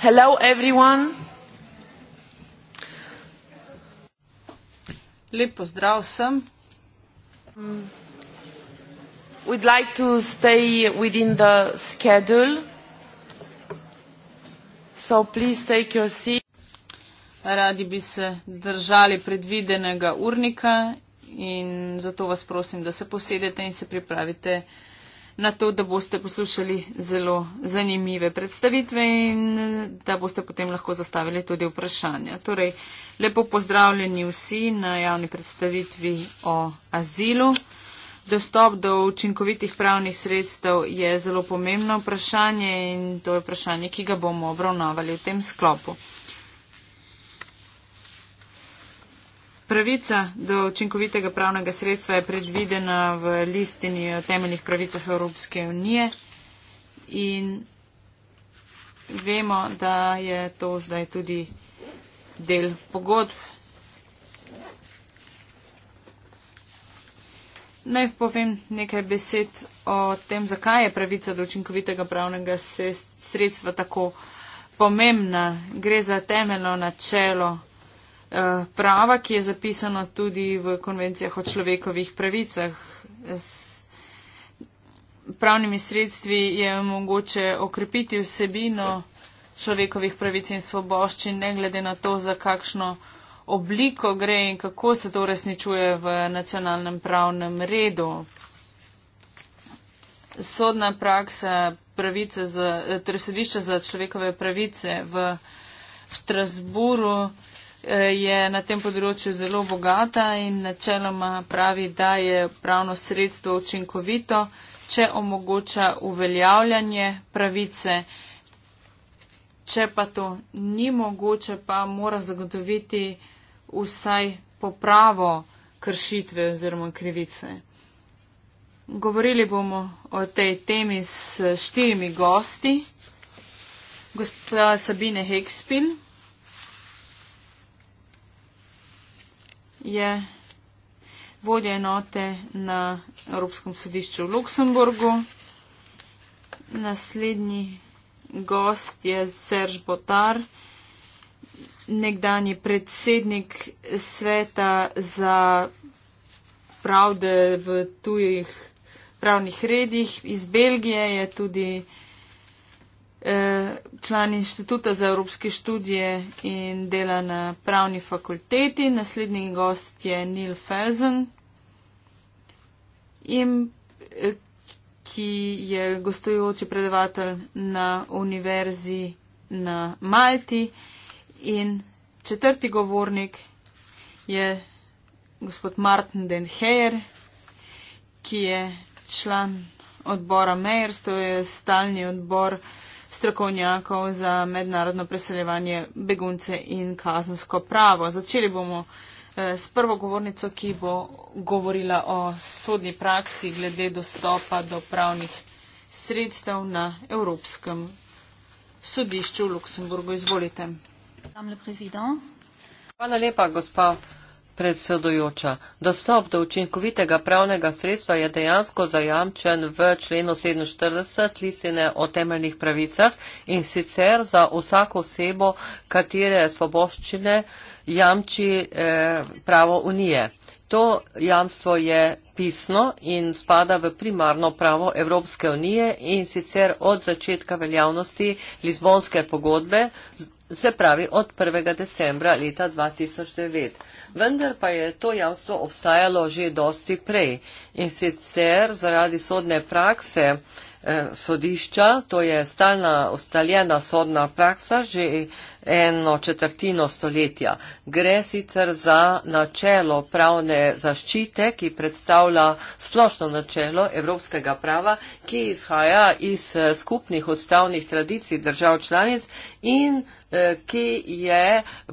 Hello, everyone. Lepo zdrav vsem. We'd like to stay within the schedule. So please take your seat. Radi bi se držali predvidenega urnika in zato vas prosim, da se posedete in se pripravite na to, da boste poslušali zelo zanimive predstavitve in da boste potem lahko zastavili tudi vprašanja. Torej, lepo pozdravljeni vsi na javni predstavitvi o azilu. Dostop do učinkovitih pravnih sredstev je zelo pomembno vprašanje in to je vprašanje, ki ga bomo obravnavali v tem sklopu. Pravica do učinkovitega pravnega sredstva je predvidena v listini o temeljnih pravicah Evropske unije in vemo, da je to zdaj tudi del pogodb. Naj povem nekaj besed o tem, zakaj je pravica do učinkovitega pravnega sredstva tako pomembna. Gre za temeljno načelo. Eh, prava, ki je zapisano tudi v konvencijah o človekovih pravicah. S pravnimi sredstvi je mogoče okrepiti vsebino človekovih pravic in svoboščin, ne glede na to, za kakšno obliko gre in kako se to uresničuje v nacionalnem pravnem redu. Sodna praksa pravice, za, eh, torej sodišča za človekove pravice v Štrasburu Eh, je na tem področju zelo bogata in načeloma pravi, da je pravno sredstvo učinkovito, če omogoča uveljavljanje pravice. Če pa to ni mogoče, pa mora zagotoviti vsaj popravo kršitve oziroma krivice. Govorili bomo o tej temi s štirimi gosti. Gospoda Sabine Hekspil, je vodja enote na Evropskem sodišču v Luksemburgu. Naslednji gost je Serž Botar, nekdani predsednik sveta za pravde v tujih pravnih redih iz Belgije, je tudi Eh, član Inštituta za evropske študije in dela na pravni fakulteti. Naslednji gost je Neil Felsen, in, eh, ki je gostujoči predavatelj na Univerzi na Malti. In četrti govornik je gospod Martin Denheer, ki je član odbora Meyers, to je stalni odbor strokovnjakov za mednarodno preseljevanje begunce in kazensko pravo. Začeli bomo eh, s prvo govornico, ki bo govorila o sodni praksi glede dostopa do pravnih sredstev na Evropskem sodišču v Luksemburgu. Izvolite. Hvala lepa, gospod predsedujoča. Dostop do učinkovitega pravnega sredstva je dejansko zajamčen v členu 47 listine o temeljnih pravicah in sicer za vsako osebo, katere svoboščine jamči eh, pravo unije. To jamstvo je pisno in spada v primarno pravo Evropske unije in sicer od začetka veljavnosti Lizbonske pogodbe, se pravi od 1. decembra leta 2009 vendar pa je to jamstvo obstajalo že dosti prej in sicer zaradi sodne prakse. Eh, sodišča, to je stalna ustaljena sodna praksa že eno četrtino stoletja. Gre sicer za načelo pravne zaščite, ki predstavlja splošno načelo evropskega prava, ki izhaja iz eh, skupnih ustavnih tradicij držav članic in eh, ki je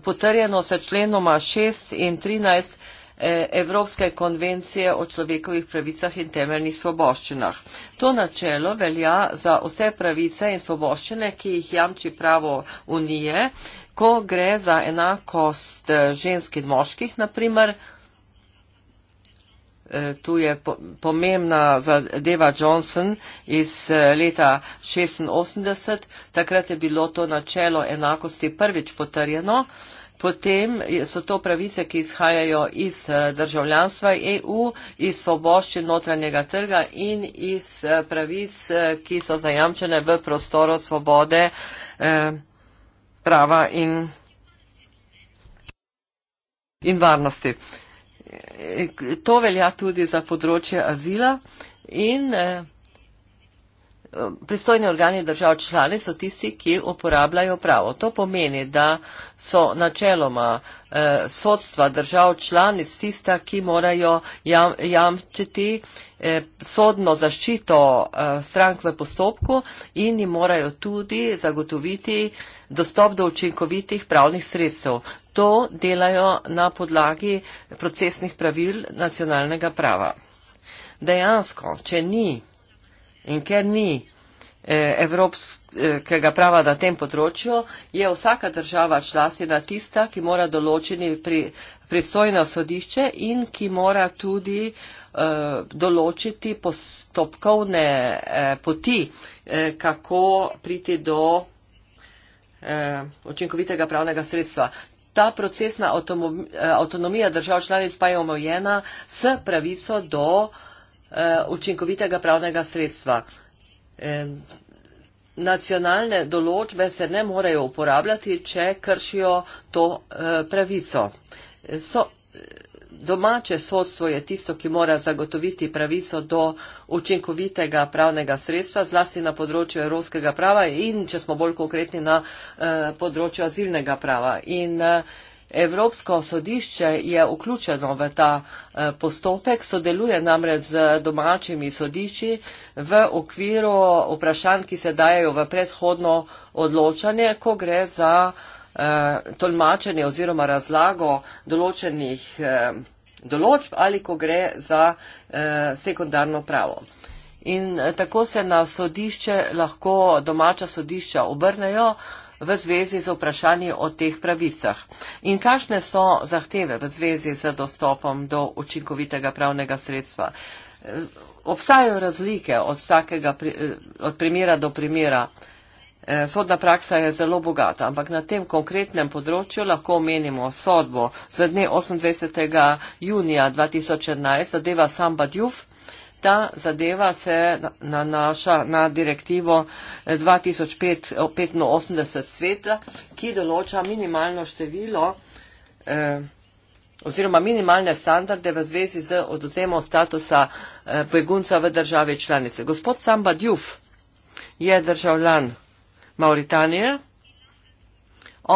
potrjeno se členoma 6 in 13 E, Evropske konvencije o človekovih pravicah in temeljnih svoboščinah. To načelo velja za vse pravice in svoboščine, ki jih jamči pravo Unije, ko gre za enakost e, žensk in moških, naprimer. E, tu je pomembna zadeva Johnson iz leta 1986, takrat je bilo to načelo enakosti prvič potrjeno. Potem so to pravice, ki izhajajo iz eh, državljanstva EU, iz svobošči notranjega trga in iz eh, pravic, eh, ki so zajamčene v prostoru svobode prava in, in varnosti. To velja tudi za področje azila in pristojni organi držav člani so tisti, ki uporabljajo pravo. To pomeni, da so načeloma eh, sodstva držav članic tista, ki morajo jam, jamčiti eh, sodno zaščito eh, strank v postopku in jim morajo tudi zagotoviti dostop do učinkovitih pravnih sredstev. To delajo na podlagi procesnih pravil nacionalnega prava. Dejansko, če ni In ker ni eh, evropskega prava na tem področju, je vsaka država članica tista, ki mora določiti pri, pristojno sodišče in ki mora tudi eh, določiti postopkovne eh, poti, eh, kako priti do eh, očinkovitega pravnega sredstva. Ta procesna eh, avtonomija držav članic pa je omejena s pravico do eh, Eh, učinkovitega pravnega sredstva. Nacionalne določbe se ne morejo uporabljati, če kršijo to eh, pravico. So, domače sodstvo je tisto, ki mora zagotoviti pravico do učinkovitega pravnega sredstva, zlasti na področju evropskega prava in, če smo bolj konkretni, na eh, področju azilnega prava. In, Evropsko sodišče je vključeno v ta eh, postopek, sodeluje namreč z domačimi sodišči v okviru vprašanj, ki se dajo v predhodno odločanje, ko gre za eh, tolmačenje oziroma razlago določenih eh, določb ali ko gre za sekundarno pravo. In tako se na sodišče lahko domača sodišča obrnejo, v zvezi z vprašanji o teh pravicah in kakšne so zahteve v zvezi z dostopom do učinkovitega pravnega sredstva. Eh, obstajajo razlike od, vsakega, eh, od primera do primera. Eh, sodna praksa je zelo bogata, ampak na tem konkretnem področju lahko omenimo sodbo z dne 28. junija 2011 zadeva Samba Djuf ta zadeva se nanaša na direktivo 2085 eh, sveta, ki določa minimalno število eh, oziroma minimalne standarde v zvezi z odozemo statusa eh, begunca v državi članice. Gospod Samba Djuf je državljan Mauritanije.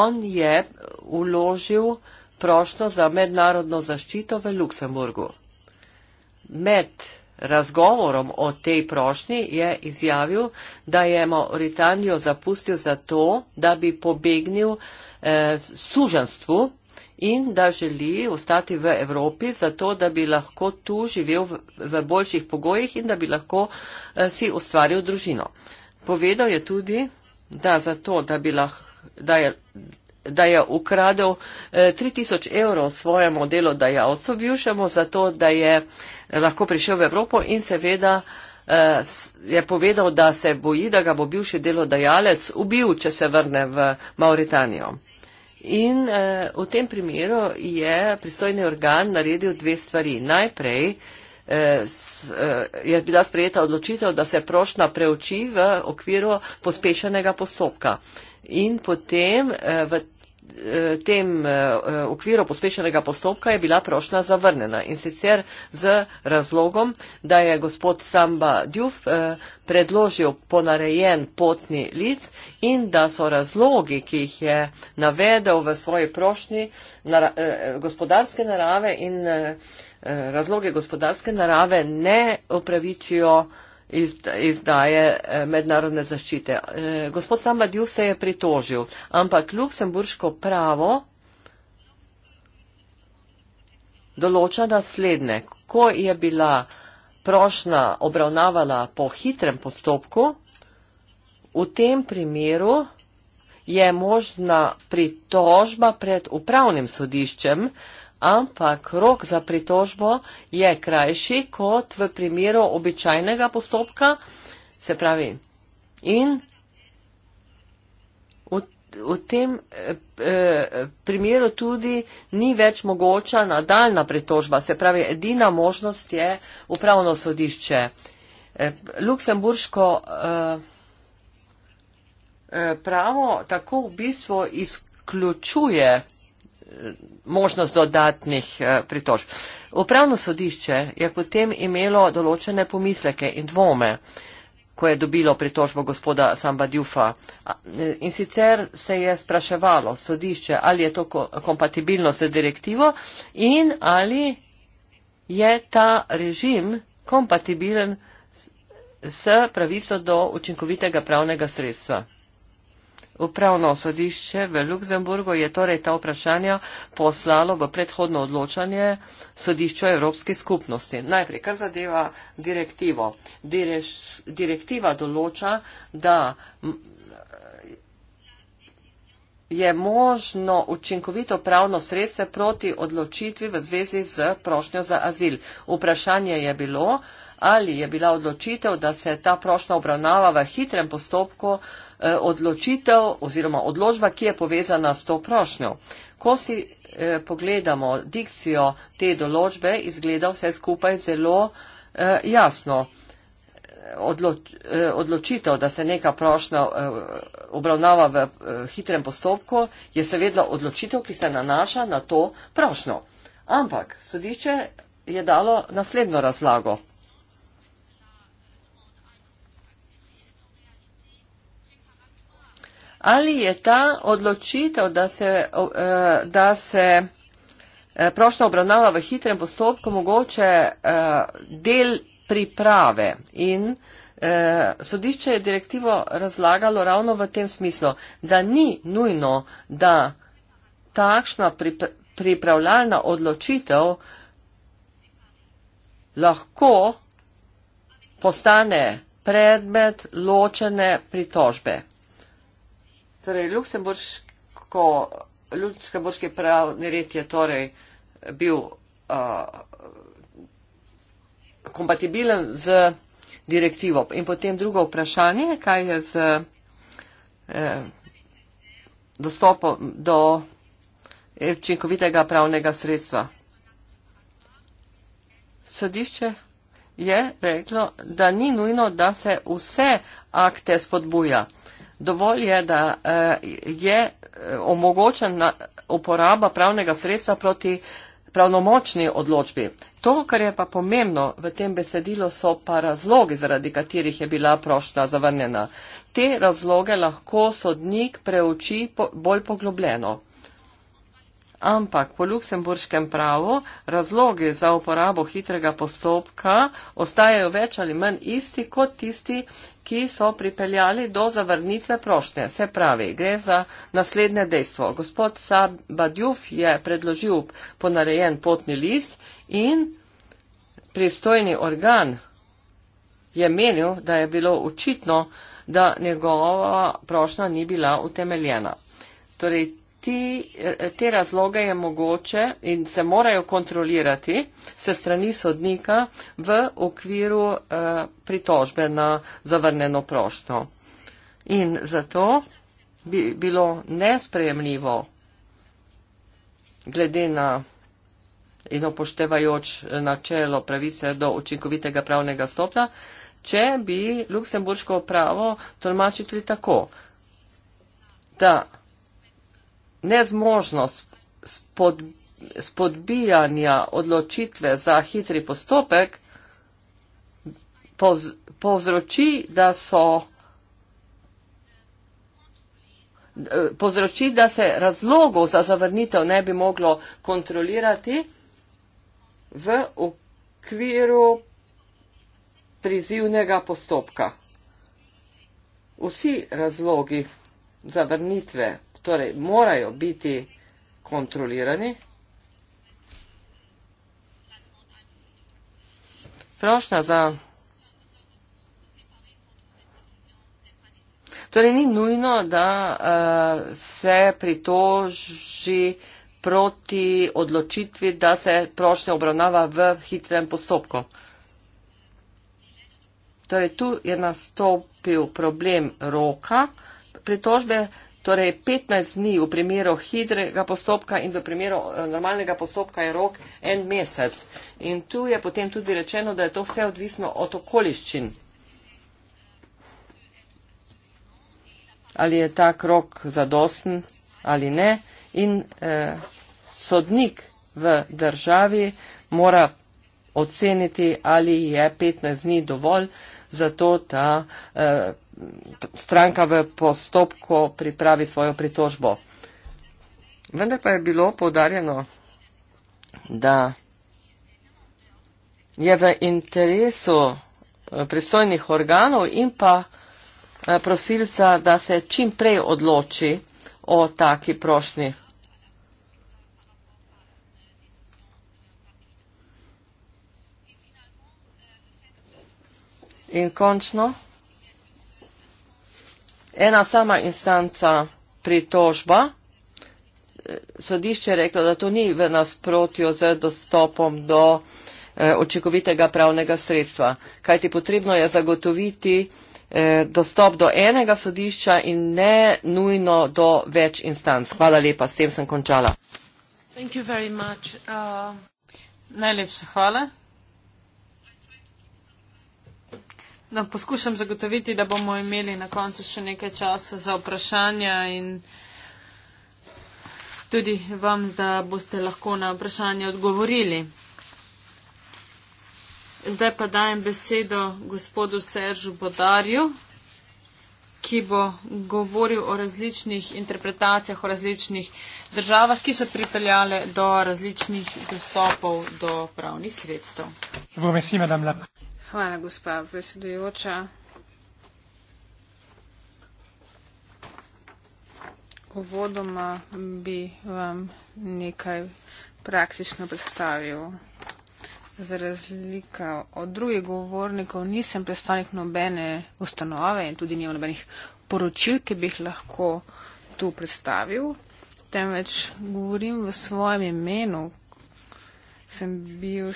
On je uložil prošlo za mednarodno zaščito v Luksemburgu. Med razgovorom o tej prošnji je izjavil, da je Mauritanijo zapustil zato, da bi pobegnil eh, suženstvu in da želi ostati v Evropi zato, da bi lahko tu živel v, v boljših pogojih in da bi lahko eh, si ustvaril družino. Povedal je tudi, da zato, da bi lahko, da je da je ukradel e, eh, 3000 evrov svojemu delodajalcu bivšemu, zato da je eh, lahko prišel v Evropo in seveda e, je povedal, da se boji, da ga bo bivši delodajalec ubil, če se vrne v Mauritanijo. In e, v tem primeru je pristojni organ naredil dve stvari. Najprej je bila sprejeta odločitev, da se prošna preuči v okviru pospešenega postopka. In potem v Eh, tem eh, eh, okviru pospešenega postopka je bila prošnja zavrnjena in sicer z razlogom, da je gospod Samba Djuf predložil ponarejen potni lic in da so razlogi, ki jih je navedel v svoji prošnji gospodarske narave in razloge gospodarske narave ne upravičijo izdaje eh, mednarodne zaščite. Eh, gospod Sambadju se je pritožil, ampak luksemburško pravo določa naslednje. Ko je bila prošna obravnavala po hitrem postopku, v tem primeru je možna pritožba pred upravnim sodiščem, ampak rok za pritožbo je krajši kot v primeru običajnega postopka, se pravi, in v, v tem eh, eh primeru tudi ni več mogoča nadaljna pritožba, se pravi, edina možnost je upravno sodišče. Eh, Luksemburško eh, eh, pravo tako v bistvu izključuje možnost dodatnih eh, pritožb. Upravno sodišče je potem imelo določene pomisleke in dvome, ko je dobilo pritožbo gospoda Samba Djufa. Eh, in sicer se je spraševalo sodišče, ali je to kompatibilno s direktivo in ali je ta režim kompatibilen s pravico do učinkovitega pravnega sredstva. Upravno sodišče v Luksemburgu je torej ta vprašanja poslalo v predhodno odločanje sodišču Evropske skupnosti. Najprej, kar zadeva direktivo. Direš, direktiva določa, da je možno učinkovito pravno sredstvo proti odločitvi v zvezi z prošnjo za azil. Vprašanje je bilo, ali je bila odločitev, da se ta prošnja obravnava v hitrem postopku, uh, Eh, odločitev oziroma odložba, ki je povezana s to prošnjo. Ko si eh, pogledamo dikcijo te določbe, izgleda vse skupaj zelo eh, jasno. Odločitev, da se neka prošnja obravnava v hitrem postopku, je seveda odločitev, ki se nanaša na to prošnjo. Ampak sodišče je dalo naslednjo razlago. ali je ta odločitev, da se, e, da se e, prošla obravnava v hitrem postopku mogoče e, del priprave in sodišče je direktivo razlagalo ravno v tem smislu, da ni nujno, da takšna pripravljalna odločitev lahko postane predmet ločene pritožbe. Torej, Luksemburško, Luksemburški pravni red je torej bil uh, kompatibilen z direktivo. In potem drugo vprašanje, kaj je z eh, dostopom do učinkovitega pravnega sredstva. Sodišče je reklo, da ni nujno, da se vse akte spodbuja dovolj je, da eh, je eh, omogočena uporaba pravnega sredstva proti pravnomočni odločbi. To, kar je pa pomembno v tem besedilu, so pa razlogi, zaradi katerih je bila prošta zavrnjena. Te razloge lahko sodnik preuči bolj poglobljeno. Ampak po luksemburškem pravu razlogi za uporabo hitrega postopka ostajajo več ali manj isti kot tisti, ki so pripeljali do zavrnitve prošnje. Se pravi, gre za naslednje dejstvo. Gospod Sabadjuf je predložil ponarejen potni list in pristojni organ je menil, da je bilo očitno, da njegova prošnja ni bila utemeljena. Torej, ti, te razloge je mogoče in se morajo kontrolirati se strani sodnika v okviru eh, pritožbe na zavrneno prošto. In zato bi bilo nesprejemljivo, glede na in upoštevajoč načelo pravice do učinkovitega pravnega stopna, če bi luksemburško pravo tolmačili tako, da nezmožnost spod, spodbijanja odločitve za hitri postopek povz, povzroči, da so povzroči, da se razlogov za zavrnitev ne bi moglo kontrolirati v okviru prizivnega postopka. Vsi razlogi zavrnitve torej morajo biti kontrolirani. Prošnja za. Torej, ni nujno, da uh, se pritoži proti odločitvi, da se prošnja obravnava v hitrem postopku. Torej, tu je nastopil problem roka pritožbe, Torej 15 dni v primeru hitrega postopka in v primeru eh, normalnega postopka je rok en mesec. In tu je potem tudi rečeno, da je to vse odvisno od okoliščin. Ali je tak rok zadosten ali ne. In eh, sodnik v državi mora oceniti, ali je 15 dni dovolj za to, da eh, stranka v postopku pripravi svojo pritožbo. Vendar pa je bilo povdarjeno, da je v interesu eh, pristojnih organov in pa eh, prosilca, da se čim prej odloči o taki prošnji. In končno ena sama instanca pritožba, sodišče je reklo, da to ni v nasprotju z dostopom do očekovitega eh, pravnega sredstva, kajti potrebno je zagotoviti eh, dostop do enega sodišča in ne nujno do več instanc. Hvala lepa, s tem sem končala. Uh, najlepša hvala. da no, poskušam zagotoviti, da bomo imeli na koncu še nekaj časa za vprašanja in tudi vam, da boste lahko na vprašanje odgovorili. Zdaj pa dajem besedo gospodu Seržu Bodarju, ki bo govoril o različnih interpretacijah, o različnih državah, ki so pripeljale do različnih dostopov do pravnih sredstev. Hvala, gospa predsedujoča. Uvodoma bi vam nekaj praktično predstavil. Za razliko od drugih govornikov nisem predstavnik nobene ustanove in tudi nimam nobenih poročil, ki bi jih lahko tu predstavil, temveč govorim v svojem imenu. Sem bil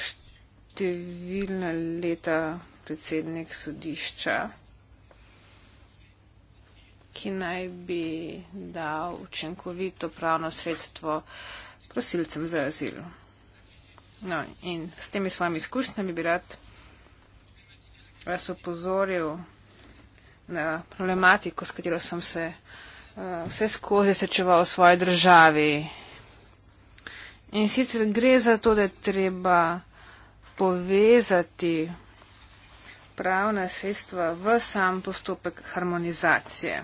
številna leta predsednik sodišča, ki naj bi dal učinkovito pravno sredstvo prosilcem za azil. No, in s temi svojimi izkušnjami bi rad vas opozoril na problematiko, s katero sem se uh, vse skozi srečeval v svoji državi. In sicer gre za to, da je treba povezati pravna sredstva v sam postopek harmonizacije.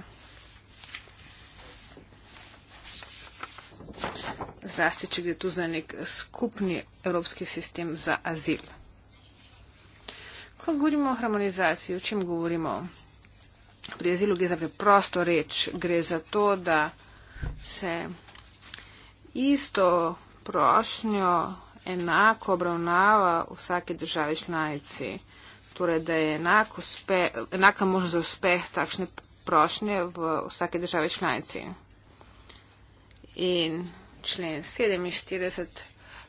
Zlasti, če gre tu za nek skupni evropski sistem za azil. Ko govorimo o harmonizaciji, o čem govorimo? Pri azilu gre za preprosto reč. Gre za to, da se isto prošnjo enako obravnava vsake države članice, torej da je enak uspe, enaka možnost za uspeh takšne prošnje v vsake države članice. In člen 47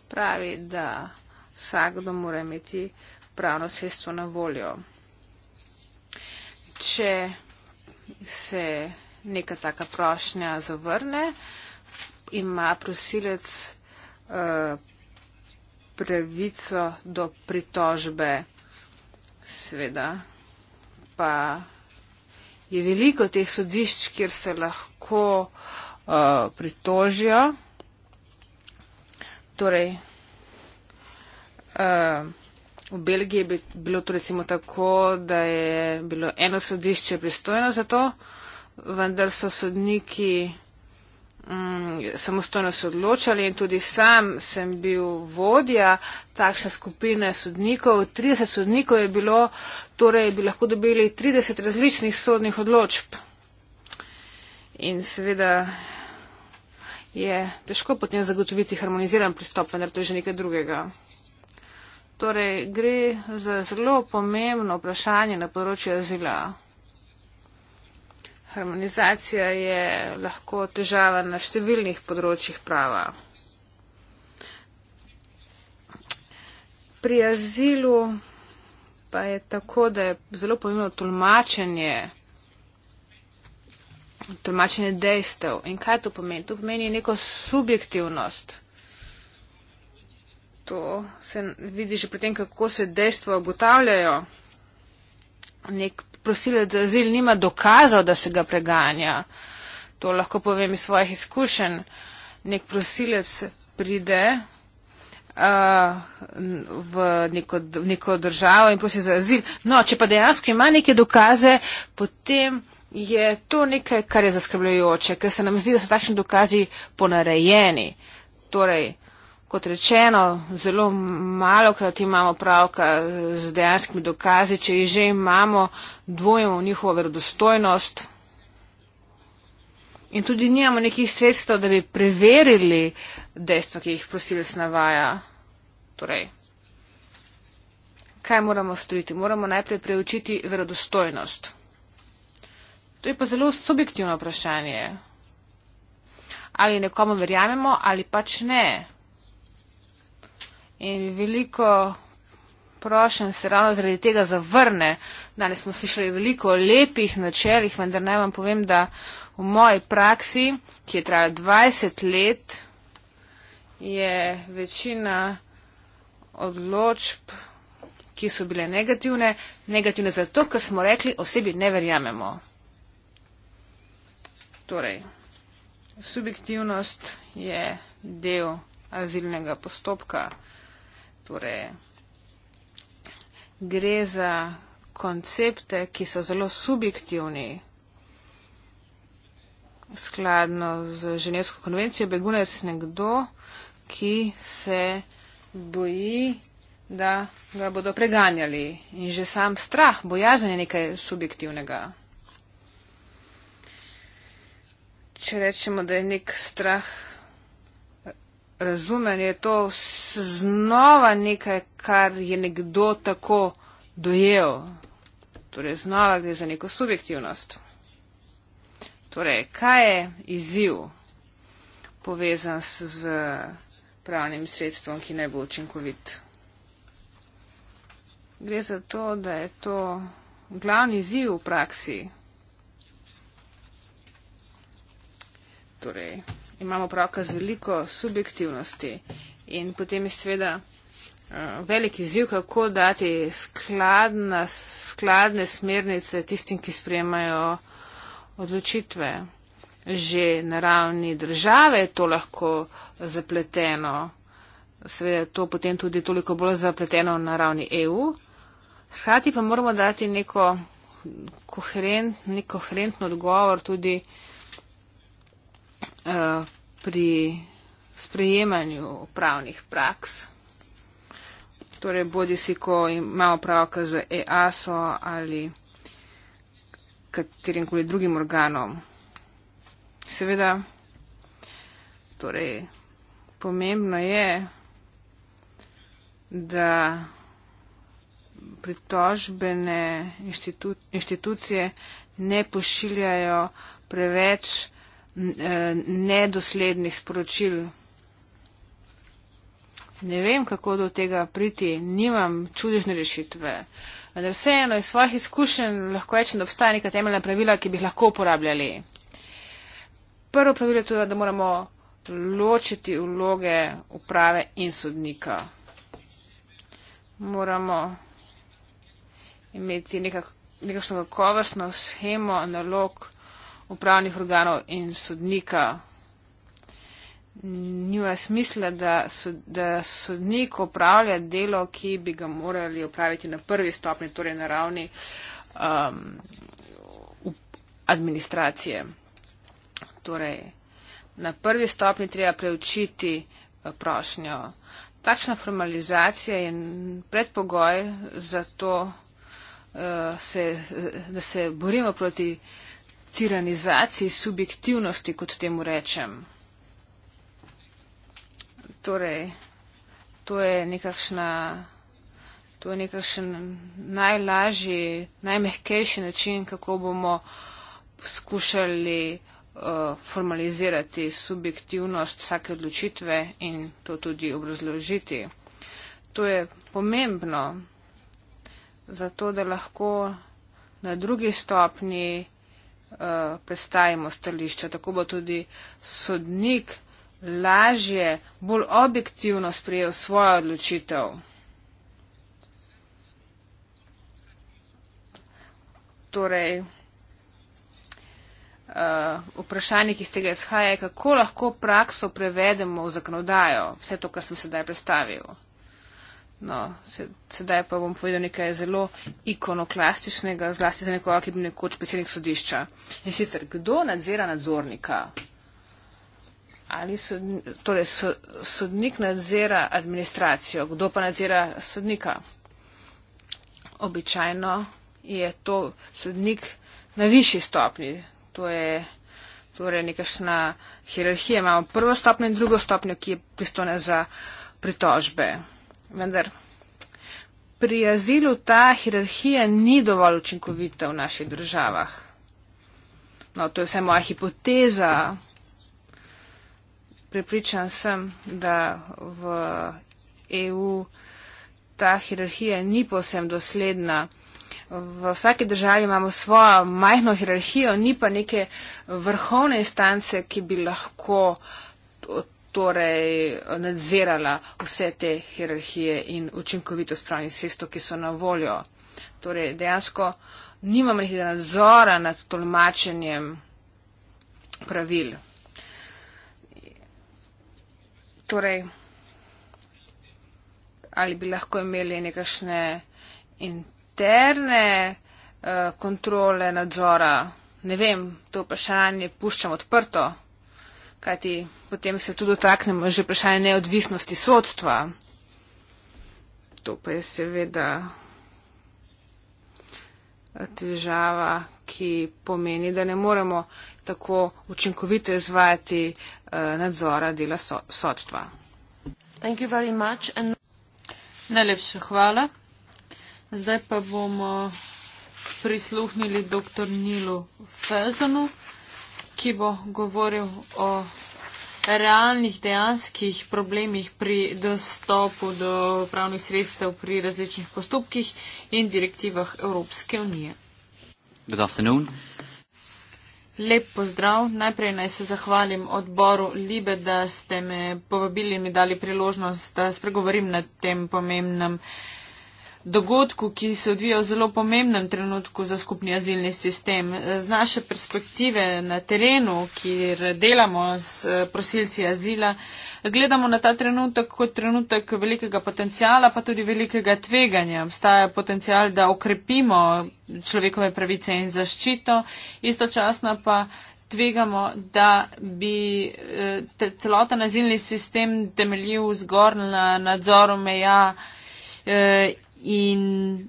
pravi, da vsakdo mora imeti pravno sredstvo na voljo. Če se neka taka prošnja zavrne, ima prosilec eh, pravico do pritožbe. Sveda pa je veliko teh sodišč, kjer se lahko uh, pritožijo. Torej, uh, v Belgiji je bilo to recimo tako, da je bilo eno sodišče pristojno za to, vendar so sodniki mm, samostojno se odločali in tudi sam sem bil vodja takšne skupine sodnikov. 30 sodnikov je bilo, torej bi lahko dobili 30 različnih sodnih odločb. In seveda je težko potem zagotoviti harmoniziran pristop, vendar to je že nekaj drugega. Torej, gre za zelo pomembno vprašanje na področju azila. Harmonizacija je lahko težava na številnih področjih prava. Pri azilu pa je tako, da je zelo pomembno tolmačenje, tolmačenje dejstev. In kaj to pomeni? To pomeni neko subjektivnost. To se vidi že pri tem, kako se dejstva ugotavljajo. Nek prosilec za azil nima dokazov, da se ga preganja. To lahko povem iz svojih izkušenj. Nek prosilec pride uh, v, neko, v neko državo in prosi za azil. No, če pa dejansko ima neke dokaze, potem je to nekaj, kar je zaskrbljujoče, ker se nam zdi, da so takšni dokazi ponarejeni. Torej, Kot rečeno, zelo malo krat imamo pravka eh, z dejanskimi dokazi, če jih že imamo, dvojimo v njihovo verodostojnost. In tudi nijamo nekih sredstev, da bi preverili dejstva, ki jih prosilec navaja. Torej, kaj moramo storiti? Moramo najprej preučiti verodostojnost. To je pa zelo subjektivno vprašanje. Ali nekomu verjamemo ali pač ne in veliko prošen se ravno zaradi tega zavrne. Danes smo slišali veliko lepih načelih, vendar naj vam povem, da v moji praksi, ki je trajala 20 let, je večina odločb, ki so bile negativne, negativne zato, ker smo rekli, osebi ne verjamemo. Torej, subjektivnost je del azilnega postopka. Torej, gre za koncepte, ki so zelo subjektivni. Skladno z Ženevsko konvencijo begunec nekdo, ki se boji, da ga bodo preganjali. In že sam strah, bojazen je nekaj subjektivnega. Če rečemo, da je nek strah razumeli, je to znova nekaj, kar je nekdo tako dojel. Torej, znova gre za neko subjektivnost. Torej, kaj je izziv povezan s, z pravnim sredstvom, ki naj bo učinkovit? Gre za to, da je to glavni izziv v praksi. Torej, imamo pravka z veliko subjektivnosti in potem je seveda uh, eh, veliki ziv, kako dati skladna, skladne smernice tistim, ki sprejemajo odločitve. Že na ravni države je to lahko zapleteno, seveda je to potem tudi toliko bolj zapleteno na ravni EU. Hrati pa moramo dati neko koherent, nek koherentno odgovor tudi uh, Eh, pri sprejemanju pravnih praks. Torej, bodi si, ko imamo pravka z EASO ali katerimkoli drugim organom. Seveda, torej, pomembno je, da pritožbene inštitucije ne pošiljajo preveč nedoslednih sporočil. Ne vem, kako do tega priti, nimam čudežne rešitve. Ampak vseeno iz svojih izkušenj lahko rečem, da obstaja neka temeljna pravila, ki bi jih lahko uporabljali. Prvo pravilo je to, da moramo ločiti vloge uprave in sodnika. Moramo imeti nekakšno kakovostno schemo, analog, upravnih organov in sodnika. Nima smisla, da, sod, da sodnik upravlja delo, ki bi ga morali upraviti na prvi stopni, torej na ravni um, administracije. Torej, na prvi stopni treba preučiti uh, prošnjo. Takšna formalizacija je predpogoj za to, uh, se, da se borimo proti uh, tiranizaciji subjektivnosti, kot temu rečem. Torej, to je nekakšna, to je nekakšen najlažji, najmehkejši način, kako bomo skušali uh, formalizirati subjektivnost vsake odločitve in to tudi obrazložiti. To je pomembno, zato da lahko na drugi stopni Eh, prestajamo stališča, tako bo tudi sodnik lažje, bolj objektivno sprejel svojo odločitev. Torej, uh, vprašanje, ki iz tega izhaja, je, kako lahko prakso prevedemo v zakonodajo, vse to, kar sem sedaj predstavil. No, sedaj pa bom povedal nekaj zelo ikonoklastičnega, zlasti za nekoga, ki bi nekoč predsednik sodišča. In sicer, kdo nadzira nadzornika? Ali sodni, torej so, sodnik nadzira administracijo, kdo pa nadzira sodnika? Običajno je to sodnik na višji stopni. To je torej nekašna hierarhija. Imamo prvo stopnjo in drugo stopnjo, ki je pristojna za pritožbe vendar pri azilu ta hierarhija ni dovolj učinkovita v naših državah. No, to je vse moja hipoteza. Pripričan sem, da v EU ta hierarhija ni posem dosledna. V vsaki državi imamo svojo majhno hierarhijo, ni pa neke vrhovne instance, ki bi lahko uh, torej eh, nadzirala vse te hierarhije in učinkovitost pravnih sredstev, ki so na voljo. Torej, dejansko nimam nekega nadzora nad tolmačenjem pravil. Torej, ali bi lahko imeli nekakšne interne uh, kontrole nadzora? Ne vem, to vprašanje puščam odprto kajti potem se tudi dotaknemo že vprašanje neodvisnosti sodstva. To pa je seveda težava, ki pomeni, da ne moremo tako učinkovito izvajati eh, nadzora dela sodstva. And... Najlepša hvala. Zdaj pa bomo prisluhnili dr. Nilo Fezanu ki bo govoril o realnih dejanskih problemih pri dostopu do pravnih sredstev pri različnih postopkih in direktivah Evropske unije. Good afternoon. Lep pozdrav. Najprej naj se zahvalim odboru Libe, da ste me povabili in mi dali priložnost, da spregovorim na tem pomembnem dogodku, ki se odvija v zelo pomembnem trenutku za skupni azilni sistem. Z naše perspektive na terenu, kjer delamo s eh, prosilci azila, gledamo na ta trenutek kot trenutek velikega potencijala, pa tudi velikega tveganja. Obstaja potencijal, da okrepimo človekove pravice in zaščito, istočasno pa tvegamo, da bi eh, celoten azilni sistem temeljil zgor na nadzoru meja eh, in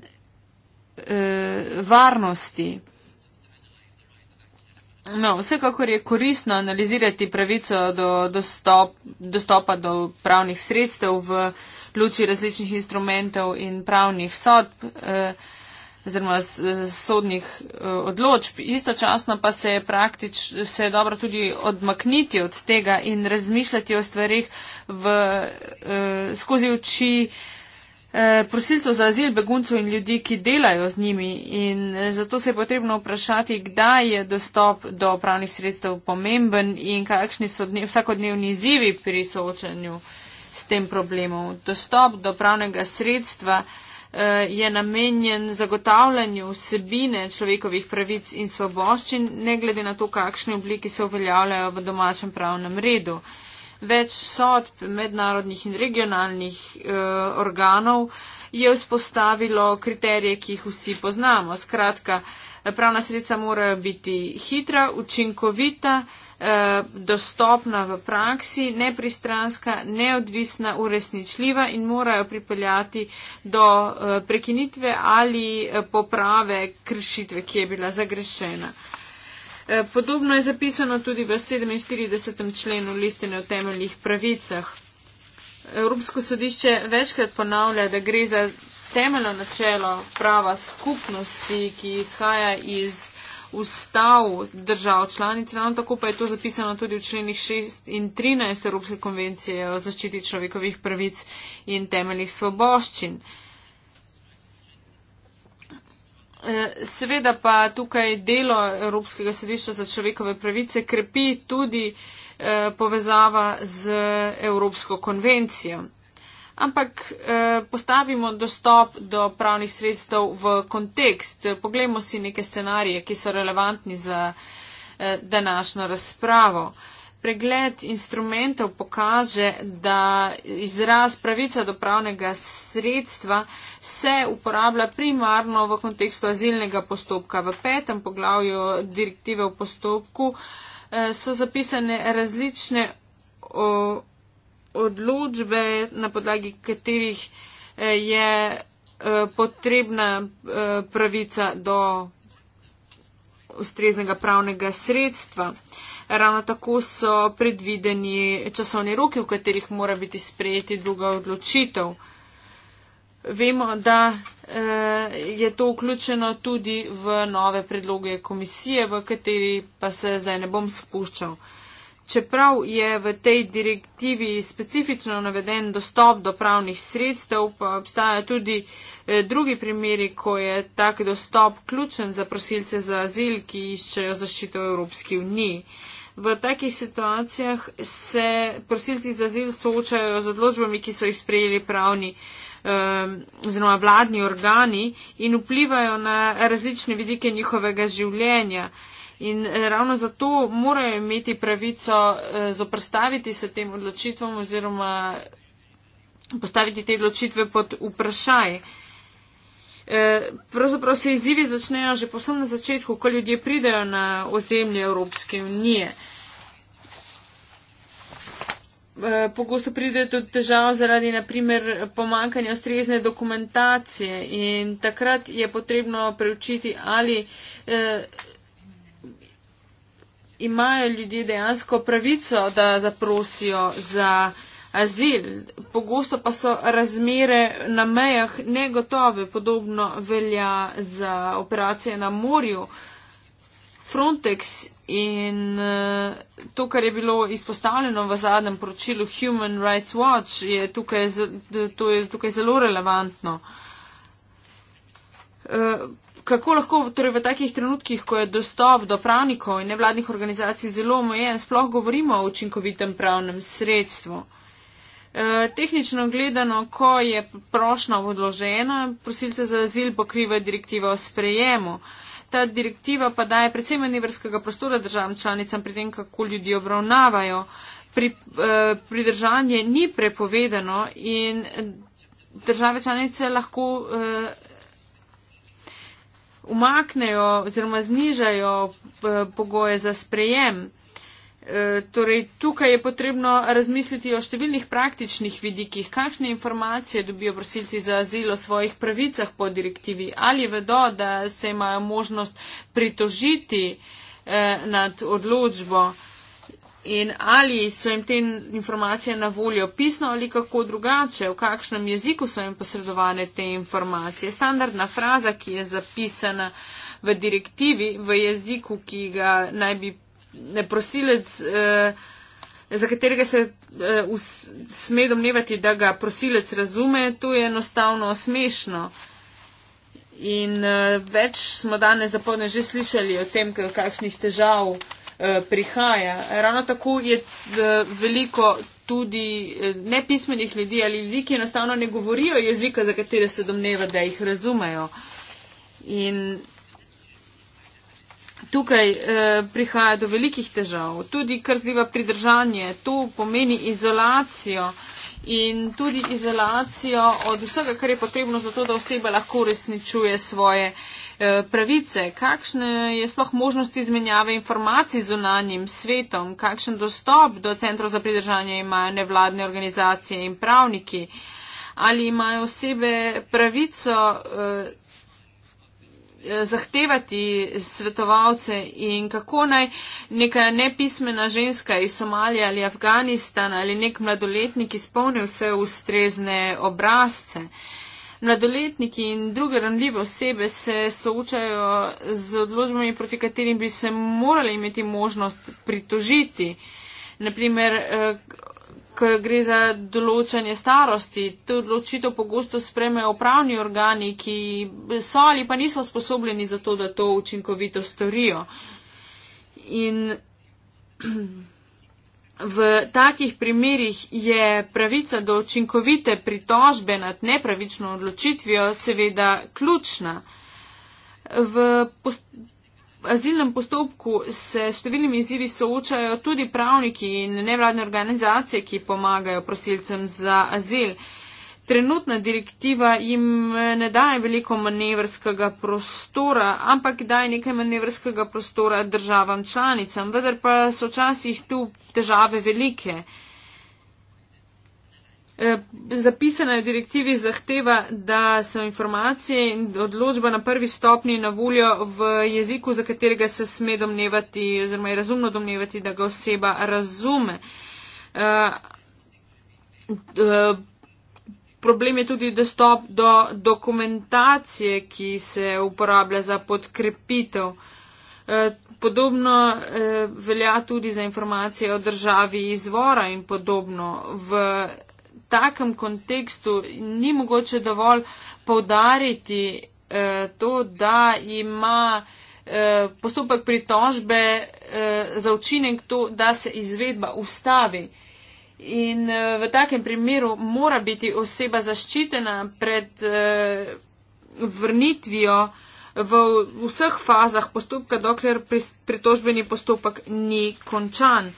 uh, varnosti. No, vsekakor je koristno analizirati pravico do dostop, dostopa do pravnih sredstev v luči različnih instrumentov in pravnih sodb eh, oziroma eh, sodnih eh, odločb. Istočasno pa se je praktično dobro tudi odmakniti od tega in razmišljati o stvarih v, eh, skozi oči. Eh, Eh, prosilcev za azil, beguncev in ljudi, ki delajo z njimi. In eh, zato se je potrebno vprašati, kdaj je dostop do pravnih sredstev pomemben in kakšni so dne, vsakodnevni izzivi pri soočanju s tem problemom. Dostop do pravnega sredstva eh, je namenjen zagotavljanju vsebine človekovih pravic in svoboščin, ne glede na to, kakšne obliki se uveljavljajo v domačem pravnem redu več sodb mednarodnih in regionalnih eh, organov je vzpostavilo kriterije, ki jih vsi poznamo. Skratka, pravna sredstva morajo biti hitra, učinkovita, eh, dostopna v praksi, nepristranska, neodvisna, uresničljiva in morajo pripeljati do eh, prekinitve ali eh, poprave kršitve, ki je bila zagrešena. Eh, Eh, podobno je zapisano tudi v 47. členu listine o temeljnih pravicah. Evropsko sodišče večkrat ponavlja, da gre za temeljno načelo prava skupnosti, ki izhaja iz ustav držav članic, ravno tako pa je to zapisano tudi v členih 6 in 13 Evropske konvencije o zaščiti človekovih pravic in temeljnih svoboščin. Uh, Eh, seveda pa tukaj delo Evropskega sodišča za človekove pravice krepi tudi eh, povezava z Evropsko konvencijo. Ampak eh, postavimo dostop do pravnih sredstev v kontekst. Poglejmo si neke scenarije, ki so relevantni za današnjo razpravo pregled instrumentov pokaže, da izraz pravica do pravnega sredstva se uporablja primarno v kontekstu azilnega postopka. V petem poglavju direktive v postopku eh, so zapisane različne odločbe, na podlagi katerih eh, je eh, potrebna pravica do ustreznega pravnega sredstva ravno tako so predvideni časovni roki, v katerih mora biti sprejeti druga odločitev. Vemo, da eh, je to vključeno tudi v nove predloge komisije, v kateri pa se zdaj ne bom spuščal. Čeprav je v tej direktivi specifično naveden dostop do pravnih sredstev, pa obstajajo tudi eh, drugi primeri, ko je tak dostop ključen za prosilce za azil, ki iščejo zaščito v Evropski uniji v takih situacijah se prosilci za zil soočajo z odločbami, ki so jih sprejeli pravni ehm, oziroma vladni organi in vplivajo na različne vidike njihovega življenja. In eh, ravno zato morajo imeti pravico eh, zoprstaviti se tem odločitvam oziroma postaviti te odločitve pod vprašanje. Eh, pravzaprav se izzivi začnejo že posem na začetku, ko ljudje pridejo na ozemlje Evropske unije. Eh, pogosto pride tudi težav zaradi, naprimer, pomankanja ustrezne dokumentacije in takrat je potrebno preučiti, ali eh, imajo ljudje dejansko pravico, da zaprosijo za azil, pogosto pa so razmere na mejah negotove, podobno velja za operacije na morju. Frontex in eh, to, kar je bilo izpostavljeno v zadnjem poročilu Human Rights Watch, je tukaj, to je tukaj zelo relevantno. Eh, kako lahko torej v takih trenutkih, ko je dostop do pravnikov in nevladnih organizacij zelo omejen, sploh govorimo o učinkovitem pravnem sredstvu? Eh, tehnično gledano, ko je prošnja vodložena, prosilce za azil pokriva direktiva o sprejemu. Ta direktiva pa daje predvsem manevrskega prostora državam članicam pri tem, kako ljudi obravnavajo. Pri, eh, pridržanje ni prepovedano in države članice lahko eh, umaknejo oziroma znižajo eh, pogoje za sprejem. Eh, torej, tukaj je potrebno razmisliti o številnih praktičnih vidikih, kakšne informacije dobijo prosilci za azil o svojih pravicah po direktivi, ali vedo, da se imajo možnost pritožiti eh, nad odločbo in ali so jim te informacije na voljo pisno ali kako drugače, v kakšnem jeziku so jim posredovane te informacije. Standardna fraza, ki je zapisana v direktivi, v jeziku, ki ga naj bi prosilec, eh, za katerega se eh, sme domnevati, da ga prosilec razume, to je enostavno smešno. In eh, več smo danes zapodne že slišali o tem, kakšnih težav prihaja. Ravno tako je veliko tudi nepismenih ljudi ali ljudi, ki enostavno ne govorijo jezika, za katere se domneva, da jih razumejo. In tukaj eh, prihaja do velikih težav. Tudi kar zdiva pridržanje, to pomeni izolacijo in tudi izolacijo od vsega, kar je potrebno za to, da oseba lahko resničuje svoje eh, pravice. Kakšne je sploh možnost izmenjave informacij z unanjim svetom, kakšen dostop do centrov za pridržanje imajo nevladne organizacije in pravniki. Ali imajo osebe pravico. Eh, zahtevati svetovalce in kako naj neka nepismena ženska iz Somalije ali Afganistana ali nek mladoletnik izpolnil vse ustrezne obrazce. Mladoletniki in druge randljive osebe se soočajo z odložbami, proti katerim bi se morali imeti možnost pritožiti. Naprimer, eh, ker eh, gre za določanje starosti. To odločitev pogosto spremejo upravni organi, ki so ali pa niso sposobljeni za to, da to učinkovito storijo. In v takih primerjih je pravica do učinkovite pritožbe nad nepravično odločitvijo seveda ključna. V azilnem postopku se številnimi izzivi soočajo tudi pravniki in nevladne organizacije, ki pomagajo prosilcem za azil. Trenutna direktiva jim ne daje veliko manevrskega prostora, ampak daje nekaj manevrskega prostora državam članicam, vendar pa so včasih tu težave velike. Uh, Eh, Zapisana je direktivi zahteva, da so informacije in odločba na prvi stopni na voljo v jeziku, za katerega se sme domnevati oziroma je razumno domnevati, da ga oseba razume. Eh, eh, problem je tudi dostop do dokumentacije, ki se uporablja za podkrepitev. Podobno velja tudi za informacije o državi izvora in podobno. V takem kontekstu ni mogoče dovolj povdariti eh, to, da ima eh, postopek pritožbe eh, za učinek to, da se izvedba ustavi. In eh, v takem primeru mora biti oseba zaščitena pred eh, vrnitvijo v vseh fazah postopka, dokler pritožbeni postopek ni končan.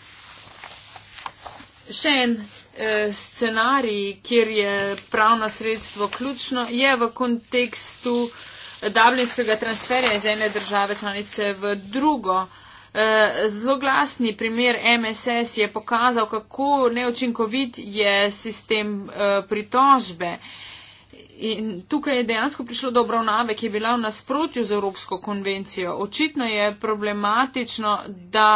Še en Eh, scenarij, kjer je pravno sredstvo ključno, je v kontekstu dublinskega transferja iz ene države članice v drugo. Eh, zelo glasni primer MSS je pokazal, kako neočinkovit je sistem eh, pritožbe. In tukaj je dejansko prišlo do obravnave, ki je bila v nasprotju z Evropsko konvencijo. Očitno je problematično, da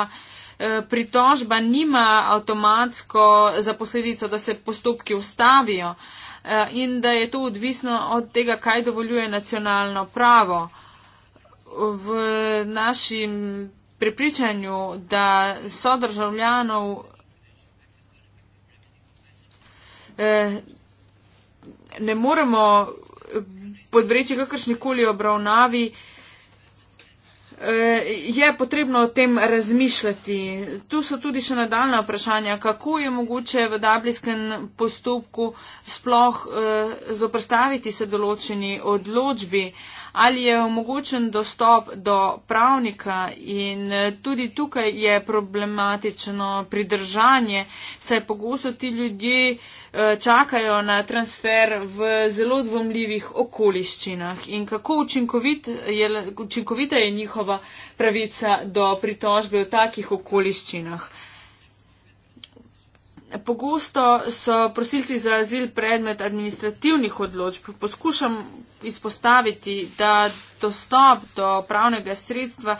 Eh, pritožba nima avtomatsko za posledico, da se postopki ustavijo eh, in da je to odvisno od tega, kaj dovoljuje nacionalno pravo. V našem prepričanju, da so državljanov. Eh, ne moremo podvreči kakršnikoli obravnavi, Eh, je potrebno o tem razmišljati. Tu so tudi še nadaljne vprašanja, kako je mogoče v dablijskem postopku sploh eh, zoprstaviti se določeni odločbi. Uh, ali je omogočen dostop do pravnika in eh, tudi tukaj je problematično pridržanje, saj pogosto ti ljudje eh, čakajo na transfer v zelo dvomljivih okoliščinah in kako učinkovit je, učinkovita je njihova pravica do pritožbe v takih okoliščinah. Pogosto so prosilci za azil predmet administrativnih odločb. Poskušam izpostaviti, da dostop do pravnega sredstva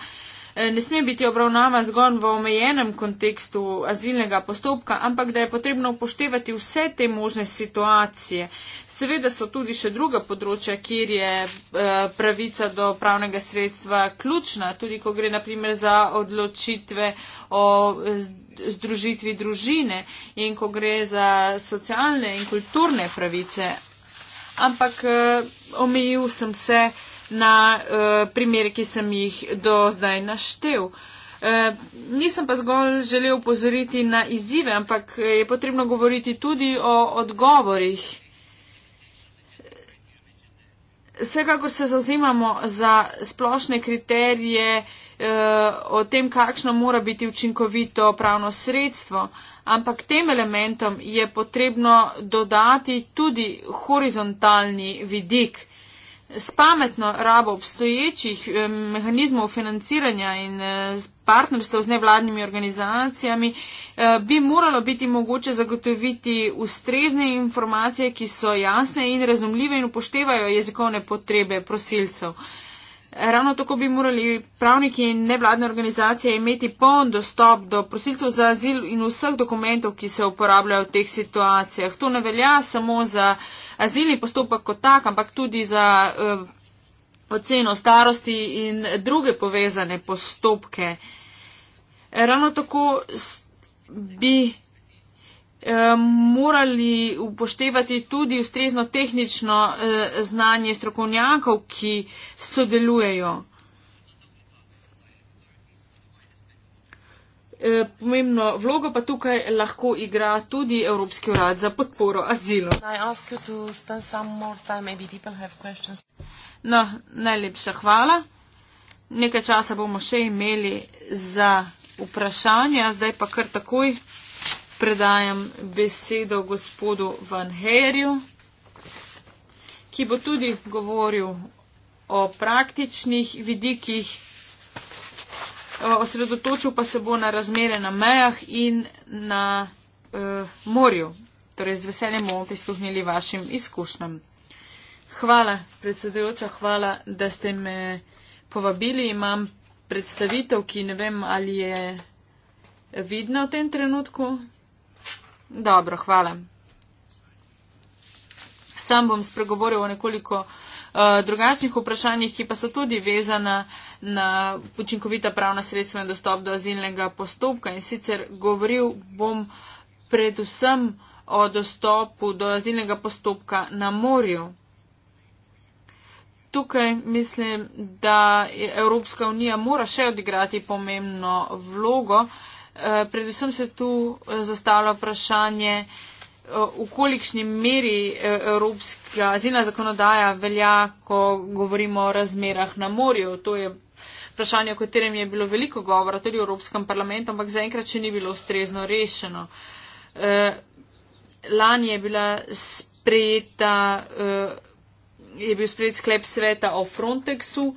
eh, ne sme biti obravnava zgolj v omejenem kontekstu azilnega postopka, ampak da je potrebno upoštevati vse te možne situacije. Seveda so tudi še druga področja, kjer je eh, pravica do pravnega sredstva ključna, tudi ko gre naprimer za odločitve o združitvi družine in ko gre za socialne in kulturne pravice. Ampak eh, omejil sem se na eh, primere, ki sem jih do zdaj naštel. Eh, nisem pa zgolj želel upozoriti na izzive, ampak je potrebno govoriti tudi o odgovorih. Vsekako se zauzimamo za splošne kriterije, Eh, o tem, kakšno mora biti učinkovito pravno sredstvo, ampak tem elementom je potrebno dodati tudi horizontalni vidik. S pametno rabo obstoječih eh, mehanizmov financiranja in eh, partnerstva z nevladnimi organizacijami bi moralo biti mogoče zagotoviti ustrezne informacije, ki so jasne in razumljive in upoštevajo jezikovne potrebe prosilcev. Ravno tako bi morali pravniki in nevladne organizacije imeti poln dostop do prosilcev za azil in vseh dokumentov, ki se uporabljajo v teh situacijah. To ne velja samo za azilni postopek kot tak, ampak tudi za eh, oceno starosti in druge povezane postopke. Ravno tako bi Eh, morali upoštevati tudi ustrezno tehnično eh, znanje strokovnjakov, ki sodelujejo. Eh, pomembno vlogo pa tukaj lahko igra tudi Evropski urad za podporo azilu. No, najlepša hvala. Nekaj časa bomo še imeli za vprašanja, zdaj pa kar takoj predajam besedo gospodu Van Heerju, ki bo tudi govoril o praktičnih vidikih, eh, osredotočil pa se bo na razmere na mejah in na uh, morju. Torej, z veseljem bomo prisluhnili vašim izkušnjam. Hvala, predsedujoča, hvala, da ste me povabili. Imam predstavitev, ki ne vem, ali je vidna v tem trenutku. Dobro, hvala. Sam bom spregovoril o nekoliko eh, drugačnih vprašanjih, ki pa so tudi vezana na učinkovita pravna sredstva in dostop do azilnega postopka. In sicer govoril bom predvsem o dostopu do azilnega postopka na morju. Tukaj mislim, da Evropska unija mora še odigrati pomembno vlogo, uh, Eh, predvsem se tu eh, zastavlja vprašanje, eh, v kolikšni meri evropska azilna zakonodaja velja, ko govorimo o razmerah na morju. To je vprašanje, o katerem je bilo veliko govora tudi v Evropskem parlamentu, ampak zaenkrat še ni bilo ustrezno rešeno. Lani je bila sprejeta, je bil sprejet sklep sveta o Frontexu,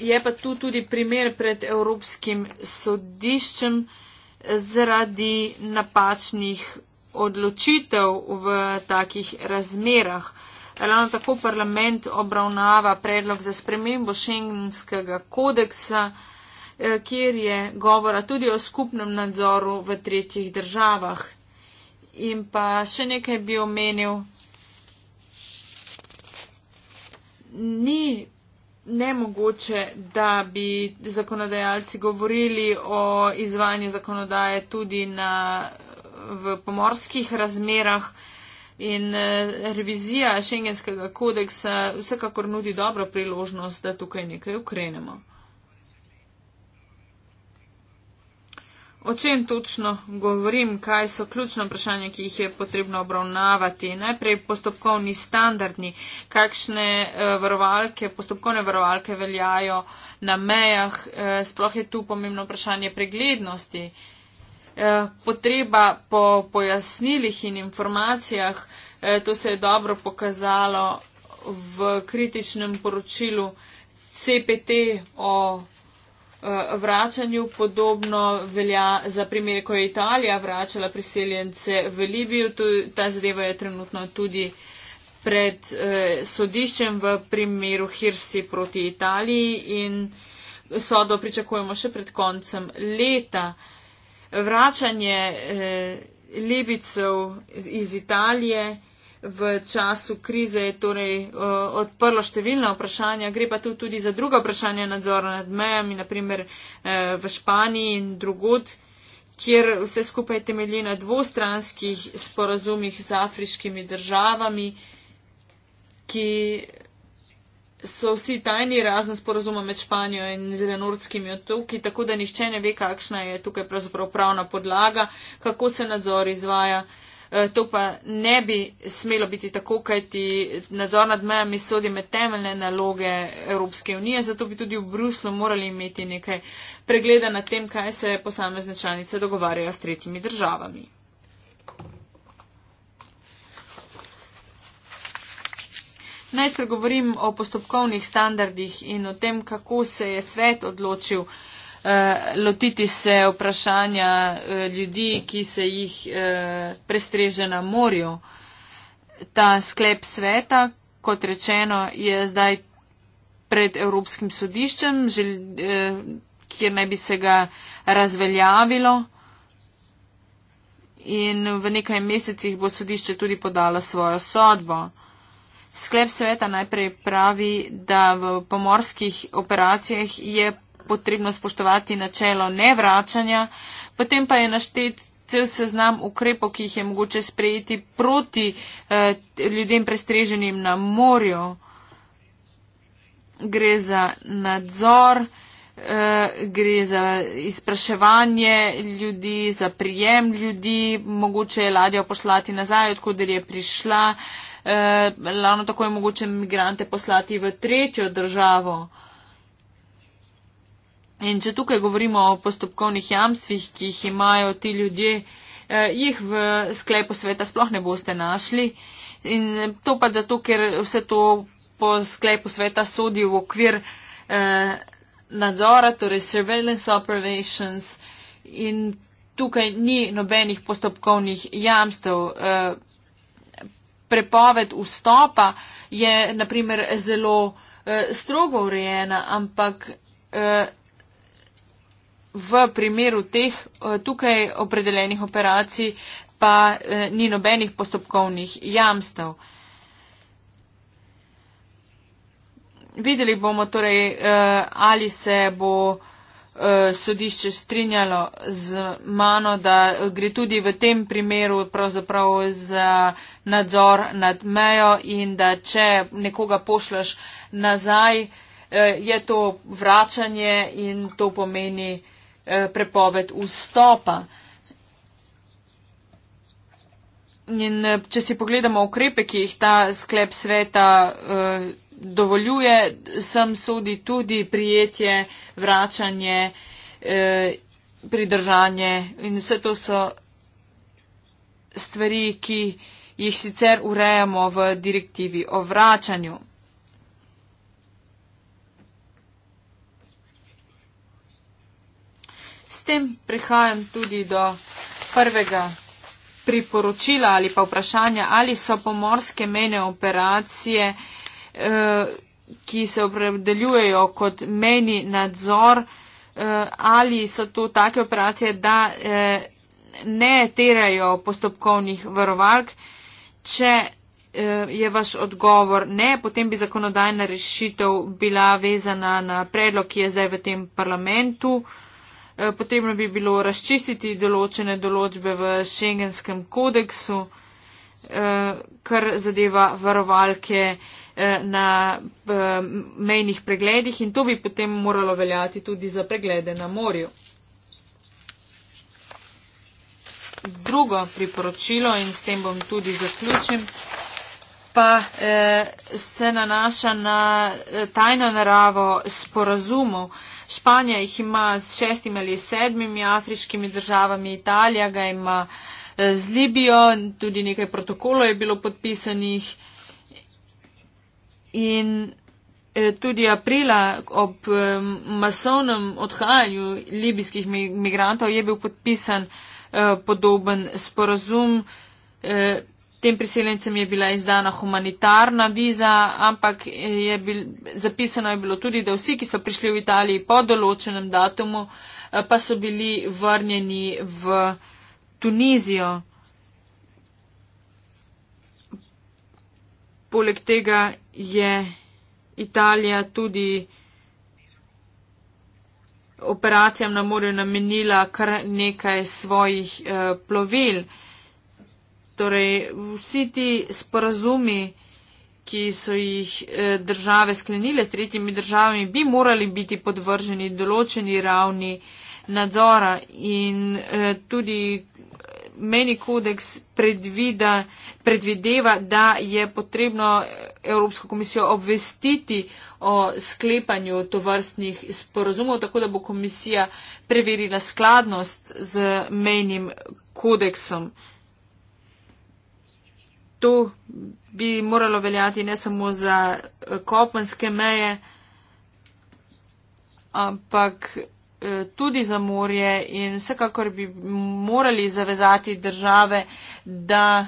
je pa tu tudi primer pred Evropskim sodiščem zaradi napačnih odločitev v takih razmerah. Ravno tako parlament obravnava predlog za spremembo šengenskega kodeksa, eh, kjer je govora tudi o skupnem nadzoru v tretjih državah. In pa še nekaj bi omenil. Ni nemogoče, da bi zakonodajalci govorili o izvanju zakonodaje tudi na, v pomorskih razmerah. In eh, revizija šengenskega kodeksa vsekakor nudi dobro priložnost, da tukaj nekaj ukrenemo. O čem točno govorim, kaj so ključna vprašanja, ki jih je potrebno obravnavati. Najprej postopkovni standardni, kakšne eh, varovalke, postopkovne varovalke veljajo na mejah, eh, sploh je tu pomembno vprašanje preglednosti. Eh, potreba po pojasnilih in informacijah, to se je dobro pokazalo v kritičnem poročilu CPT o Eh, vračanju, podobno velja za primer, ko je Italija vračala priseljence v Libijo. Ta zadeva je trenutno tudi pred eh, sodiščem v primeru Hirsi proti Italiji in sodo pričakujemo še pred koncem leta. Vračanje eh, Libicev iz, iz Italije v času krize je torej uh, odprlo številna vprašanja, gre pa tu tudi za druga vprašanja nadzora nad mejami, naprimer uh, eh, v Španiji in drugod, kjer vse skupaj temelji na dvostranskih sporazumih z afriškimi državami, ki so vsi tajni razen sporazuma med Španijo in Zelenorskimi otoki, tako da nihče ne ve, kakšna je tukaj pravzaprav pravna podlaga, kako se nadzor izvaja. Uh, Eh, to pa ne bi smelo biti tako, kajti nadzor nad mejami sodi med temeljne naloge Evropske unije, zato bi tudi v Bruslu morali imeti nekaj pregleda nad tem, kaj se posamezne članice dogovarjajo s tretjimi državami. Naj spregovorim o postopkovnih standardih in o tem, kako se je svet odločil. Uh, Eh, lotiti se vprašanja eh, ljudi, ki se jih eh, prestreže na morju. Ta sklep sveta, kot rečeno, je zdaj pred Evropskim sodiščem, kjer naj bi se ga razveljavilo. In v nekaj mesecih bo sodišče tudi podalo svojo sodbo. Sklep sveta najprej pravi, da v pomorskih operacijah je potrebno spoštovati načelo nevračanja, potem pa je naštet cel seznam ukrepov, ki jih je mogoče sprejeti proti eh, ljudem prestreženim na morju. Gre za nadzor, eh, gre za izpraševanje ljudi, za prijem ljudi, mogoče je ladjo poslati nazaj, odkuder je prišla. Eh, Lano tako je mogoče migrante poslati v tretjo državo. Eh, In če tukaj govorimo o postopkovnih jamstvih, ki jih imajo ti ljudje, eh, jih v sklepu sveta sploh ne boste našli. In to pa zato, ker vse to po sklepu sveta sodi v okvir eh, nadzora, torej surveillance operations. In tukaj ni nobenih postopkovnih jamstev. Eh, prepoved vstopa je, naprimer, zelo eh, strogo urejena, ampak v primeru teh eh, tukaj opredeljenih operacij pa eh, ni nobenih postopkovnih jamstev. Videli bomo torej, eh, ali se bo sodišče strinjalo z mano, da gre tudi v tem primeru pravzaprav za nadzor nad mejo in da če nekoga pošlaš nazaj, je to vračanje in to pomeni. Eh, prepoved vstopa. In eh, če si pogledamo ukrepe, ki jih ta sklep sveta eh, dovoljuje, sem sodi tudi prijetje, vračanje, pridržanje in vse to so stvari, ki jih sicer urejamo v direktivi o vračanju. tem prehajam tudi do prvega priporočila ali pa vprašanja, ali so pomorske mene operacije, eh, ki se opredeljujejo kot meni nadzor, eh, ali so to take operacije, da eh, ne terajo postopkovnih varovalk. Če je vaš odgovor ne, potem bi zakonodajna rešitev bila vezana na predlog, ki je zdaj v tem parlamentu. Eh, potrebno bi bilo razčistiti določene določbe v šengenskem kodeksu, eh, kar zadeva varovalke eh, na mejnih pregledih in to bi potem moralo veljati tudi za preglede na morju. Drugo priporočilo in s tem bom tudi zaključil pa eh, se nanaša na eh, tajno naravo sporazumov. Španija jih ima s šestimi ali sedmimi afriškimi državami, Italija ga ima eh, z Libijo, tudi nekaj protokolov je bilo podpisanih. In eh, tudi aprila ob masovnem odhajanju libijskih migrantov je bil podpisan podoben sporazum, tem priseljencem je bila izdana humanitarna viza, ampak je bil, zapisano je bilo tudi, da vsi, ki so prišli v Italiji po določenem datumu, eh, pa so bili vrnjeni v Tunizijo. Poleg tega je Italija tudi operacijam na morju namenila kar nekaj svojih eh, plovil. Eh, Torej, vsi ti sporazumi, ki so jih eh, države sklenile s tretjimi državami, bi morali biti podvrženi določeni ravni nadzora in eh, tudi meni kodeks predvida, predvideva, da je potrebno Evropsko komisijo obvestiti o sklepanju tovrstnih sporazumov, tako da bo komisija preverila skladnost z menim kodeksom to bi moralo veljati ne samo za eh, kopenske meje, ampak eh, tudi za morje in vsekakor bi morali zavezati države, da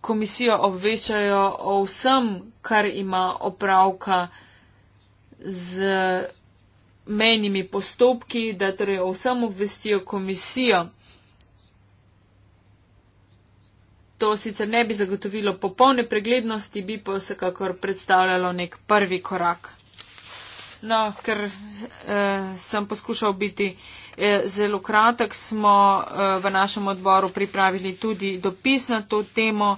komisijo obveščajo o vsem, kar ima opravka z menjimi postopki, da torej o vsem obvestijo komisijo. To sicer ne bi zagotovilo popolne preglednosti, bi pa vsekakor predstavljalo nek prvi korak. No, ker eh, sem poskušal biti eh, zelo kratek, smo eh, v našem odboru pripravili tudi dopis na to temo.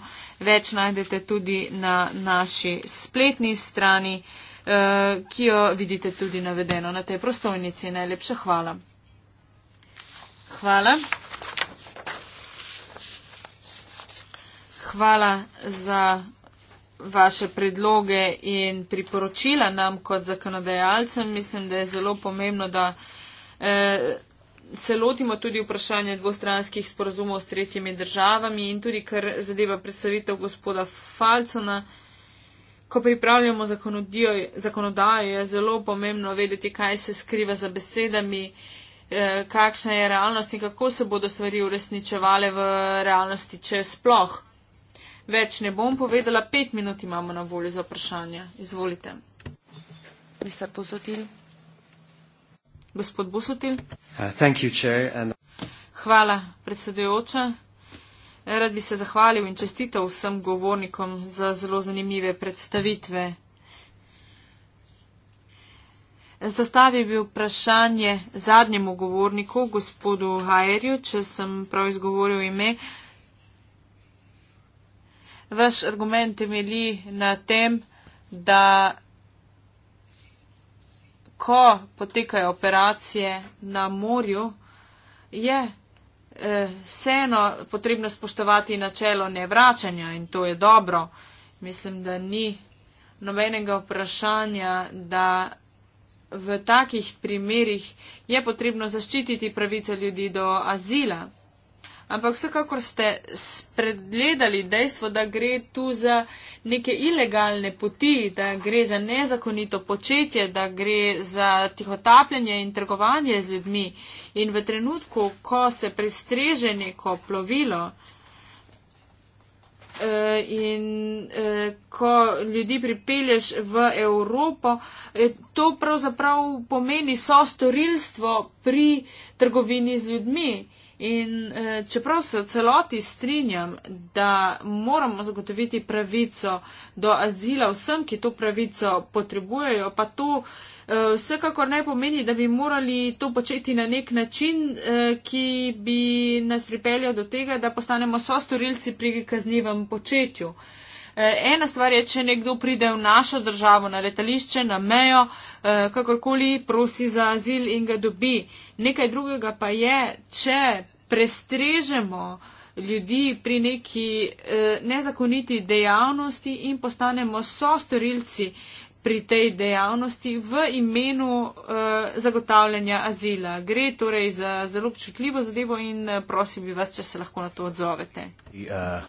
Več najdete tudi na naši spletni strani, eh, ki jo vidite tudi navedeno na tej prostovnici. Najlepša hvala. Hvala. hvala za vaše predloge in priporočila nam kot zakonodajalcem. Mislim, da je zelo pomembno, da eh, se lotimo tudi vprašanja dvostranskih sporozumov s tretjimi državami in tudi, kar zadeva predstavitev gospoda Falcona. Ko pripravljamo zakonodajo, je zelo pomembno vedeti, kaj se skriva za besedami, eh, kakšna je realnost in kako se bodo stvari uresničevale v realnosti, če sploh. Več ne bom povedala, pet minut imamo na voljo za vprašanja. Izvolite. Mr. Bosotil. Gospod Bosotil. Uh, and... Hvala, predsedujoča. Rad bi se zahvalil in čestitev vsem govornikom za zelo zanimive predstavitve. Zastavil bi vprašanje zadnjemu govorniku, gospodu Hajerju, če sem prav izgovoril ime. Uh, vaš argument temelji na tem, da ko potekajo operacije na morju, je eh, vseeno potrebno spoštovati načelo nevračanja in to je dobro. Mislim, da ni nobenega vprašanja, da v takih primerih je potrebno zaščititi pravice ljudi do azila. Ampak vsekakor ste spregledali dejstvo, da gre tu za neke ilegalne poti, da gre za nezakonito početje, da gre za tihotapljanje in trgovanje z ljudmi. In v trenutku, ko se prestreže neko plovilo eh, in eh, ko ljudi pripelješ v Evropo, eh, to pravzaprav pomeni sostorilstvo pri trgovini z ljudmi. In eh, čeprav se celoti strinjam, da moramo zagotoviti pravico do azila vsem, ki to pravico potrebujejo, pa to eh, vsekakor ne pomeni, da bi morali to početi na nek način, eh, ki bi nas pripeljal do tega, da postanemo sostorilci pri kaznivem početju. Eh, ena stvar je, če nekdo pride v našo državo na letališče, na mejo, eh, kakorkoli prosi za azil in ga dobi. Nekaj drugega pa je, če prestrežemo ljudi pri neki eh, nezakoniti dejavnosti in postanemo sostorilci pri tej dejavnosti v imenu eh, zagotavljanja azila. Gre torej za zelo občutljivo zadevo in eh, prosim bi vas, če se lahko na to odzovete. Ja.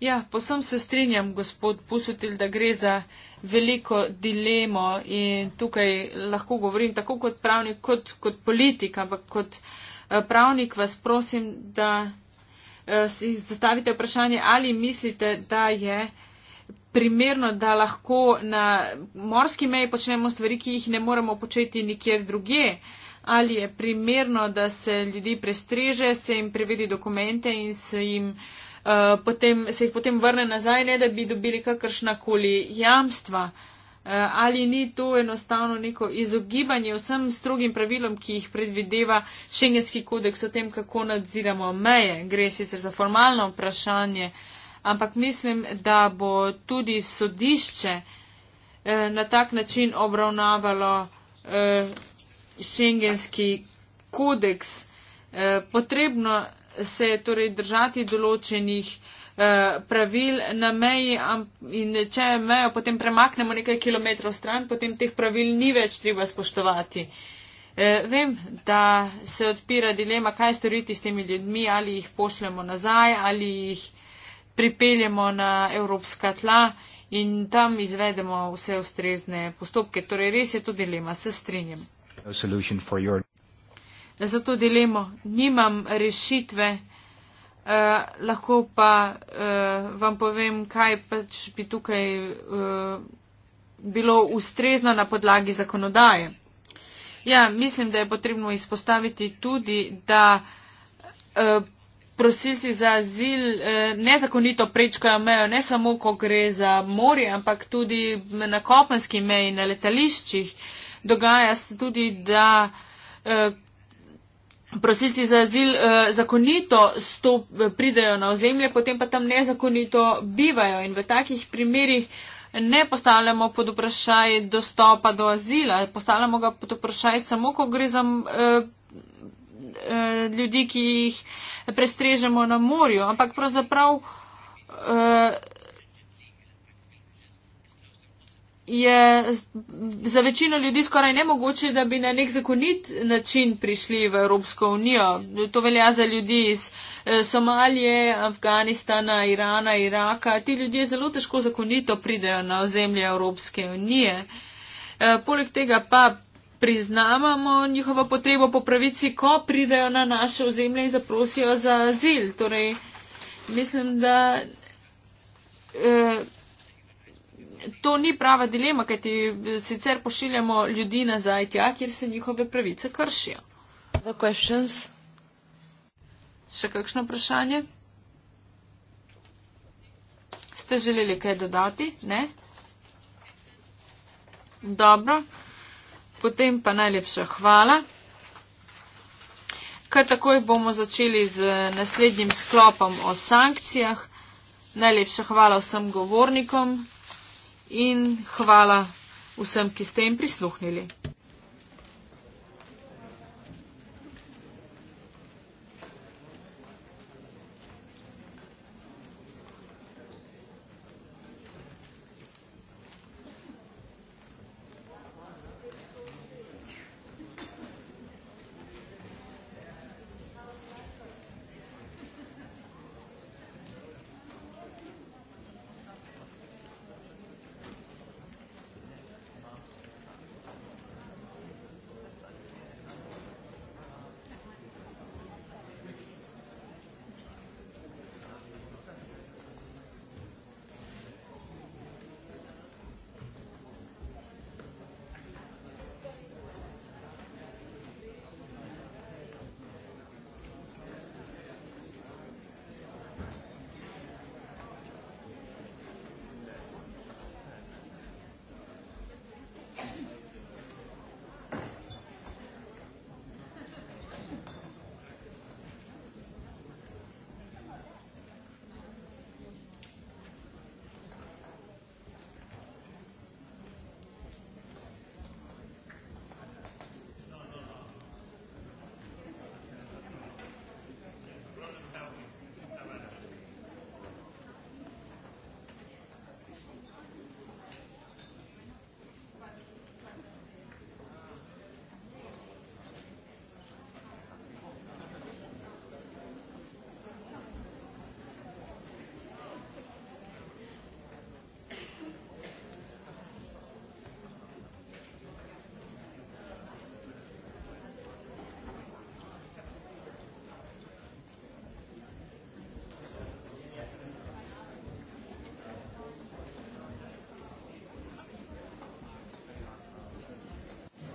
Ja, posem se strinjam, gospod Pusutil, da gre za veliko dilemo in tukaj lahko govorim tako kot pravnik, kot, kot politik, ampak kot eh, Eh, pravnik, vas prosim, da eh, si zastavite vprašanje, ali mislite, da je primerno, da lahko na morski meji počnemo stvari, ki jih ne moremo početi nikjer druge. Ali je primerno, da se ljudi prestreže, se jim preveri dokumente in se, jim, uh, potem, se jih potem vrne nazaj, ne da bi dobili kakršna koli jamstva. Uh, Eh, ali ni to enostavno neko izogibanje vsem strogim pravilom, ki jih predvideva šengenski kodeks o tem, kako nadziramo meje. Gre sicer za formalno vprašanje, ampak mislim, da bo tudi sodišče eh, na tak način obravnavalo šengenski eh, kodeks. Potrebno se je torej držati določenih Eh, pravil na meji in če mejo potem premaknemo nekaj kilometrov stran, potem teh pravil ni več treba spoštovati. Eh, vem, da se odpira dilema, kaj storiti s temi ljudmi, ali jih pošljemo nazaj, ali jih pripeljemo na evropska tla in tam izvedemo vse ustrezne postopke. Torej, res je to dilema, se strinjam. No your... Za to dilemo nimam rešitve. Eh, lahko pa uh, vam povem, kaj pač bi tukaj uh, bilo ustrezno na podlagi zakonodaje. Ja, mislim, da je potrebno izpostaviti tudi, da uh, prosilci za azil uh, nezakonito prečkajo mejo, ne samo, ko gre za morje, ampak tudi na kopenski meji, na letališčih. Dogaja se tudi, da. Uh, prosilci za azil eh, zakonito stop, eh, pridejo na ozemlje, potem pa tam nezakonito bivajo in v takih primerih ne postavljamo pod vprašaj dostopa do azila, postavljamo ga pod vprašaj samo, ko gre za eh, ljudi, ki jih prestrežemo na morju, ampak pravzaprav je za večino ljudi skoraj nemogoče, da bi na nek zakonit način prišli v Evropsko unijo. To velja za ljudi iz eh, Somalije, Afganistana, Irana, Iraka. Ti ljudje zelo težko zakonito pridejo na ozemlje Evropske unije. Eh, poleg tega pa priznavamo njihovo potrebo po pravici, ko pridejo na naše ozemlje in zaprosijo za azil. Torej, mislim, da. Eh, to ni prava dilema, kaj ti sicer pošiljamo ljudi nazaj tja, kjer se njihove pravice kršijo. Še kakšno vprašanje? Ste želeli kaj dodati? Ne? Dobro. Potem pa najlepša hvala. Kar takoj bomo začeli z naslednjim sklopom o sankcijah. Najlepša hvala vsem govornikom in hvala vsem, ki ste jim prisluhnili.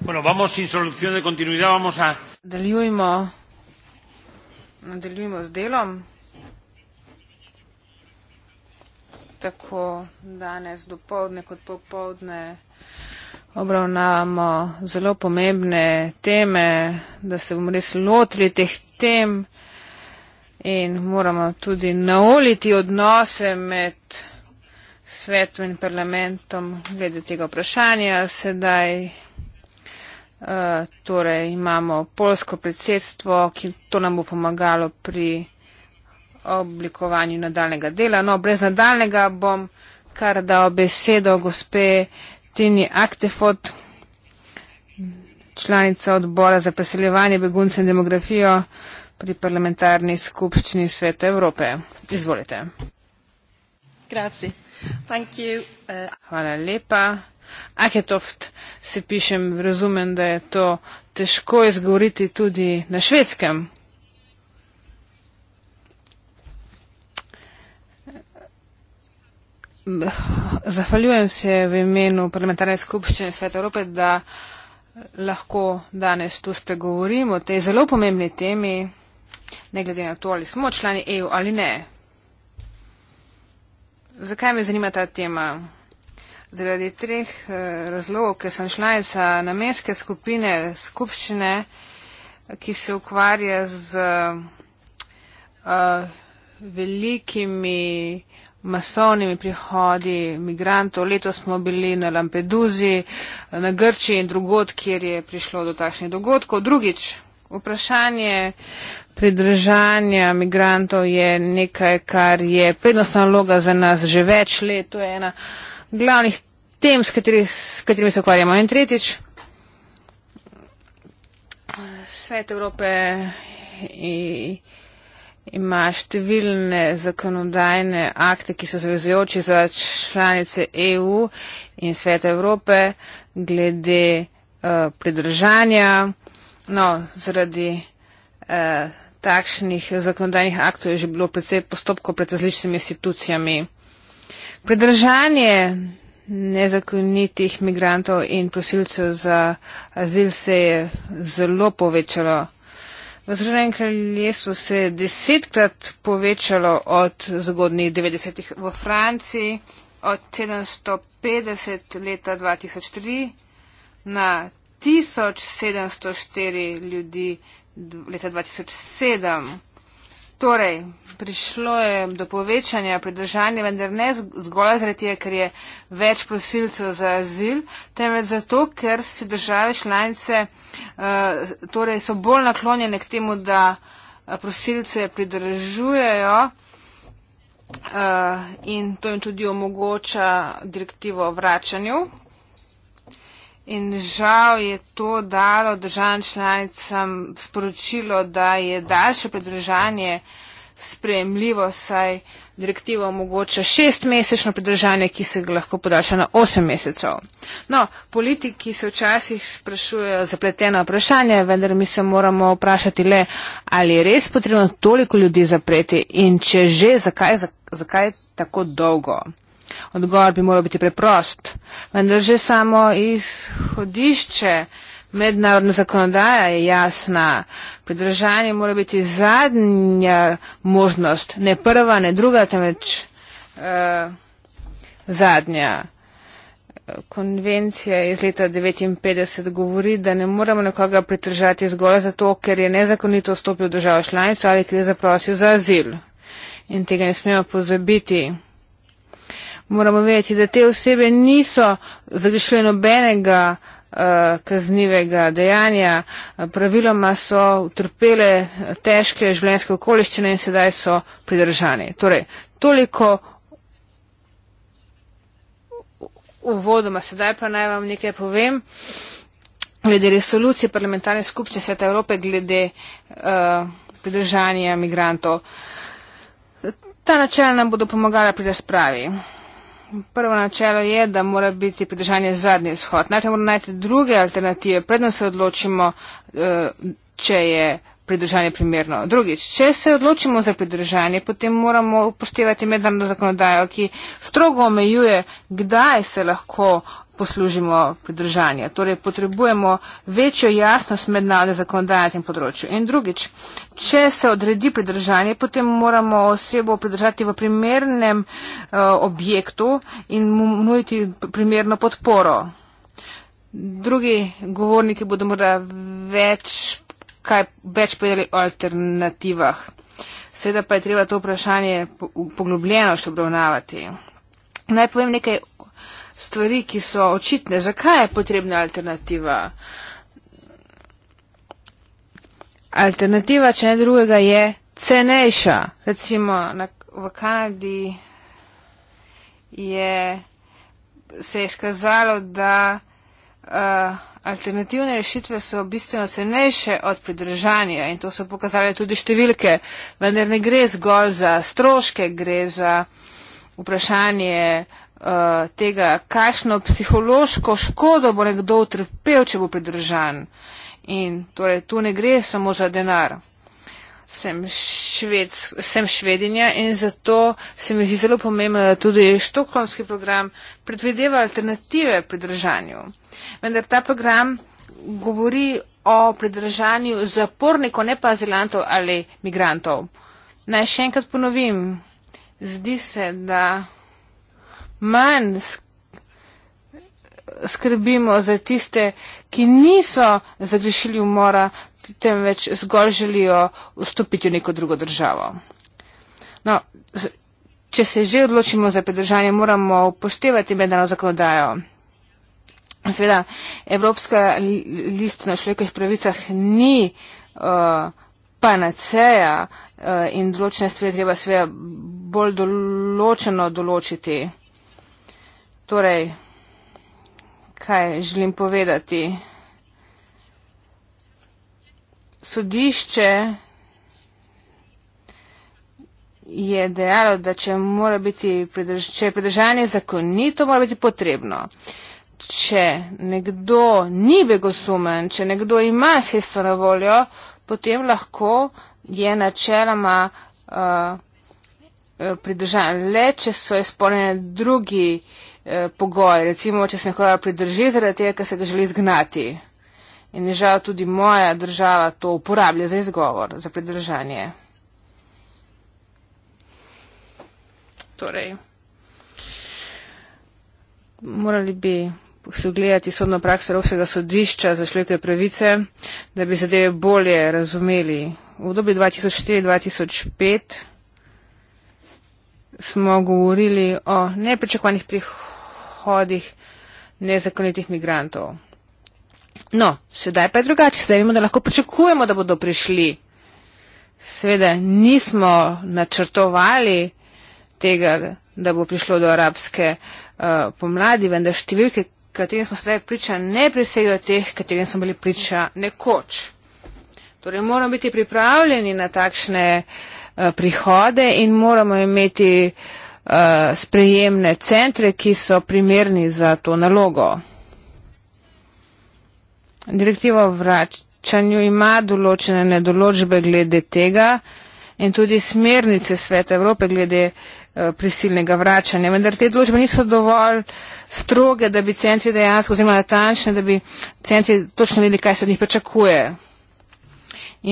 Bueno, vamos sin solución de continuidad, vamos a... Nadaljujmo. Nadaljujmo z delom. Tako danes do povdne kot popovdne obravnavamo zelo pomembne teme, da se bomo res lotili teh tem in moramo tudi naoliti odnose med svetom in parlamentom glede tega vprašanja sedaj. Eh, torej imamo polsko predsedstvo, ki to nam bo pomagalo pri oblikovanju nadaljnega dela. No, brez nadaljnega bom kar dal besedo gospe Tini Aktefot, članica odbora za preseljevanje, begunce in demografijo pri parlamentarni skupščini Sveta Evrope. Izvolite. Grazie. Thank you. Uh... Hvala lepa. Aketoft, si pišem, razumem, da je to težko izgovoriti tudi na švedskem. Zahvaljujem se v imenu parlamentarne skupščine Sveta Evrope, da lahko danes tu spregovorim o tej zelo pomembni temi, ne glede na to, ali smo člani EU ali ne. Zakaj me zanima ta tema? zaradi treh eh, razlogov, ker sem članica namenske skupine skupščine, ki se ukvarja z uh, velikimi masovnimi prihodi migrantov. Leto smo bili na Lampeduzi, na Grči in drugod, kjer je prišlo do takšnih dogodkov. Drugič, vprašanje pridržanja migrantov je nekaj, kar je prednostna naloga za nas že več let. To je ena uh, glavnih tem, s, kateri, s katerimi se ukvarjamo. In tretjič, svet Evrope ima številne zakonodajne akte, ki so zavezujoči za članice EU in svet Evrope glede uh, pridržanja. No, zaradi uh, takšnih zakonodajnih aktov je že bilo predvsej postopkov pred različnimi institucijami. Predržanje nezakonitih migrantov in prosilcev za azil se je zelo povečalo. V Združenem kraljestvu se je desetkrat povečalo od zgodnjih 90-ih v Franciji, od 750 leta 2003 na 1704 ljudi leta 2007. Torej, prišlo je do povečanja pridržanja, vendar ne zgolj zaradi tega, ker je več prosilcev za azil, temveč zato, ker si države članice eh, torej so bolj naklonjene k temu, da eh, prosilce pridržujejo eh, in to jim tudi omogoča direktivo o vračanju. In žal je to dalo državam članicam sporočilo, da je daljše pridržanje uh, sprejemljivo, saj direktiva omogoča šestmesečno pridržanje, ki se ga lahko podaljša na osem mesecev. No, politiki se včasih sprašujejo zapletena vprašanja, vendar mi se moramo vprašati le, ali je res potrebno toliko ljudi zapreti in če že, zakaj, zakaj tako dolgo. Odgovor bi moral biti preprost, vendar že samo izhodišče. Mednarodna zakonodaja je jasna, pridržanje mora biti zadnja možnost, ne prva, ne druga, temveč uh, zadnja. Konvencija iz leta 1959 govori, da ne moremo nekoga pridržati zgolj zato, ker je nezakonito vstopil v državo članico ali ker je zaprosil za azil. In tega ne smemo pozabiti. Moramo vedeti, da te osebe niso zagrešile nobenega. Uh, Eh, kaznivega dejanja. Praviloma so utrpele težke življenjske okoliščine in sedaj so pridržani. Torej, toliko uvodoma, sedaj pa naj vam nekaj povem. Glede resolucije parlamentarne skupščine Sveta Evrope glede uh, pridržanja migrantov. Ta načela nam bodo pomagala pri razpravi. Prvo načelo je, da mora biti pridržanje zadnji izhod. Najprej moramo najti druge alternative, predno se odločimo, eh, če je pridržanje primerno. Drugič, če se odločimo za pridržanje, potem moramo upoštevati mednarodno zakonodajo, ki strogo omejuje, kdaj se lahko poslužimo pridržanja. Torej, potrebujemo večjo jasnost mednarodne zakonodaje na tem področju. In drugič, če se odredi pridržanje, potem moramo osebo pridržati v primernem uh, objektu in mu nuditi primerno podporo. Drugi govorniki bodo morda več kaj več povedali o alternativah. Seveda pa je treba to vprašanje poglobljeno še obravnavati. Naj povem nekaj stvari, ki so očitne. Zakaj je potrebna alternativa? Alternativa, če ne drugega, je cenejša. Recimo na, v Kanadi je, se je skazalo, da uh, Alternativne rešitve so bistveno cenejše od pridržanja in to so pokazale tudi številke, vendar ne gre zgolj za stroške, gre za vprašanje uh, tega, kakšno psihološko škodo bo nekdo utrpel, če bo pridržan. In torej tu ne gre samo za denar sem, šved, sem švedinja in zato se mi zdi zelo pomembno, da tudi štokholmski program predvideva alternative pridržanju. Vendar ta program govori o pridržanju zapornikov, ne pa azilantov ali migrantov. Naj še enkrat ponovim. Zdi se, da manj skrbimo za tiste, ki niso zagrešili umora, temveč zgolj želijo vstopiti v neko drugo državo. No, če se že odločimo za pridržanje, moramo upoštevati mednarodno zakonodajo. Sveda, Evropska lista na človekovih pravicah ni uh, panaceja uh, in določene stvari treba sve bolj določeno določiti. Torej, kaj želim povedati? sodišče je dejalo, da če, pridrž če je pridržanje zakonito, mora biti potrebno. Če nekdo ni begosumen, če nekdo ima sredstva na voljo, potem lahko je načeloma uh, pridržan. Le, če so izpolnjeni drugi uh, pogoji, recimo, če se nekoga pridrži zaradi tega, ker se ga želi izgnati in žal tudi moja država to uporablja za izgovor, za pridržanje. Torej, morali bi se ogledati sodno prakso Evropskega sodišča za človekove pravice, da bi zadeve bolje razumeli. V obdobju 2004-2005 smo govorili o nepričakovanih prihodih nezakonitih migrantov. No, sedaj pa je drugače, sedaj vemo, da lahko pričakujemo, da bodo prišli. Seveda nismo načrtovali tega, da bo prišlo do arabske uh, pomladi, vendar številke, katerim smo sedaj priča, ne presegajo teh, katerim smo bili priča nekoč. Torej moramo biti pripravljeni na takšne uh, prihode in moramo imeti uh, sprejemne centre, ki so primerni za to nalogo. Direktiva o vračanju ima določene nedoločbe glede tega in tudi smernice Sveta Evrope glede eh, prisilnega vračanja. Vendar te določbe niso dovolj stroge, da bi centri dejansko oziroma natančne, da bi centri točno vedeli, kaj se od njih pričakuje.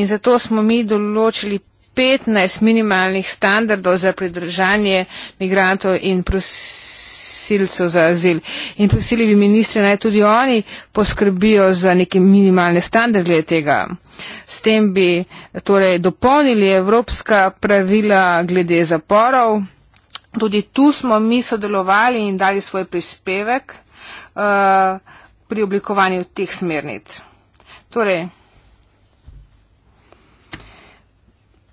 In zato smo mi določili 15 minimalnih standardov za pridržanje migrantov in prosilcev za azil. In prosili bi ministre, naj tudi oni poskrbijo za neke minimalne standarde glede tega. S tem bi torej dopolnili evropska pravila glede zaporov. Tudi tu smo mi sodelovali in dali svoj prispevek uh, pri oblikovanju teh smernic. Torej,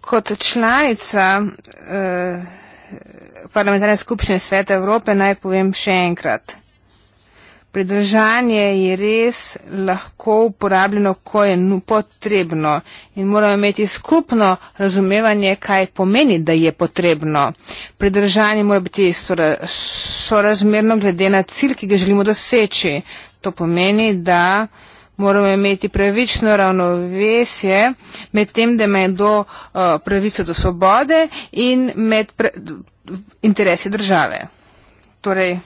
kot članica eh, parlamentarne skupščine Sveta Evrope naj povem še enkrat. Pridržanje je res lahko uporabljeno, ko je potrebno in moramo imeti skupno razumevanje, kaj pomeni, da je potrebno. Pridržanje mora biti sorazmerno glede na cilj, ki ga želimo doseči. To pomeni, da moram imeti pravično ravnovesje med tem, da me je do uh, pravice do svobode in med interese države. Torej,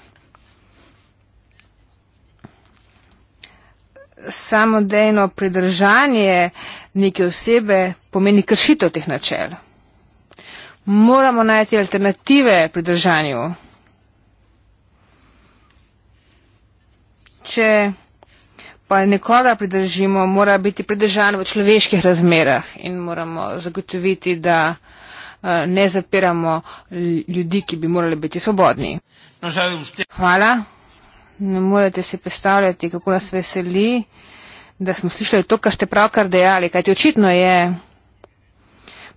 samodejno pridržanje neke osebe pomeni kršitev teh načel. Moramo najti alternative pridržanju. Če pa nekoga pridržimo, mora biti pridržan v človeških razmerah in moramo zagotoviti, da eh, ne zapiramo ljudi, ki bi morali biti svobodni. No, Hvala. Ne morete si predstavljati, kako nas veseli, da smo slišali to, kar ste pravkar dejali, kajti očitno je,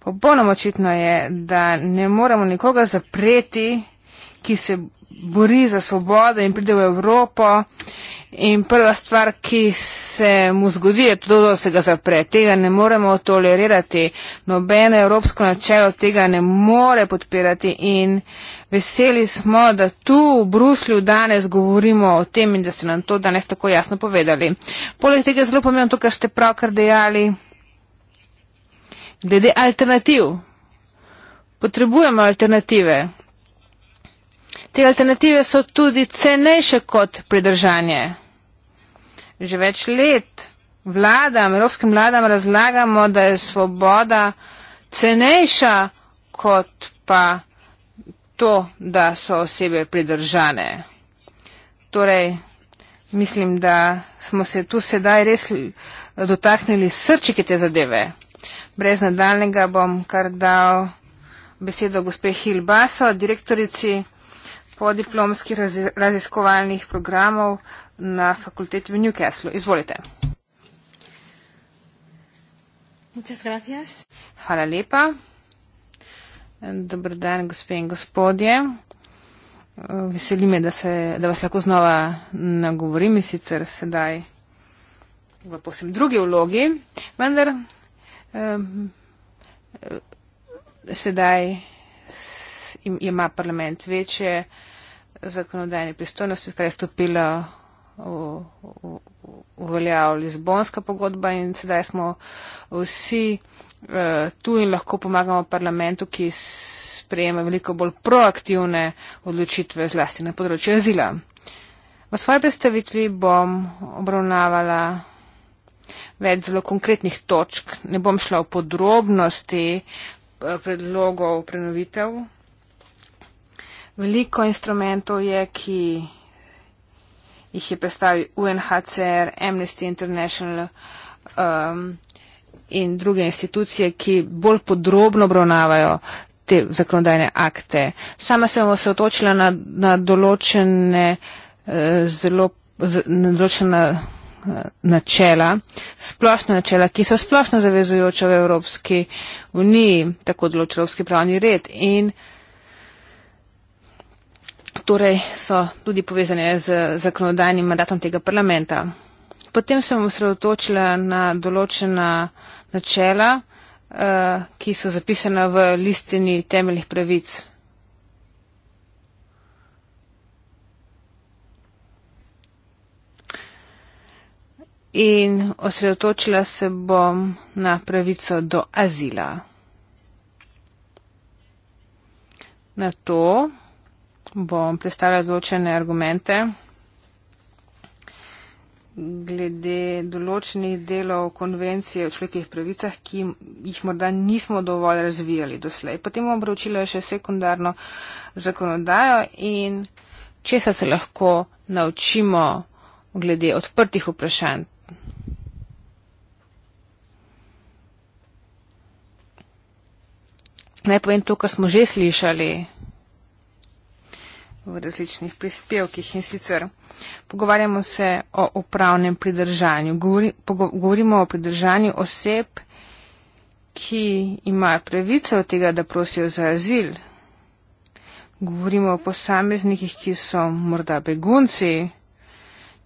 popolnoma očitno je, da ne moramo nikoga zapreti, ki se bori za svobodo in pride v Evropo In prva stvar, ki se mu zgodi, je to, da se ga zapre. Tega ne moremo tolerirati. Nobeno evropsko načelo tega ne more podpirati. In veseli smo, da tu v Bruslju danes govorimo o tem in da ste nam to danes tako jasno povedali. Poleg tega je zelo pomembno to, kar ste pravkar dejali. Glede alternativ. Potrebujemo alternative. Te alternative so tudi cenejše kot pridržanje že več let vladam, evropskim vladam razlagamo, da je svoboda cenejša kot pa to, da so osebe pridržane. Torej, mislim, da smo se tu sedaj res dotaknili srčike te zadeve. Brez nadaljnega bom kar dal besedo gospe Hilbaso, direktorici podiplomskih raziskovalnih programov na fakulteti v Newcastlu. Izvolite. Hvala lepa. Dobro dan, gospe in gospodje. Veseli me, da, se, da vas lahko znova nagovorim, sicer sedaj v posebno drugi vlogi, vendar eh, sedaj ima parlament večje zakonodajne pristojnosti, kar je stopila uveljavila Lizbonska pogodba in sedaj smo vsi eh, tu in lahko pomagamo parlamentu, ki sprejema veliko bolj proaktivne odločitve zlasti na področju azila. V svoji predstavitvi bom obravnavala več zelo konkretnih točk. Ne bom šla v podrobnosti eh, predlogov prenovitev. Veliko instrumentov je, ki jih je predstavil UNHCR, Amnesty International um, in druge institucije, ki bolj podrobno obravnavajo te zakonodajne akte. Sama sem se otočila na, na določene uh, zelo z, na določena, uh, načela, splošna načela, ki so splošno zavezujoča v Evropski uniji, tako določa Evropski pravni red. In, uh, torej so tudi povezane z zakonodajnim mandatom tega parlamenta. Potem sem osredotočila na določena načela, eh, ki so zapisana v listini temeljih pravic. In osredotočila se bom na pravico do azila. Na to, bom predstavila določene argumente glede določenih delov konvencije o človekovih pravicah, ki jih morda nismo dovolj razvijali doslej. Potem bom preučila še sekundarno zakonodajo in česa se lahko naučimo glede odprtih vprašanj. Naj povem to, kar smo že slišali v različnih prispevkih in sicer pogovarjamo se o upravnem pridržanju. Govori, pogo, govorimo o pridržanju oseb, ki imajo pravico od tega, da prosijo za azil. Govorimo o posameznikih, ki so morda begunci,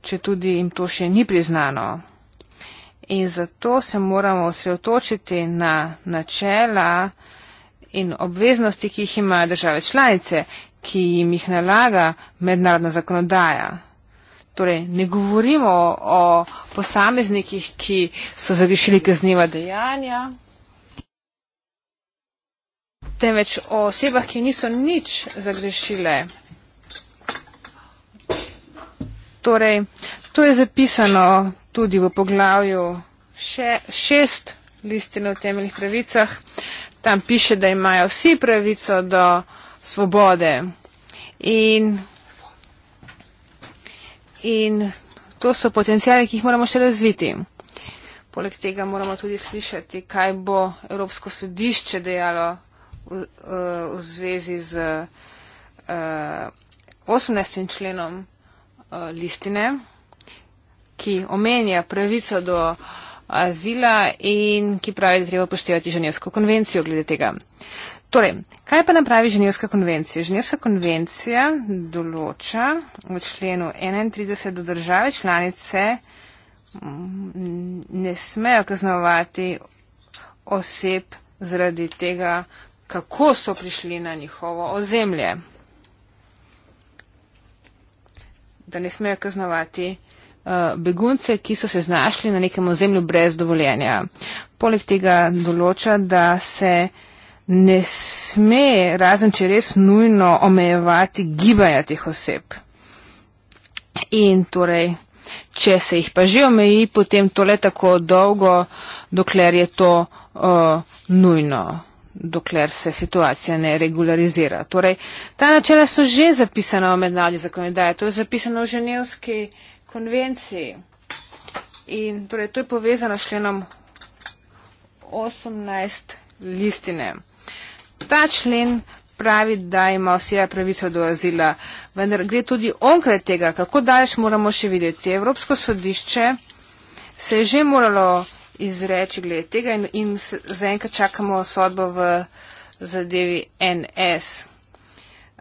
če tudi jim to še ni priznano. In zato se moramo osredotočiti na načela in obveznosti, ki jih imajo države članice ki jim jih nalaga mednarodna zakonodaja. Torej, ne govorimo o posameznikih, ki so zagrešili kazniva dejanja, temveč o osebah, ki niso nič zagrešile. Torej, to je zapisano tudi v poglavju še, šest listine o temeljnih pravicah. Tam piše, da imajo vsi pravico do svobode. In, in to so potencijali, ki jih moramo še razviti. Poleg tega moramo tudi slišati, kaj bo Evropsko sodišče dejalo v, eh, v zvezi z uh, eh, 18. členom uh, listine, ki omenja pravico do azila in ki pravi, da treba poštevati ženevsko konvencijo glede tega. Torej, kaj pa napravi Ženevska konvencija? Ženevska konvencija določa v členu 31, da države članice ne smejo kaznovati oseb zaradi tega, kako so prišli na njihovo ozemlje. Da ne smejo kaznovati eh, begunce, ki so se znašli na nekem ozemlju brez dovoljenja. Poleg tega določa, da se ne sme, razen če res nujno, omejevati gibanja teh oseb. In torej, če se jih pa že omeji, potem tole tako dolgo, dokler je to uh, nujno, dokler se situacija ne regularizira. Torej, ta načela so že zapisana v mednarodni zakonodaji, to je zapisano v Ženevski konvenciji. In torej, to je povezano s členom 18 listine. Ta člen pravi, da ima vse pravico do azila, vendar gre tudi onkraj tega, kako daleč moramo še videti. Evropsko sodišče se je že moralo izreči glede tega in, in zaenkrat čakamo sodbo v zadevi NS.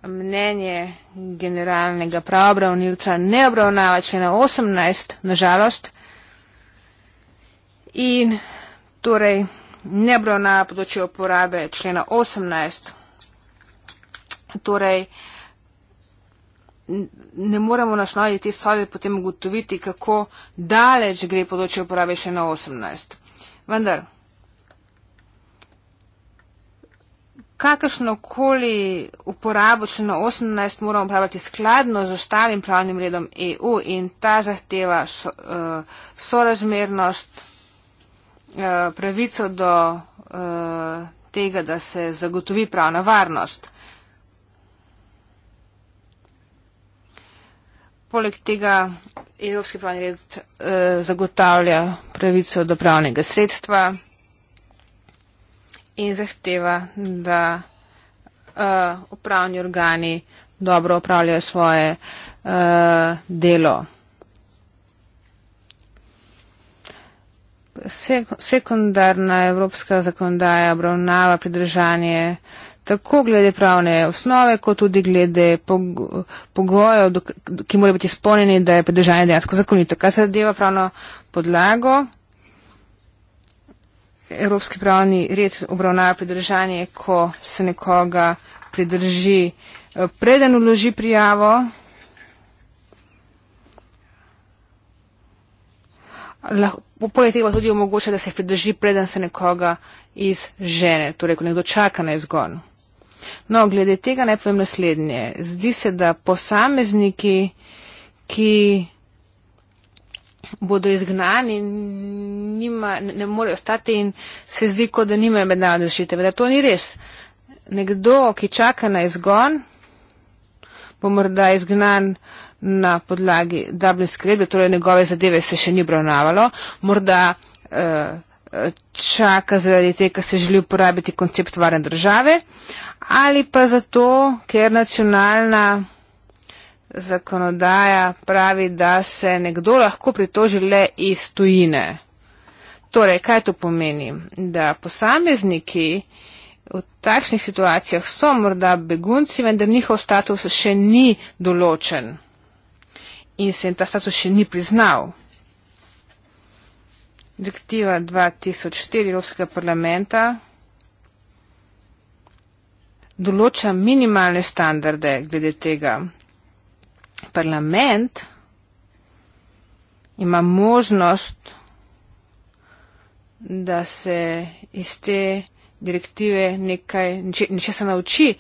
Mnenje generalnega pravobravnilca ne obravnava člena 18, nažalost. In torej ne obravnava področje uporabe člena 18. Torej, ne moremo na osnovi te sode potem ugotoviti, kako daleč gre področje uporabe člena 18. Vendar, kakršnokoli uporabo člena 18 moramo upravljati skladno z ostalim pravnim redom EU in ta zahteva so, uh, sorazmernost. Eh, pravico do eh, tega, da se zagotovi pravna varnost. Poleg tega evropski pravni red eh, zagotavlja pravico do pravnega sredstva in zahteva, da upravni organi dobro upravljajo svoje delo. sek sekundarna evropska zakonodaja obravnava pridržanje tako glede pravne osnove, kot tudi glede pogojev, ki morajo biti izpolnjeni, da je pridržanje dejansko zakonito. Kar se zadeva pravno podlago, evropski pravni red obravnava pridržanje, ko se nekoga pridrži, eh, preden uloži prijavo. Lahko, poleg tega pa tudi omogoča, da se pridrži preden se nekoga iz žene, torej ko nekdo čaka na izgon. No, glede tega naj povem naslednje. Zdi se, da posamezniki, ki bodo izgnani, nima, ne morejo ostati in se zdi, kot da nimajo mednarodne zaščite. Da to ni res. Nekdo, ki čaka na izgon, bo morda izgnan uh, na podlagi Dublin skrbe, torej njegove zadeve se še ni obravnavalo, morda eh, čaka zaradi tega, ker se želi uporabiti koncept varne države ali pa zato, ker nacionalna zakonodaja pravi, da se nekdo lahko pritoži le iz tujine. Torej, kaj to pomeni? Da posamezniki v takšnih situacijah so morda begunci, vendar njihov status še ni določen in se jim ta status še ni priznal. Direktiva 2004 Evropskega parlamenta določa minimalne standarde glede tega. Parlament ima možnost, da se iz te direktive nekaj, nič, nič se nauči,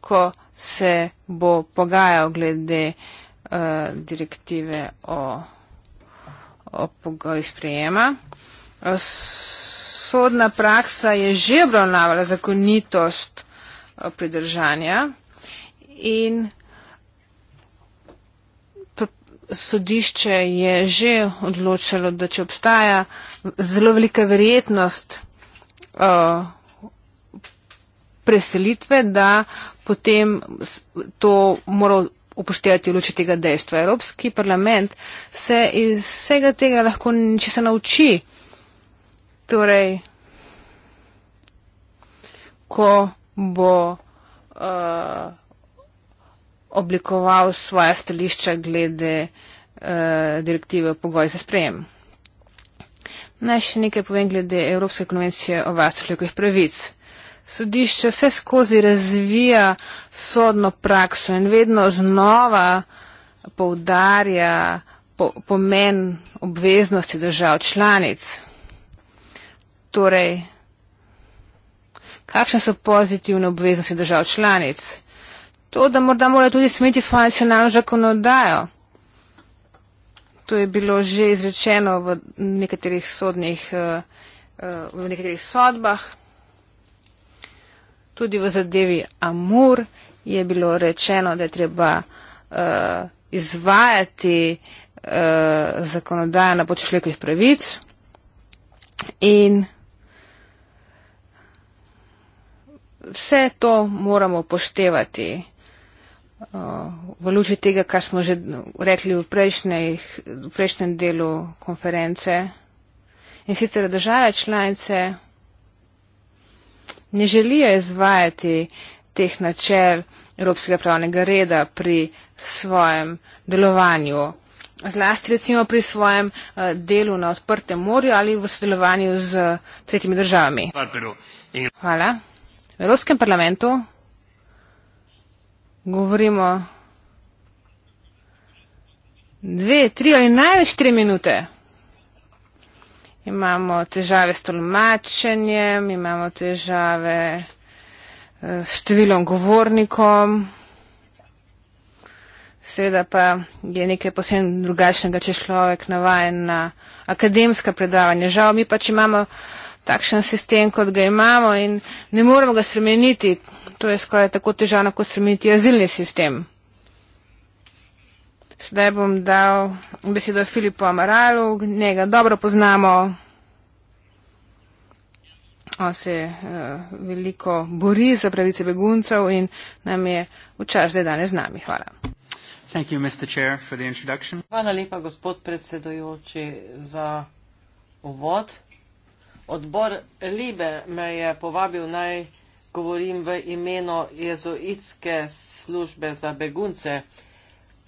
ko se bo pogajal glede uh, uh, direktive o, o pogojih sprejema. Sodna praksa je že obravnavala zakonitost eh, pridržanja in sodišče je že odločalo, da če obstaja zelo velika verjetnost uh, preselitve, da potem to mora upoštevati v luči tega dejstva. Evropski parlament se iz vsega tega lahko niče se nauči. Torej, ko bo uh, oblikoval svoja stališča glede uh, direktive pogoj za sprejem. Naj še nekaj povem glede Evropske konvencije o varstvu človekovih pravic sodišče vse skozi razvija sodno prakso in vedno znova poudarja po, pomen obveznosti držav članic. Torej, kakšne so pozitivne obveznosti držav članic? To, da morda morajo tudi smeti svojo nacionalno zakonodajo. To je bilo že izrečeno v nekaterih sodnih, eh, eh, v nekaterih sodbah. Tudi v zadevi Amur je bilo rečeno, da je treba uh, izvajati uh, zakonodajo na počeš lekih pravic. In vse to moramo poštevati uh, eh, v luči tega, kar smo že rekli v, prejšnjih, v prejšnjem delu konference. In sicer države članice ne želijo izvajati teh načel Evropskega pravnega reda pri svojem delovanju. Zlasti recimo pri svojem eh, delu na odprtem morju ali v sodelovanju z tretjimi državami. Hvala. V Evropskem parlamentu govorimo dve, tri ali največ tri minute imamo težave s tolmačenjem, imamo težave eh, s številom govornikom. Seveda pa je nekaj posebno drugačnega, če človek navajen na akademska predavanja. Žal, mi pač imamo takšen sistem, kot ga imamo in ne moremo ga spremeniti. To je skoraj tako težavno, kot spremeniti azilni sistem. Sedaj bom dal besedo Filipu Amaralu, njega dobro poznamo. On se uh, veliko bori za pravice beguncev in nam je v čas, da je danes z nami. Hvala. You, Chair, Hvala lepa, gospod predsedujoči, za uvod. Odbor Libe me je povabil naj govorim v imenu jezuitske službe za begunce.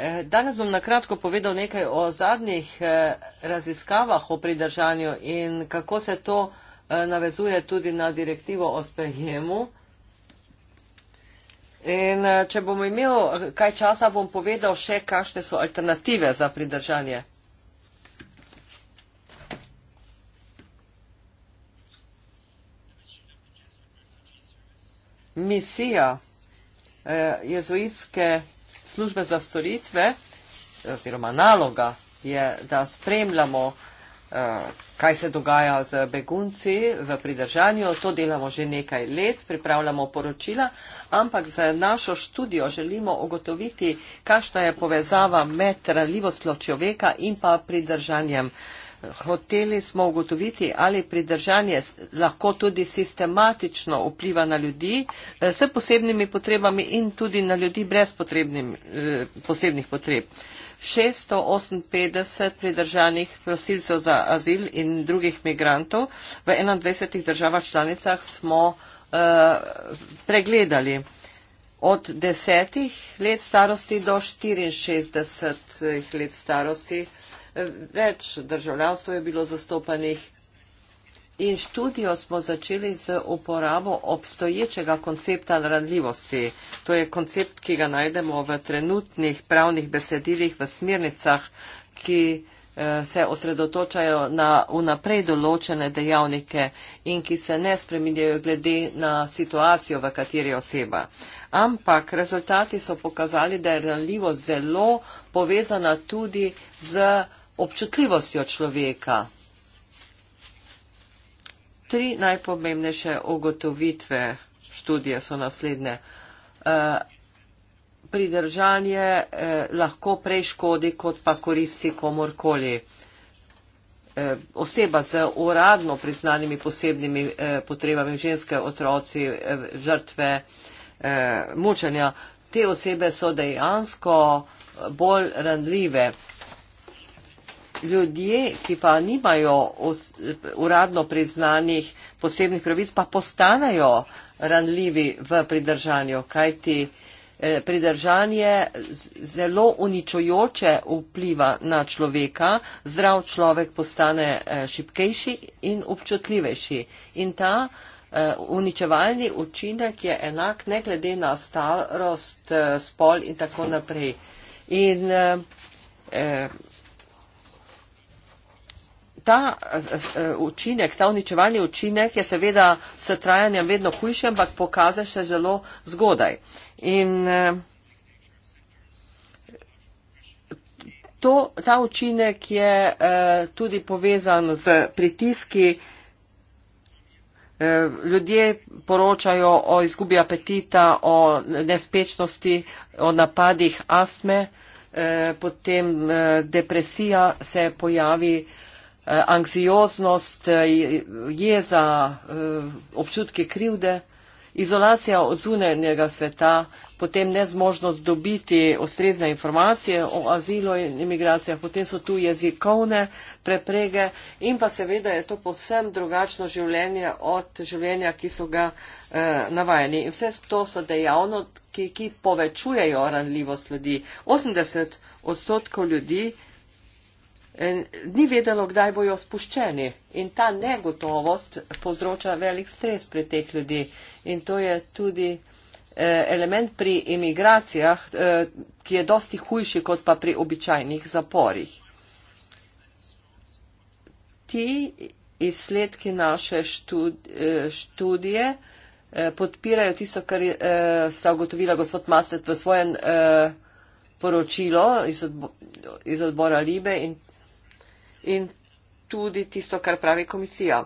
Eh, danes bom na kratko povedal nekaj o zadnjih eh, raziskavah o pridržanju in kako se to eh, navezuje tudi na direktivo o sprejemu. In če bom imel kaj časa, bom povedal še, kakšne so alternative za pridržanje. Misija jezuitske službe za storitve eh, oziroma naloga je, da spremljamo, eh, kaj se dogaja z begunci v pridržanju. To delamo že nekaj let, pripravljamo poročila, ampak za našo študijo želimo ugotoviti, kakšna je povezava med ranljivostjo človeka in pa pridržanjem človeka hoteli smo ugotoviti, ali pridržanje lahko tudi sistematično vpliva na ljudi eh, s posebnimi potrebami in tudi na ljudi brez eh, posebnih potreb. 658 pridržanih prosilcev za azil in drugih migrantov v 21 državah članicah smo uh, pregledali. Od 10 let starosti do 64 let starosti uh, več državljanstv je bilo zastopanih. In študijo smo začeli z uporabo obstoječega koncepta ranljivosti. To je koncept, ki ga najdemo v trenutnih pravnih besedilih, v smernicah, ki eh, se osredotočajo na unaprej določene dejavnike in ki se ne spreminjajo glede na situacijo, v kateri je oseba. Ampak rezultati so pokazali, da je ranljivost zelo povezana tudi z občutljivostjo človeka. Tri najpomembnejše ugotovitve študije so naslednje. Eh, pridržanje eh, lahko prej škodi, kot pa koristi komorkoli. Eh, oseba z uradno priznanimi posebnimi potrebami, ženske otroci, žrtve, mučenja, te osebe so dejansko bolj randljive ljudje, ki pa nimajo os, uradno priznanih posebnih pravic, pa postanejo ranljivi v pridržanju, kajti eh, pridržanje zelo uničujoče vpliva na človeka, zdrav človek postane eh, šipkejši in občutljivejši. In ta eh, uničevalni učinek je enak ne glede na starost, eh, spol in tako naprej. In, eh, eh, ta eh, eh, učinek, ta uničevalni učinek je seveda s trajanjem vedno hujši, ampak pokaže se zelo zgodaj. In eh, to, ta učinek je tudi povezan z pritiski. Ljudje poročajo o izgubi apetita, o nespečnosti, o napadih astme, potem depresija se pojavi. Eh, anksioznost, eh, jeza, eh, občutke krivde, izolacija od zunanjega sveta, potem nezmožnost dobiti ustrezne informacije o azilu in imigracijah, potem so tu jezikovne preprege in pa seveda je to posem drugačno življenje od življenja, ki so ga eh, navajeni. In vse to so dejavnosti, ki, ki povečujejo ranljivost ljudi. 80 odstotkov ljudi ni vedelo, kdaj bojo spuščeni. In ta negotovost povzroča velik stres pri teh ljudi. In to je tudi eh, element pri imigracijah, eh, ki je dosti hujši kot pa pri običajnih zaporih. Ti izsledki naše eh, študije podpirajo tisto, kar sta ugotovila gospod Mastet v svojem poročilo iz odbora Libe in in tudi tisto, kar pravi komisija.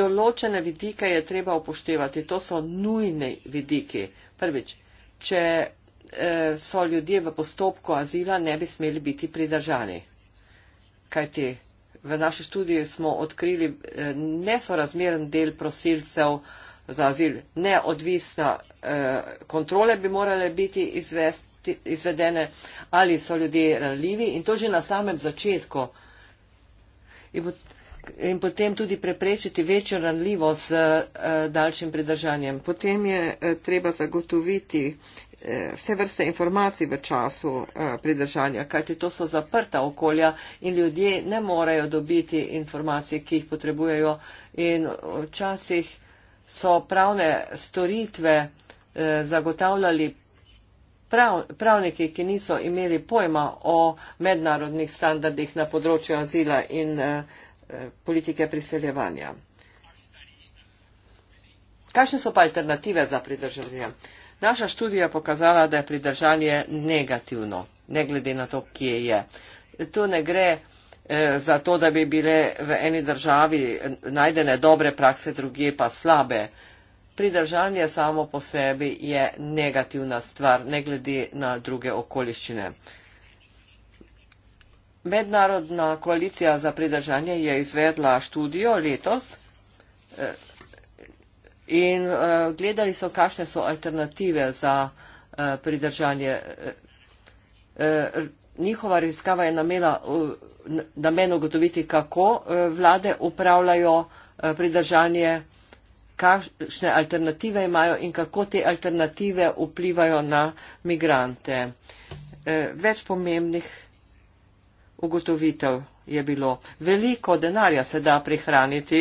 Določene vidike je treba upoštevati, to so nujni vidiki. Prvič, če e, so ljudje v postopku azila, ne bi smeli biti pridržani. Kajti v naši študiji smo odkrili e, nesorazmeren del prosilcev za azil, neodvisna e, kontrole bi morale biti izvesti, izvedene, ali so ljudje ranljivi in to že na samem začetku in potem tudi preprečiti večjo ranljivost z eh, daljšim pridržanjem. Potem je eh, treba zagotoviti eh, vse vrste informacij v času pridržanja, kajti to so zaprta okolja in ljudje ne morejo dobiti informacij, ki jih potrebujejo. In včasih so pravne storitve zagotavljali prav, pravniki, ki niso imeli pojma o mednarodnih standardih na področju azila in eh, eh, politike priseljevanja. Kakšne so pa alternative za pridržanje? Naša študija pokazala, da je pridržanje negativno, ne glede na to, kje je. Tu ne gre eh, za to, da bi bile v eni državi eh, najdene dobre prakse, druge pa slabe. Eh, pridržanje samo po sebi je negativna stvar, ne glede na druge okoliščine. Mednarodna koalicija za pridržanje je izvedla študijo letos eh, in eh, gledali so, kakšne so alternative za eh, pridržanje. Njihova raziskava je namela namen ugotoviti, kako vlade upravljajo pridržanje kakšne alternative imajo in kako te alternative vplivajo na migrante. Eh, več pomembnih ugotovitev je bilo. Veliko denarja se da prihraniti,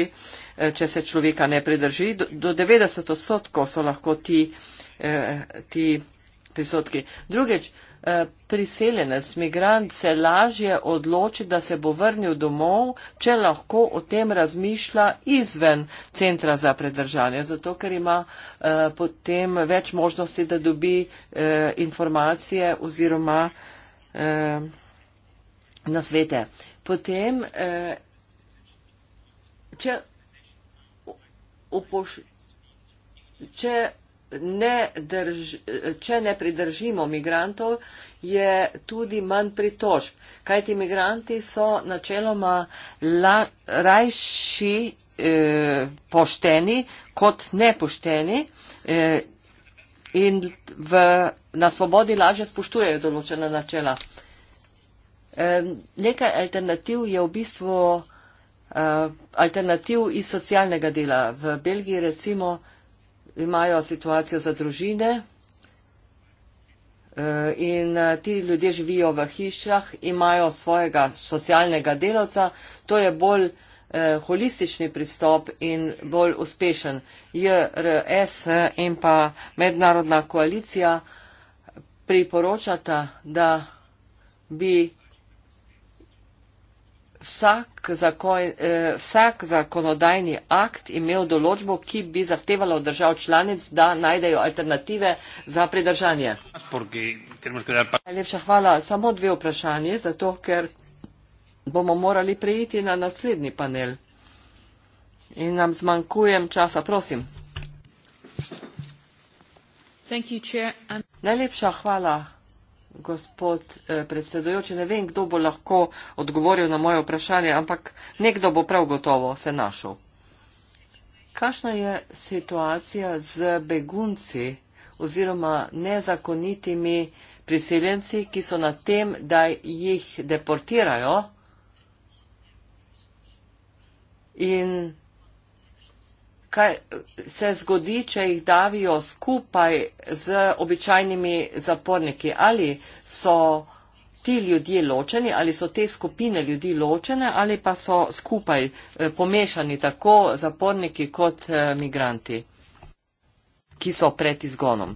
eh, če se človeka ne pridrži. Do 90 odstotkov so lahko ti, eh, ti prisotki. Drugič, Eh, priseljenec, migrant se lažje odloči, da se bo vrnil domov, če lahko o tem razmišlja izven centra za predržanje, zato ker ima eh, potem več možnosti, da dobi eh, informacije oziroma na svete. Potem, če upošljamo, Če ne drž, če ne pridržimo migrantov, je tudi manj pritožb. Kaj ti migranti so načeloma la, rajši eh, pošteni kot nepošteni eh, in v, na svobodi lažje spoštujejo določena načela. Eh, nekaj alternativ je v bistvu eh, alternativ iz socialnega dela. V Belgiji recimo imajo situacijo za družine eh, in eh, ti ljudje živijo v hišah, imajo svojega socialnega delavca. To je bolj eh, holistični pristop in bolj uspešen. JRS in pa mednarodna koalicija priporočata, da bi vsak, zakon, eh, vsak zakonodajni akt imel določbo, ki bi zahtevala od držav članic, da najdejo alternative za pridržanje. Najlepša hvala. Samo dve vprašanje, zato ker bomo morali prejiti na naslednji panel. In nam zmanjkujem časa, prosim. Najlepša hvala. Gospod eh, predsedujoči, ne vem, kdo bo lahko odgovoril na moje vprašanje, ampak nekdo bo prav gotovo se našel. Kakšna je situacija z begunci oziroma nezakonitimi priseljenci, ki so na tem, da jih deportirajo? In kaj se zgodi, če jih davijo skupaj z običajnimi zaporniki. Ali so ti ljudje ločeni, ali so te skupine ljudi ločene, ali pa so skupaj eh, pomešani tako zaporniki kot eh, migranti, ki so pred izgonom.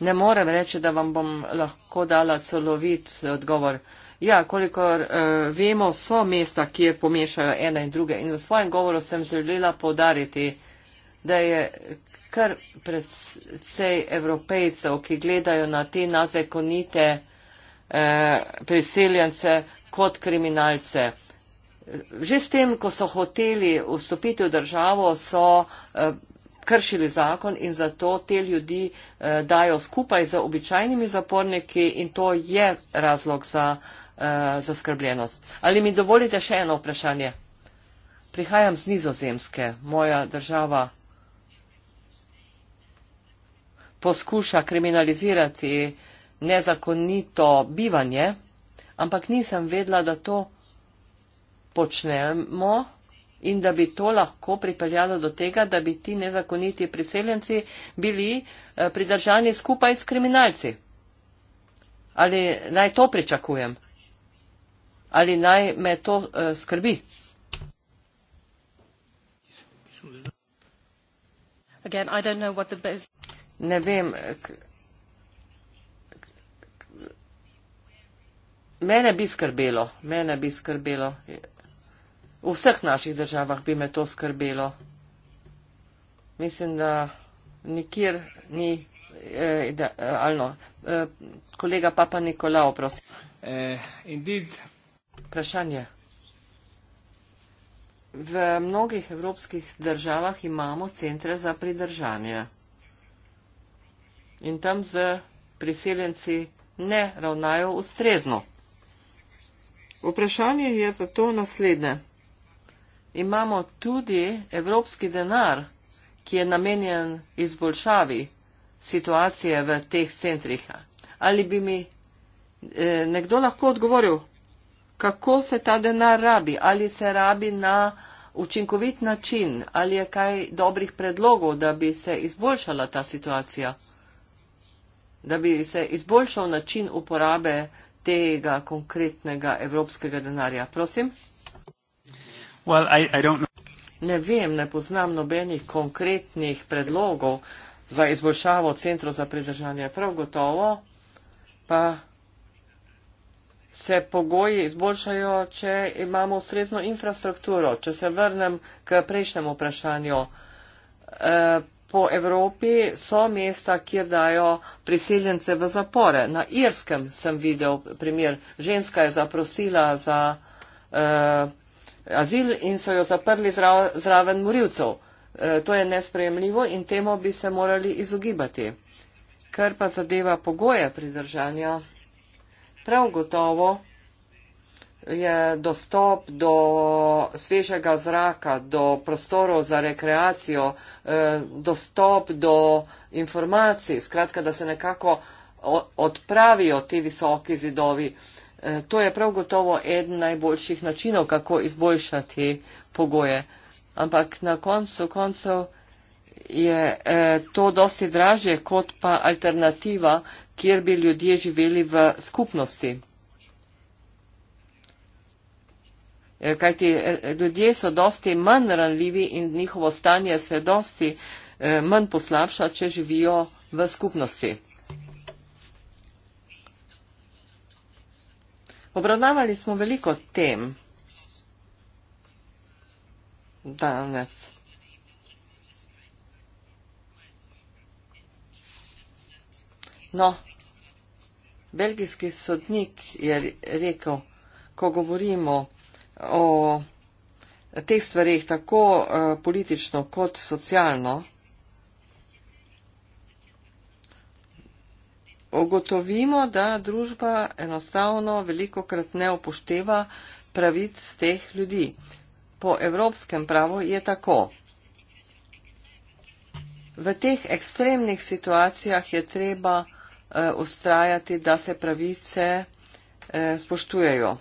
Ne morem reči, da vam bom lahko dala celovit odgovor. Eh, Ja, kolikor uh, vemo, so mesta, kjer pomešajo ena in druge. In v svojem govoru sem želela povdariti, da je kar predvsej evropejcev, ki gledajo na te nazakonite uh, eh, priseljence kot kriminalce. Že s tem, ko so hoteli vstopiti v državo, so uh, kršili zakon in zato te ljudi uh, dajo skupaj z običajnimi zaporniki in to je razlog za. Uh, Eh, zaskrbljenost. Ali mi dovolite še eno vprašanje? Prihajam z nizozemske, moja država poskuša kriminalizirati nezakonito bivanje, ampak nisem vedla, da to počnemo in da bi to lahko pripeljalo do tega, da bi ti nezakoniti priseljenci bili eh, pridržani skupaj s kriminalci. Ali naj to pričakujem? ali naj me to uh, skrbi. Again, I don't know what the best... Ne vem. Mene bi skrbelo, mene bi skrbelo. V vseh naših državah bi me to skrbelo. Mislim, da nikjer ni idealno. Eh, eh, kolega Papa Nikolao, prosim. Uh, indeed, vprašanje. V mnogih evropskih državah imamo centre za pridržanje in tam z priseljenci ne ravnajo ustrezno. Vprašanje je zato naslednje. Imamo tudi evropski denar, ki je namenjen izboljšavi situacije v teh centrih. Ali bi mi eh, nekdo lahko odgovoril, kako se ta denar rabi, ali se rabi na učinkovit način, ali je kaj dobrih predlogov, da bi se izboljšala ta situacija, da bi se izboljšal način uporabe tega konkretnega evropskega denarja. Prosim? Well, I, I ne vem, ne poznam nobenih konkretnih predlogov za izboljšavo centrov za pridržanje. Prav gotovo pa se pogoji izboljšajo, če imamo ustrezno infrastrukturo. Če se vrnem k prejšnjemu vprašanju. E, po Evropi so mesta, kjer dajo priseljence v zapore. Na Irskem sem videl primer. Ženska je zaprosila za eh, azil in so jo zaprli zra, zraven morilcev. Eh, to je nespremljivo in temu bi se morali izogibati. Kar pa zadeva pogoje pridržanja. Prav gotovo je dostop do svežega zraka, do prostorov za rekreacijo, eh, dostop do informacij, skratka, da se nekako odpravijo ti visoki zidovi. Eh, to je prav gotovo eden najboljših načinov, kako izboljšati pogoje. Ampak na koncu koncev je eh, to dosti dražje kot pa alternativa, kjer bi ljudje živeli v skupnosti. Eh, kajti eh, ljudje so dosti manj ranljivi in njihovo stanje se dosti eh, manj poslabša, če živijo v skupnosti. Obravnavali smo veliko tem danes. No, belgijski sodnik je rekel, ko govorimo o teh stvarih tako eh, politično kot socialno, ogotovimo, da družba enostavno veliko krat ne upošteva pravic teh ljudi. Po evropskem pravu je tako. V teh ekstremnih situacijah je treba Eh, ustrajati, da se pravice eh, spoštujejo.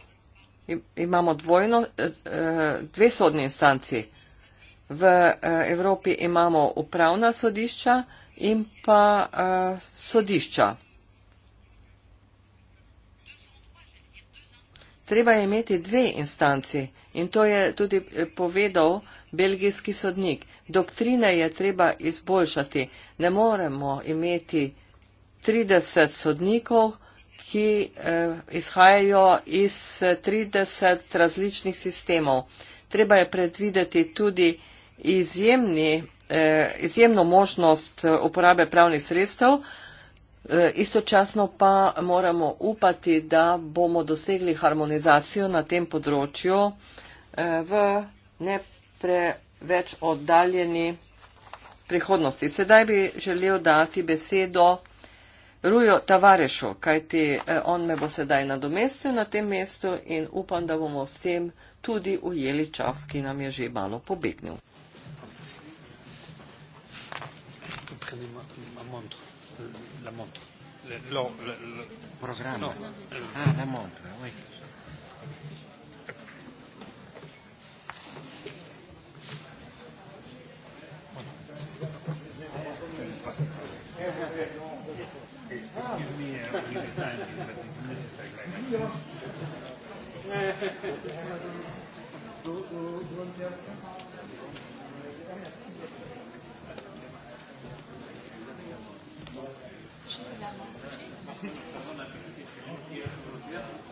Imamo dvojno, eh, dve sodni instanci. V Evropi imamo upravna sodišča in pa sodišča. Treba je imeti dve instanci in to je tudi povedal belgijski sodnik. Doktrine je treba izboljšati. Ne moremo imeti sodišča 30 sodnikov, ki eh, izhajajo iz 30 eh, različnih sistemov. Treba je predvideti tudi izjemni, eh, izjemno možnost uporabe pravnih sredstev, istočasno pa moramo upati, da bomo dosegli harmonizacijo na tem področju v nepreveč oddaljeni prihodnosti. Sedaj bi želel dati besedo Rujo Tavarešu, kajti eh, on me bo sedaj nadomestil na tem mestu in upam, da bomo s tem tudi ujeli čas, ki nam je že malo pobegnil. Thank no. ah, you. excuse me, every time, but this is necessary. Thank you.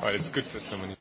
Well, it's good for someone.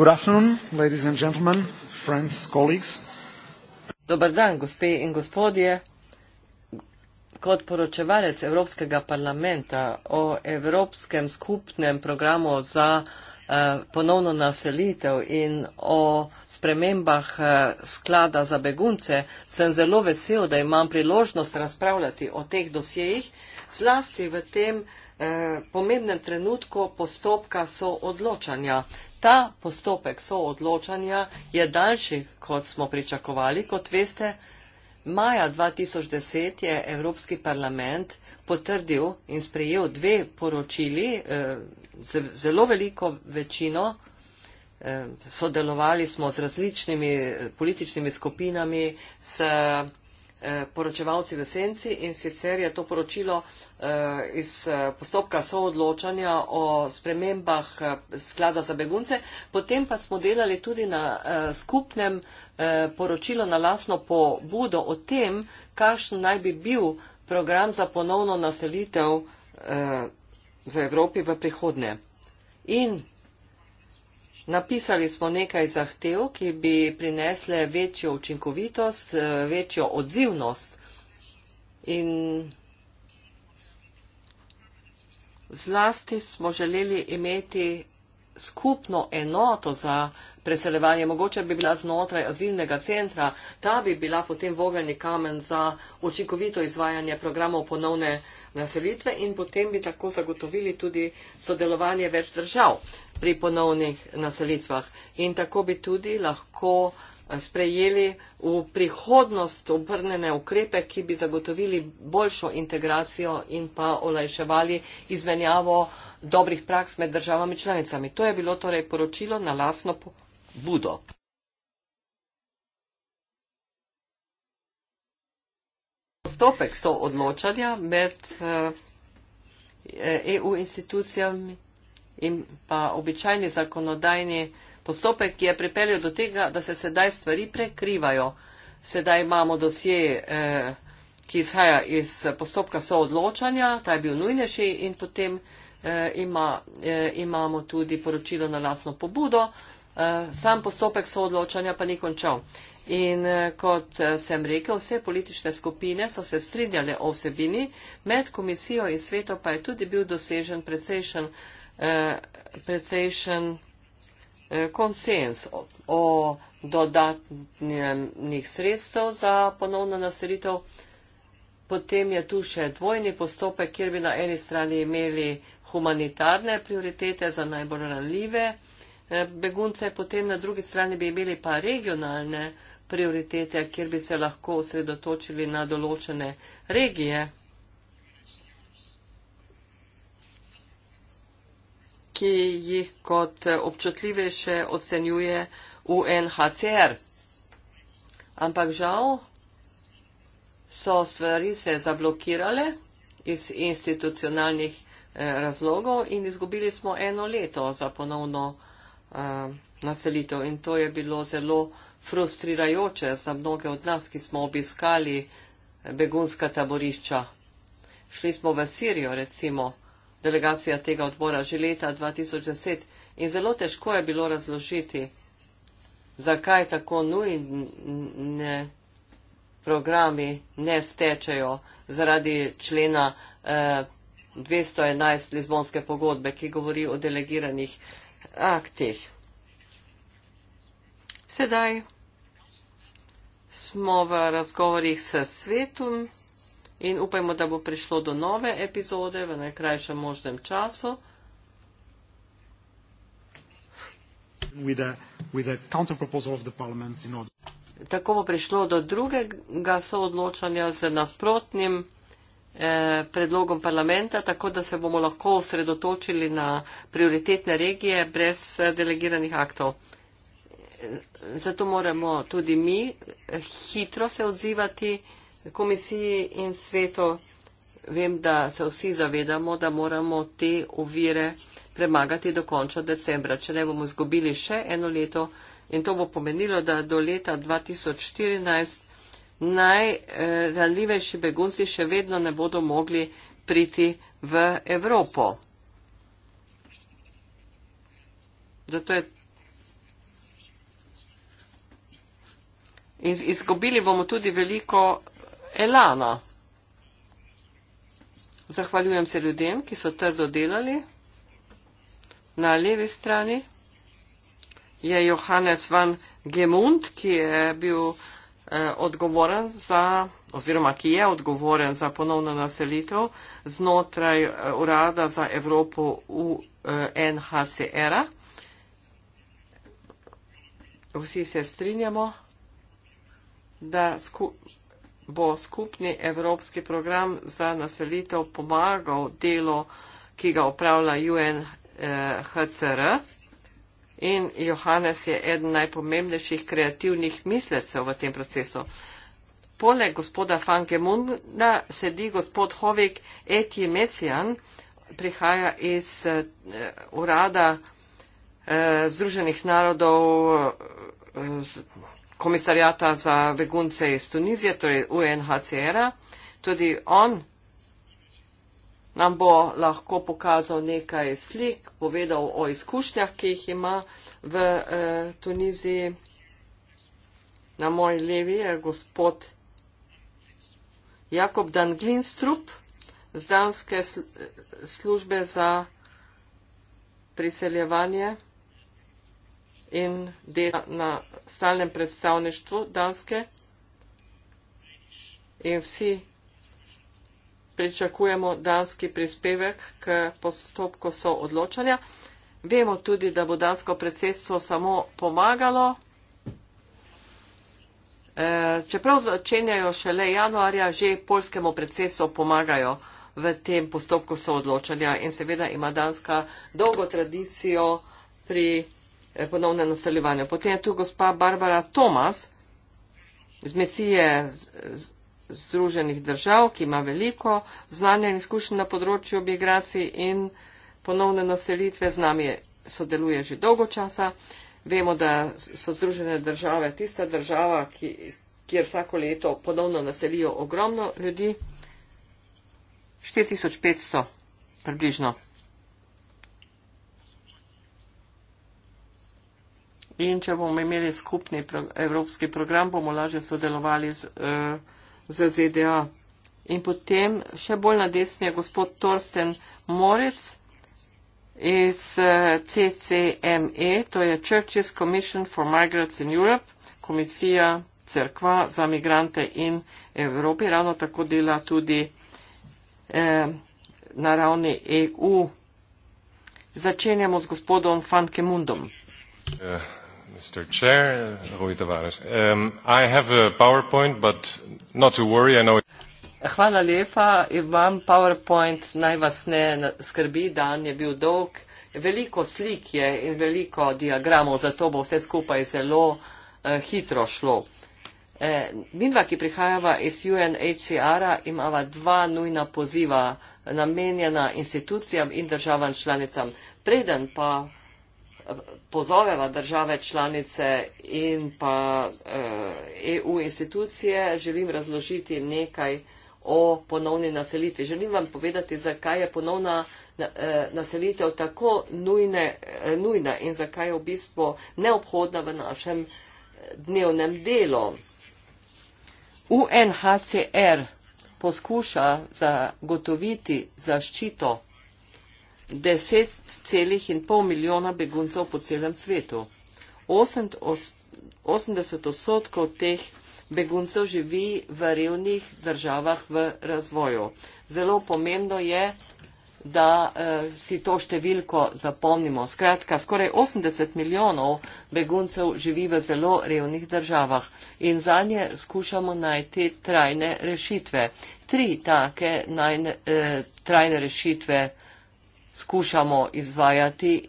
Good afternoon, ladies and gentlemen, friends, colleagues. Dobar dan, gospe in gospodje. Kot poročevalec Evropskega parlamenta o Evropskem skupnem programu za eh, ponovno naselitev in o spremembah eh, sklada za begunce, sem zelo vesel, da imam priložnost razpravljati o teh dosjejih, zlasti v tem eh, pomembnem trenutku postopka soodločanja. Ta postopek soodločanja je daljši, kot smo pričakovali. Kot veste, maja 2010 je Evropski parlament potrdil in sprejel dve poročili eh, z zelo veliko večino. Eh, sodelovali smo z različnimi eh, političnimi skupinami, s Eh, poročevalci v senci in sicer je to poročilo eh, iz eh, postopka soodločanja o spremembah sklada za begunce. Potem pa smo delali tudi na skupnem poročilu na lasno pobudo o tem, kakšen naj bi bil program za ponovno naselitev v Evropi v prihodnje. In Napisali smo nekaj zahtev, ki bi prinesle večjo učinkovitost, eh, večjo odzivnost in zlasti smo želeli imeti skupno enoto za preseljevanje. Mogoče bi bila znotraj azilnega centra, ta bi bila potem vogljeni kamen za učinkovito izvajanje programov ponovne naselitve in potem bi tako zagotovili tudi sodelovanje več držav pri ponovnih naselitvah. In tako bi tudi lahko eh, sprejeli v prihodnost obrnene ukrepe, ki bi zagotovili boljšo integracijo in pa olajševali izmenjavo dobrih praks med državami članicami. To je bilo torej poročilo na lasno budo. Postopek so odločanja med EU eh, e institucijami in pa običajni zakonodajni postopek, ki je pripeljal do tega, da se sedaj stvari prekrivajo. Sedaj imamo dosje, eh, ki izhaja iz postopka soodločanja, ta je bil nujnejši in potem eh, ima, eh, imamo tudi poročilo na lasno pobudo. Sam postopek soodločanja pa ni končal. In kot sem rekel, vse politične skupine so se strinjale o vsebini, med komisijo in sveto pa je tudi bil dosežen precejšen Eh, precejšen eh, konsens o dodatnih sredstev za ponovno naselitev. Potem je tu še dvojni postopek, kjer bi na eni strani imeli humanitarne prioritete za najbolj ranljive eh, begunce, potem na drugi strani bi imeli pa regionalne prioritete, kjer bi se lahko osredotočili na določene regije. ki jih kot občutljivejše ocenjuje UNHCR. Ampak žal so stvari se zablokirale iz institucionalnih eh, razlogov in izgubili smo eno leto za ponovno eh, naselitev in to je bilo zelo frustrirajoče za mnoge od nas, ki smo obiskali eh, begunska taborišča. Šli smo v Sirijo, recimo, delegacija tega odbora že leta 2010 in zelo težko je bilo razložiti, zakaj tako nujne programi ne stečejo zaradi člena eh, 211 Lizbonske pogodbe, ki govori o delegiranih aktih. Sedaj smo v razgovorih s svetom in upajmo, da bo prišlo do nove epizode v najkrajšem možnem času. With the, with the order... Tako bo prišlo do drugega soodločanja z nasprotnim eh, predlogom parlamenta, tako da se bomo lahko osredotočili na prioritetne regije brez eh, delegiranih aktov. Eh, zato moramo tudi mi eh, hitro se odzivati komisiji in svetu. Vem, da se vsi zavedamo, da moramo te ovire premagati do konča decembra, če ne bomo izgubili še eno leto in to bo pomenilo, da do leta 2014 najranljivejši begunci še vedno ne bodo mogli priti v Evropo. Zato je. Izgubili bomo tudi veliko elana. Zahvaljujem se ljudem, ki so trdo delali. Na levi strani je Johannes van Gemund, ki je bil eh, odgovoren za, oziroma ki je odgovoren za ponovno naselitev znotraj eh, Urada za Evropo UNHCR-a. Eh, Vsi se strinjamo, da skupaj bo skupni evropski program za naselitev pomagal delo, ki ga upravlja UNHCR. Eh, In Johannes je eden najpomembnejših kreativnih mislecev v tem procesu. Poleg gospoda Fanke Munda sedi gospod Hovik Eti Mesijan, prihaja iz uh, urada uh, Združenih narodov. Uh, komisarjata za begunce iz Tunizije, torej UNHCR-a. Tudi on nam bo lahko pokazal nekaj slik, povedal o izkušnjah, ki jih ima v eh, Tuniziji. Na moji levi je gospod Jakob Danglinstrup z Danske eh, službe za priseljevanje in dela na stalnem predstavništvu Danske. In vsi pričakujemo danski prispevek k postopku soodločanja. Vemo tudi, da bo dansko predsedstvo samo pomagalo. E, čeprav začenjajo šele januarja, že polskemu predsedstvu pomagajo v tem postopku soodločanja in seveda ima Danska dolgo tradicijo pri Eh, ponovne naseljevanje. Potem je tu gospa Barbara Tomas iz Mesije Združenih držav, ki ima veliko znanja in izkušenj na področju migracij in ponovne naselitve. Z nami sodeluje že dolgo časa. Vemo, da so Združene države tista država, ki, kjer vsako leto ponovno naselijo ogromno ljudi. 4500 približno in če bomo imeli skupni pro, evropski program, bomo lažje sodelovali z, uh, z ZDA. In potem še bolj na desni je gospod Torsten Morec iz eh, CCME, to je Churches Commission for Migrants in Europe, komisija crkva za migrante in Evropi. Ravno tako dela tudi eh, na ravni EU. Začenjamo z gospodom Fankemundom. Yeah. Mr. Chair, Rui Tavares. Um, I have a PowerPoint, but not to worry, I know it. Hvala lepa, imam PowerPoint, naj vas ne skrbi, dan je bil dolg, veliko slik je in veliko diagramov, zato bo vse skupaj zelo eh, hitro šlo. Eh, Midva, ki prihajava iz UNHCR-a, imava dva nujna poziva namenjena institucijam in državam članicam. Preden pa pozoveva države članice in pa EU eh, e institucije, želim razložiti nekaj o ponovni naselitvi. Želim vam povedati, zakaj je ponovna eh, naselitev tako nujne, eh, nujna in zakaj je v bistvu neobhodna v našem dnevnem delu. UNHCR poskuša zagotoviti zaščito 10,5 milijona beguncev po celem svetu. 80 odstotkov teh beguncev živi v revnih državah v razvoju. Zelo pomembno je, da eh, si to številko zapomnimo. Skratka, skoraj 80 milijonov beguncev živi v zelo revnih državah in za nje skušamo najti trajne rešitve. Tri take najne, eh, trajne rešitve skušamo izvajati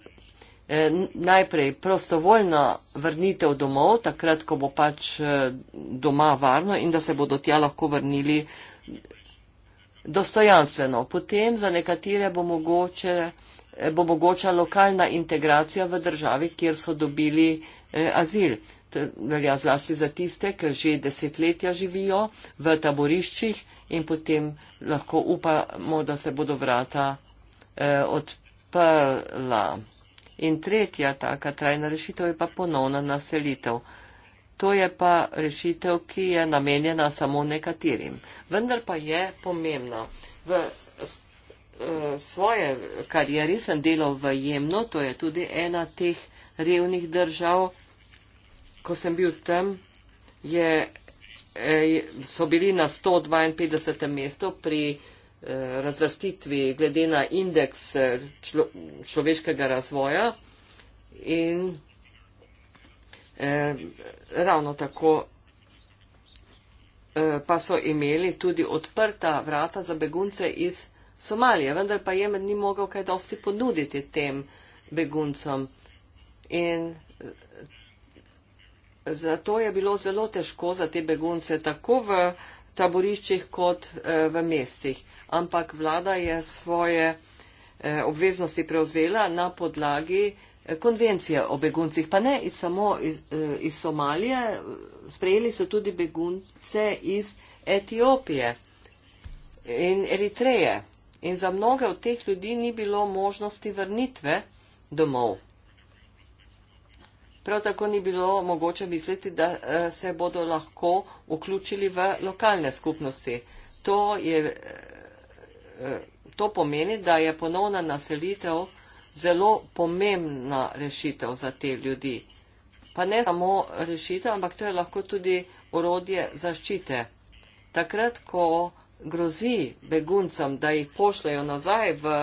eh, najprej prostovoljno vrnitev domov, takrat, ko bo pač eh, doma varno in da se bodo tja lahko vrnili dostojanstveno. Potem za nekatere bo, mogoče, eh, bo mogoča lokalna integracija v državi, kjer so dobili azil. To velja zlasti za tiste, ki že desetletja živijo v taboriščih in potem lahko upamo, da se bodo vrata eh, odprla. In tretja taka trajna rešitev je pa ponovna naselitev. To je pa rešitev, ki je namenjena samo nekaterim. Vendar pa je pomembno. V eh, svoje karieri sem delal v Jemno, to je tudi ena teh revnih držav. Ko sem bil tam, je, eh, so bili na 152. mestu pri razvrstitvi glede na indeks eh, člo, človeškega razvoja in eh, ravno tako eh, pa so imeli tudi odprta vrata za begunce iz Somalije, vendar pa je med njim mogel kaj dosti ponuditi tem beguncem. In eh, zato je bilo zelo težko za te begunce tako v taboriščih kot eh, v mestih. Ampak vlada je svoje eh, obveznosti prevzela na podlagi eh, konvencije o beguncih, pa ne iz samo iz, iz Somalije, sprejeli so tudi begunce iz Etiopije in Eritreje. In za mnoge od teh ljudi ni bilo možnosti vrnitve domov. Prav tako ni bilo mogoče misliti, da eh, se bodo lahko vključili v lokalne skupnosti. To, je, eh, eh, to pomeni, da je ponovna naselitev zelo pomembna rešitev za te ljudi. Pa ne samo rešitev, ampak to je lahko tudi orodje zaščite. Takrat, ko grozi beguncem, da jih pošljajo nazaj v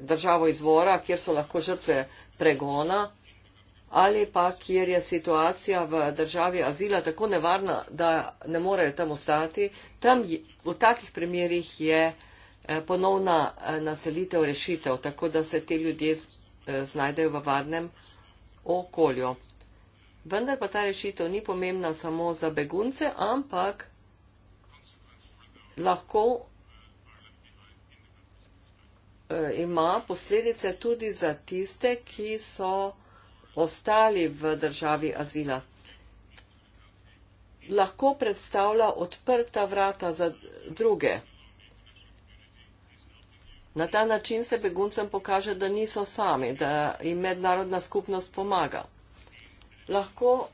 državo izvora, kjer so lahko žrtve pregona, ali pa kjer je situacija v državi azila tako nevarna, da ne morejo tam ostati, tam v takih primerjih je eh, ponovna eh, naselitev rešitev, tako da se te ljudje eh, znajdejo v varnem okolju. Vendar pa ta rešitev ni pomembna samo za begunce, ampak lahko ima posledice tudi za tiste, ki so ostali v državi azila. Lahko predstavlja odprta vrata za druge. Na ta način se beguncem pokaže, da niso sami, da jim mednarodna skupnost pomaga. Lahko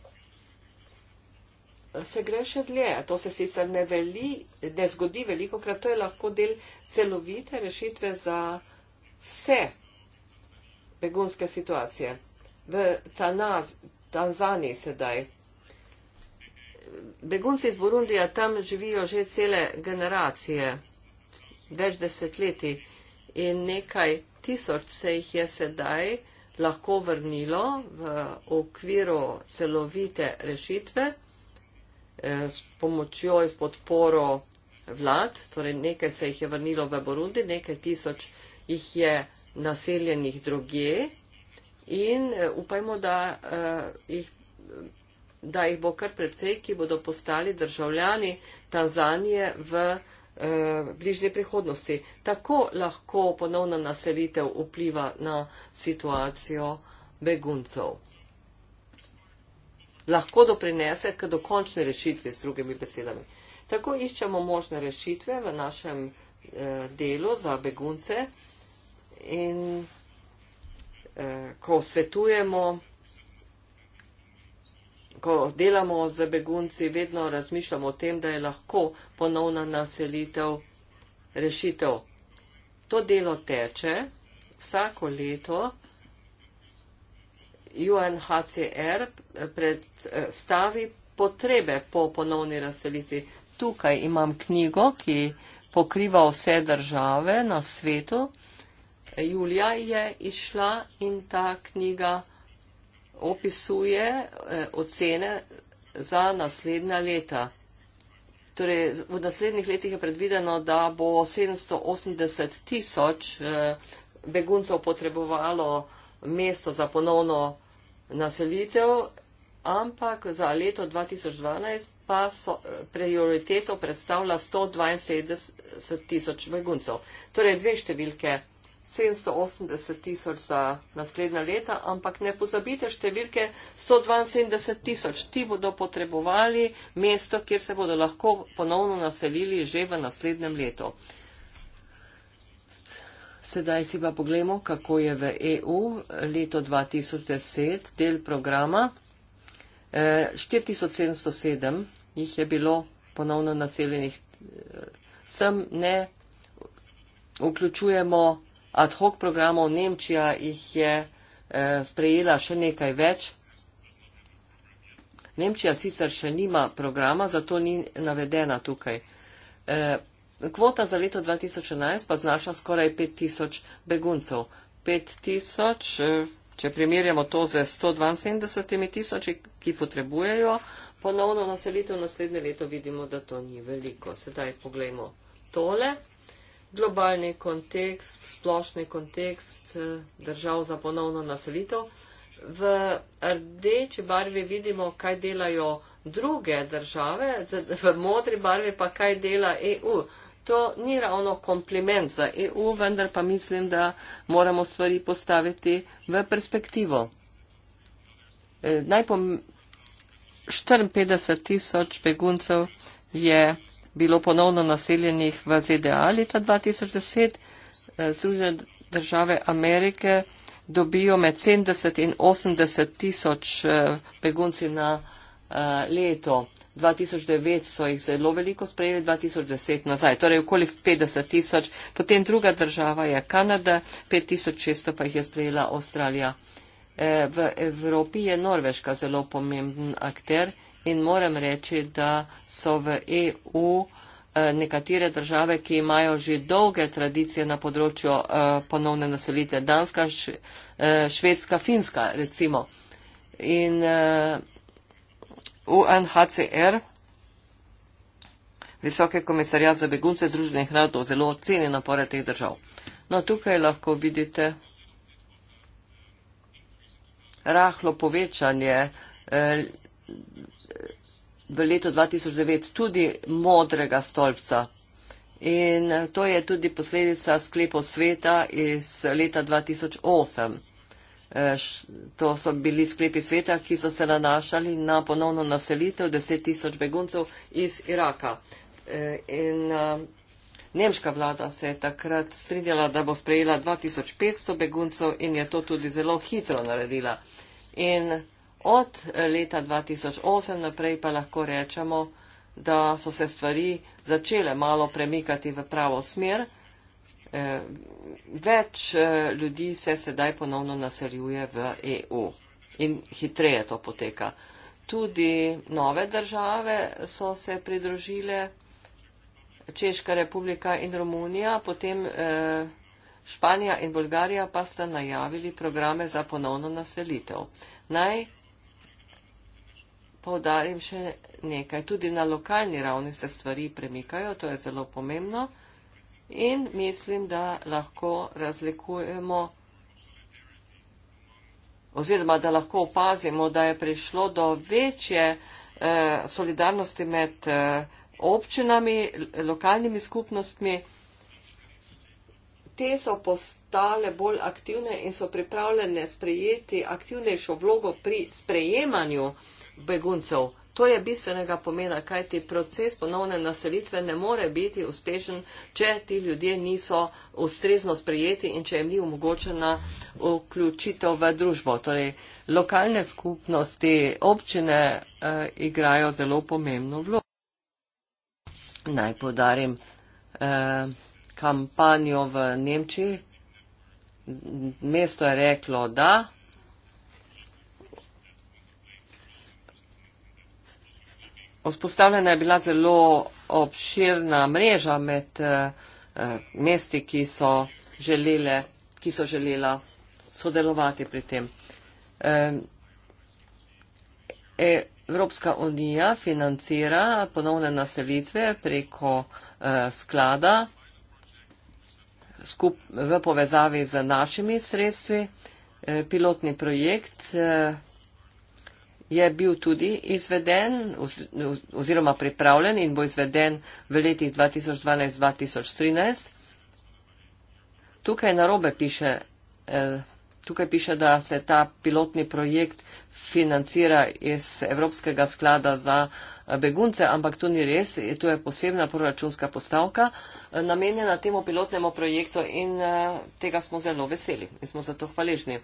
se gre še dlje, to se sicer ne, veli, ne zgodi veliko krat, to je lahko del celovite rešitve za vse begunske situacije v Tanaz, Tanzaniji sedaj. Begunci iz Burundija tam živijo že cele generacije, več desetletij in nekaj tisoč se jih je sedaj lahko vrnilo v okviru celovite rešitve eh, s pomočjo in s podporo vlad, torej nekaj se jih je vrnilo v Burundi, nekaj tisoč jih je naseljenih drugje, in eh, upajmo, da, uh, jih, da jih bo kar precej, ki bodo postali državljani Tanzanije v uh, bližnji prihodnosti. Tako lahko ponovna naselitev vpliva na situacijo beguncev. Lahko doprinese k dokončni rešitvi, s drugimi besedami. Tako iščemo možne rešitve v našem uh, delu za begunce. In Eh, ko svetujemo, ko delamo z begunci, vedno razmišljamo o tem, da je lahko ponovna naselitev rešitev. To delo teče vsako leto. UNHCR eh, predstavi potrebe po ponovni razselitvi. Tukaj imam knjigo, ki pokriva vse države na svetu julija je išla in ta knjiga opisuje eh, ocene za naslednja leta. Torej, v naslednjih letih je predvideno, da bo 780 tisoč eh, beguncev potrebovalo mesto za ponovno naselitev, ampak za leto 2012 pa so eh, prioriteto predstavlja 172 tisoč beguncev. Torej, dve številke. 780 tisoč za naslednja leta, ampak ne pozabite številke 172 tisoč. Ti bodo potrebovali mesto, kjer se bodo lahko ponovno naselili že v naslednjem letu. Sedaj si pa pogledamo, kako je v EU leto 2010 del programa. 4707 e, jih je bilo ponovno naseljenih. E, sem ne vključujemo ad hoc programov, Nemčija jih je eh, sprejela še nekaj več. Nemčija sicer še nima programa, zato ni navedena tukaj. Eh, kvota za leto 2011 pa znaša skoraj 5000 beguncev. 5000, eh, če primerjamo to z 172 tisoči, ki potrebujejo ponovno naselitev naslednje leto, vidimo, da to ni veliko. Sedaj poglejmo tole globalni kontekst, splošni kontekst eh, držav za ponovno naselitev. V rdeči barvi vidimo, kaj delajo druge države, v modri barvi pa kaj dela EU. To ni ravno kompliment za EU, vendar pa mislim, da moramo stvari postaviti v perspektivo. Eh, Najpomembnejše 54 tisoč beguncev je bilo ponovno naseljenih v ZDA leta 2010, eh, Združene države Amerike dobijo med 70 in 80 tisoč eh, begunci na eh, leto. 2009 so jih zelo veliko sprejeli, 2010 nazaj, torej okoli 50 tisoč. Potem druga država je Kanada, 5600 pa jih je sprejela Avstralija. V Evropi je Norveška zelo pomemben akter in moram reči, da so v EU eh, nekatere države, ki imajo že dolge tradicije na področju eh, ponovne naselitve, Danska, eh, Švedska, Finska recimo. In UNHCR, Visoke komisarja za begunce Združenih narodov, zelo ceni napore teh držav. No, tukaj lahko vidite rahlo povečanje v letu 2009 tudi modrega stolpca. In to je tudi posledica sklepov sveta iz leta 2008. E, to so bili sklepi sveta, ki so se nanašali na ponovno naselitev 10 tisoč beguncev iz Iraka. E, in e, nemška vlada se je takrat strinjala, da bo sprejela 2500 beguncev in je to tudi zelo hitro naredila. In od eh, leta 2008 naprej pa lahko rečemo, da so se stvari začele malo premikati v pravo smer. Eh, več eh, ljudi se sedaj ponovno naseljuje v EU in hitreje to poteka. Tudi nove države so se pridružile, Češka republika in Romunija, potem Španija in Bolgarija pa sta najavili programe za ponovno naselitev. Naj poudarim še nekaj. Tudi na lokalni ravni se stvari premikajo, to je zelo pomembno. In mislim, da lahko razlikujemo oziroma da lahko opazimo, da je prišlo do večje eh, solidarnosti med eh, občinami, lokalnimi skupnostmi. Te so postale bolj aktivne in so pripravljene sprejeti aktivnejšo vlogo pri sprejemanju eh, beguncev. To je bistvenega pomena, kaj ti proces ponovne naselitve ne more biti uspešen, če ti ljudje niso ustrezno sprejeti in če jim ni omogočena vključitev v družbo. Torej, lokalne skupnosti, občine eh, igrajo zelo pomembno vlogo. Naj podarim eh, kampanjo v Nemčiji. Mesto je reklo, da. Vzpostavljena je bila zelo obširna mreža med eh, eh, mesti, ki so, želele, ki so želela sodelovati pri tem. Eh, Evropska unija financira ponovne naselitve preko sklada skup, v povezavi z našimi sredstvi. Pilotni projekt je bil tudi izveden oziroma pripravljen in bo izveden v letih 2012-2013. Tukaj narobe piše, eh, tukaj piše, da se ta pilotni projekt financira iz Evropskega sklada za eh, begunce, ampak to ni res. To je posebna proračunska postavka eh, namenjena temu pilotnemu projektu in tega smo zelo veseli in smo zato hvaležni.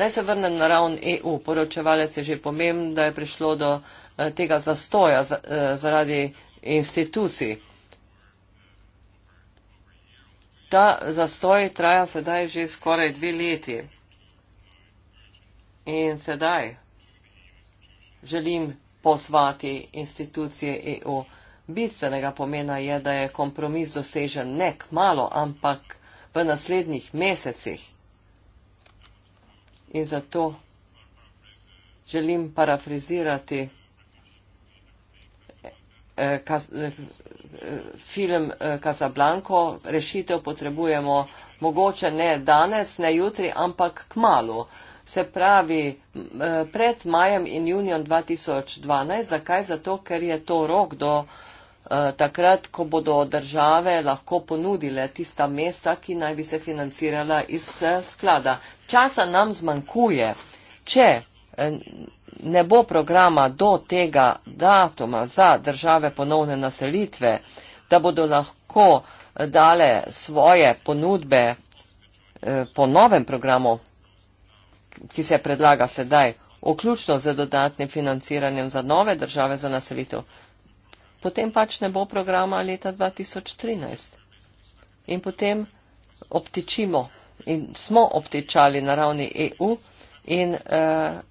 Naj se vrnem na ravn EU. Poročevalec je že pomemben, da je prišlo do eh, tega zastoja eh, zaradi institucij. Ta zastoj traja sedaj že skoraj dve leti. In sedaj želim pozvati institucije EU. Bistvenega pomena je, da je kompromis dosežen ne k malo, ampak v naslednjih mesecih. In zato želim parafrizirati eh, eh kas, eh, film eh, Casablanco. Rešitev potrebujemo mogoče ne danes, ne jutri, ampak k malu. Se pravi, eh, pred majem in junijem 2012. Zakaj? Zato, ker je to rok do. Eh, takrat, ko bodo države lahko ponudile tista mesta, ki naj bi se financirala iz eh, sklada. Časa nam zmanjkuje. Če eh, ne bo programa do tega datuma za države ponovne naselitve, da bodo lahko dale svoje ponudbe po novem programu, ki se predlaga sedaj, vključno z dodatnim financiranjem za nove države za naselitev, potem pač ne bo programa leta 2013. In potem obtičimo in smo obtičali na ravni EU in eh,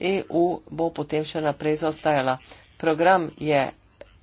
EU bo potem še naprej zaostajala. Program je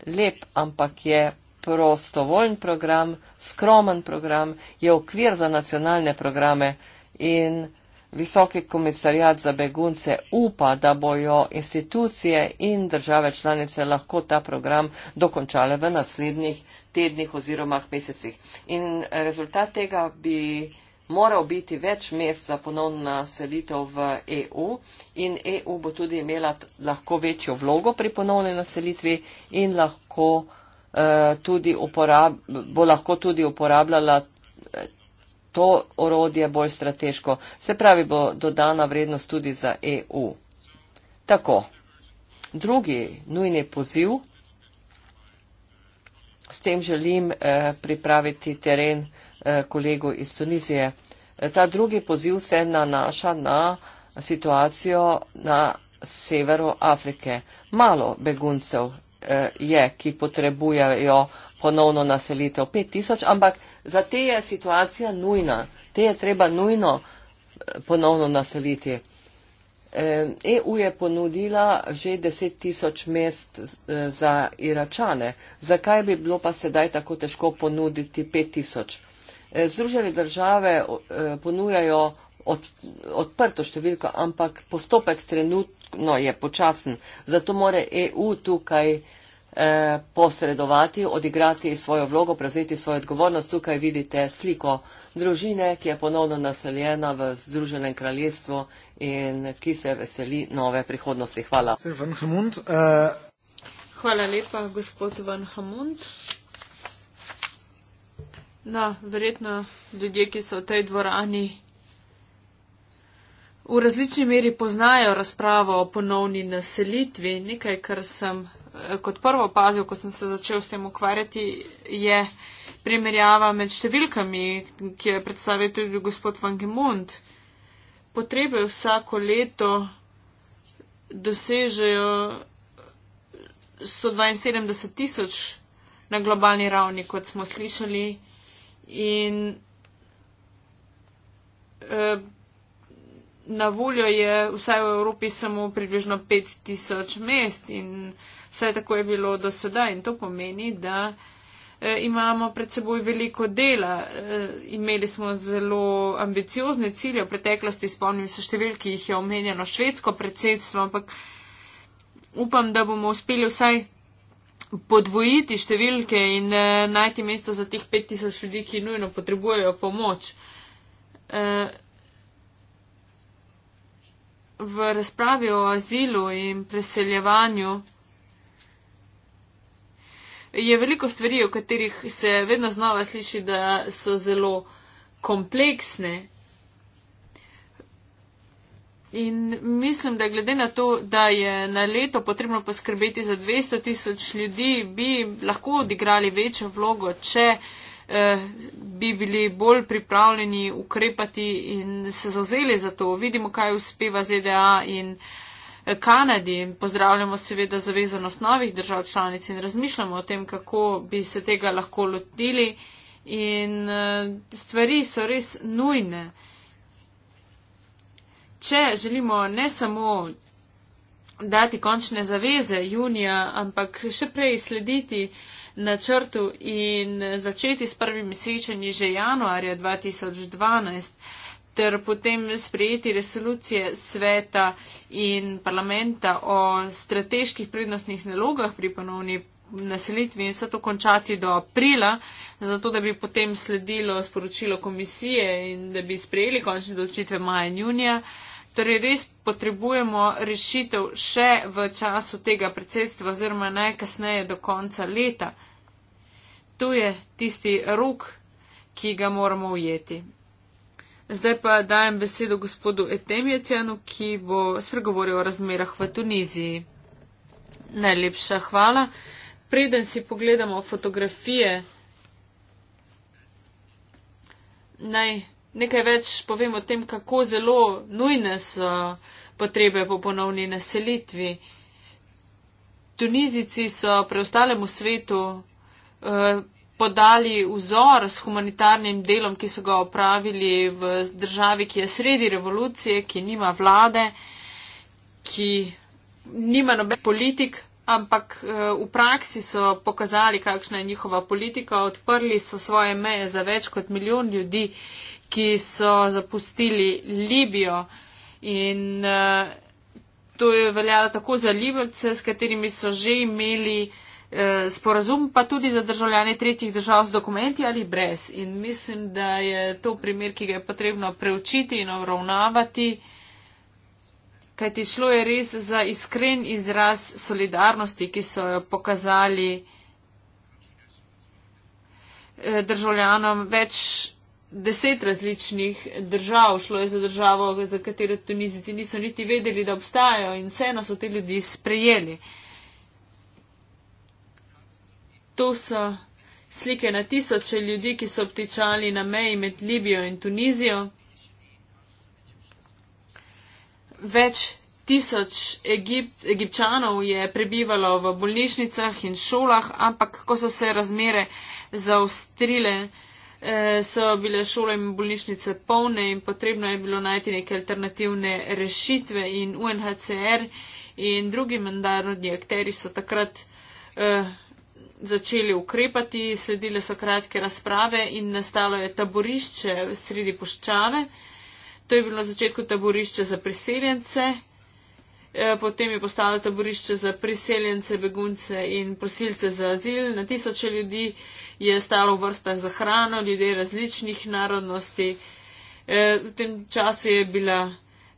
lep, ampak je prostovoljen program, skromen program, je okvir za nacionalne programe in visoki komisarjat za begunce upa, da bojo institucije in države članice lahko ta program dokončale v naslednjih tednih oziroma mesecih. In rezultat tega bi moral biti več mest za ponovno selitev v EU in EU bo tudi imela lahko večjo vlogo pri ponovni naselitvi in lahko, eh, tudi uporab, bo lahko tudi uporabljala to orodje bolj strateško. Se pravi, bo dodana vrednost tudi za EU. Tako. Drugi nujni poziv. S tem želim eh, pripraviti teren eh, kolegu iz Tunizije. Eh, ta drugi poziv se nanaša na situacijo na severu Afrike. Malo beguncev eh, je, ki potrebujejo ponovno naselitev 5000, ampak za te je situacija nujna, te je treba nujno eh, ponovno naseliti. EU e je ponudila že 10 tisoč mest eh, za Iračane. Zakaj bi bilo pa sedaj tako težko ponuditi 5 tisoč? Eh, Združene države ponujajo od, odprto številko, ampak postopek trenutno je počasen. Zato more EU tukaj Eh, posredovati, odigrati svojo vlogo, prevzeti svojo odgovornost. Tukaj vidite sliko družine, ki je ponovno naseljena v Združenem kraljestvu in ki se veseli nove prihodnosti. Hvala. Eh, Hvala lepa, gospod Van Hamund. No, verjetno ljudje, ki so v tej dvorani v različni meri poznajo razpravo o ponovni naselitvi, nekaj, kar sem kot prvo opazil, ko sem se začel s tem ukvarjati, je primerjava med številkami, ki je predstavil tudi gospod Van Gemond. Potrebe vsako leto dosežejo 172 tisoč na globalni ravni, kot smo slišali. In e, Na voljo je vsaj v Evropi samo približno 5000 mest in Vsaj tako je bilo do sedaj in to pomeni, da eh, imamo pred seboj veliko dela. Eh, imeli smo zelo ambiciozne cilje v preteklosti, spomnim se številki, jih je omenjeno švedsko predsedstvo, ampak upam, da bomo uspeli vsaj podvojiti številke in eh, najti mesto za teh 5000 ljudi, ki nujno potrebujejo pomoč. V razpravi o azilu in preseljevanju je veliko stvari, o katerih se vedno znova sliši, da so zelo kompleksne. In mislim, da glede na to, da je na leto potrebno poskrbeti za 200 tisoč ljudi, bi lahko odigrali večjo vlogo, če eh, bi bili bolj pripravljeni ukrepati in se zauzeli za to. Vidimo, kaj uspeva ZDA in eh, Kanadi. Pozdravljamo seveda zavezanost novih držav članic in razmišljamo o tem, kako bi se tega lahko lotili. In eh, stvari so res nujne. Če želimo ne samo dati končne zaveze junija, ampak še prej slediti načrtu in začeti s prvimi srečanji že januarja 2012, ter potem sprejeti resolucije sveta in parlamenta o strateških prednostnih nalogah pri ponovni naselitvi in vse to končati do aprila, zato da bi potem sledilo sporočilo komisije in da bi sprejeli končne odločitve maja in junija. Torej res potrebujemo rešitev še v času tega predsedstva oziroma najkasneje do konca leta. To je tisti rok, ki ga moramo ujeti. Zdaj pa dajem besedo gospodu Etemjecijanu, ki bo spregovoril o razmerah v Tuniziji. Najlepša hvala. Preden si pogledamo fotografije, naj nekaj več povem o tem, kako zelo nujne so potrebe po ponovni naselitvi. Tunizici so preostalemu svetu eh, podali vzor s humanitarnim delom, ki so ga opravili v državi, ki je sredi revolucije, ki nima vlade, ki nima nobenih politik, ampak eh, v praksi so pokazali, kakšna je njihova politika, odprli so svoje meje za več kot milijon ljudi, ki so zapustili Libijo in eh, to je veljalo tako za Libijce, s katerimi so že imeli Eh, sporazum, pa tudi za državljane tretjih držav z dokumenti ali brez. In mislim, da je to primer, ki ga je potrebno preučiti in obravnavati, kajti šlo je res za iskren izraz solidarnosti, ki so jo pokazali eh, državljanom več deset različnih držav. Šlo je za državo, za katero Tunizici niso niti vedeli, da obstajajo in vseeno so te ljudi sprejeli to so slike na tisoče ljudi, ki so obtičali na meji med Libijo in Tunizijo. Več tisoč Egip, egipčanov je prebivalo v bolnišnicah in šolah, ampak ko so se razmere zaostrile, eh, so bile šole in bolnišnice polne in potrebno je bilo najti neke alternativne rešitve in UNHCR in drugi mednarodni akteri so takrat eh, začeli ukrepati, sledile so kratke razprave in nastalo je taborišče sredi puščave. To je bilo na začetku taborišče za priseljence, e, potem je postalo taborišče za priseljence, begunce in prosilce za azil. Na tisoče ljudi je stalo v vrstah za hrano, ljudje različnih narodnosti. E, v tem času je bila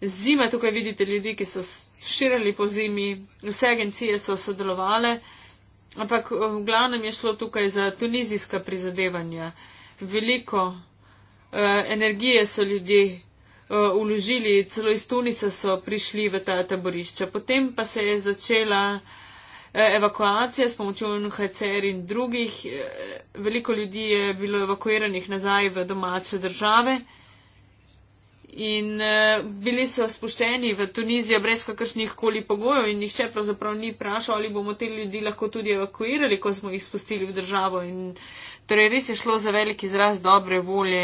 zima, tukaj vidite ljudi, ki so širili po zimi, vse agencije so sodelovali. Ampak eh, v glavnem je šlo tukaj za tunizijska prizadevanja. Veliko eh, energije so ljudje eh, uložili, celo iz Tunisa so prišli v ta taborišča. Potem pa se je začela eh, evakuacija s pomočjo NHCR in drugih. Eh, veliko ljudi je bilo evakuiranih nazaj v domače države. Eh, in uh, bili so spuščeni v Tunizijo brez kakršnih koli pogojev in nihče pravzaprav ni vprašal, ali bomo te ljudi lahko tudi evakuirali, ko smo jih spustili v državo. In, torej res je šlo za velik izraz dobre volje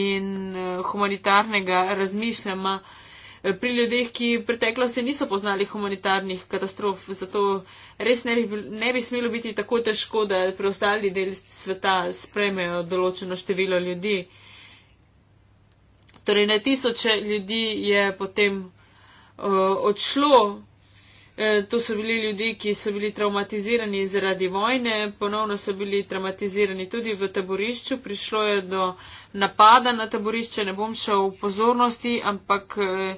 in uh, humanitarnega razmišljama eh, pri ljudeh, ki v preteklosti niso poznali humanitarnih katastrof. Zato res ne bi, ne bi smelo biti tako težko, da preostali del sveta sprejmejo določeno število ljudi. Torej, na tisoče ljudi je potem uh, odšlo. E, to so bili ljudje, ki so bili traumatizirani zaradi vojne, ponovno so bili traumatizirani tudi v taborišču. Prišlo je do napada na taborišče, ne bom šel v pozornosti, ampak e,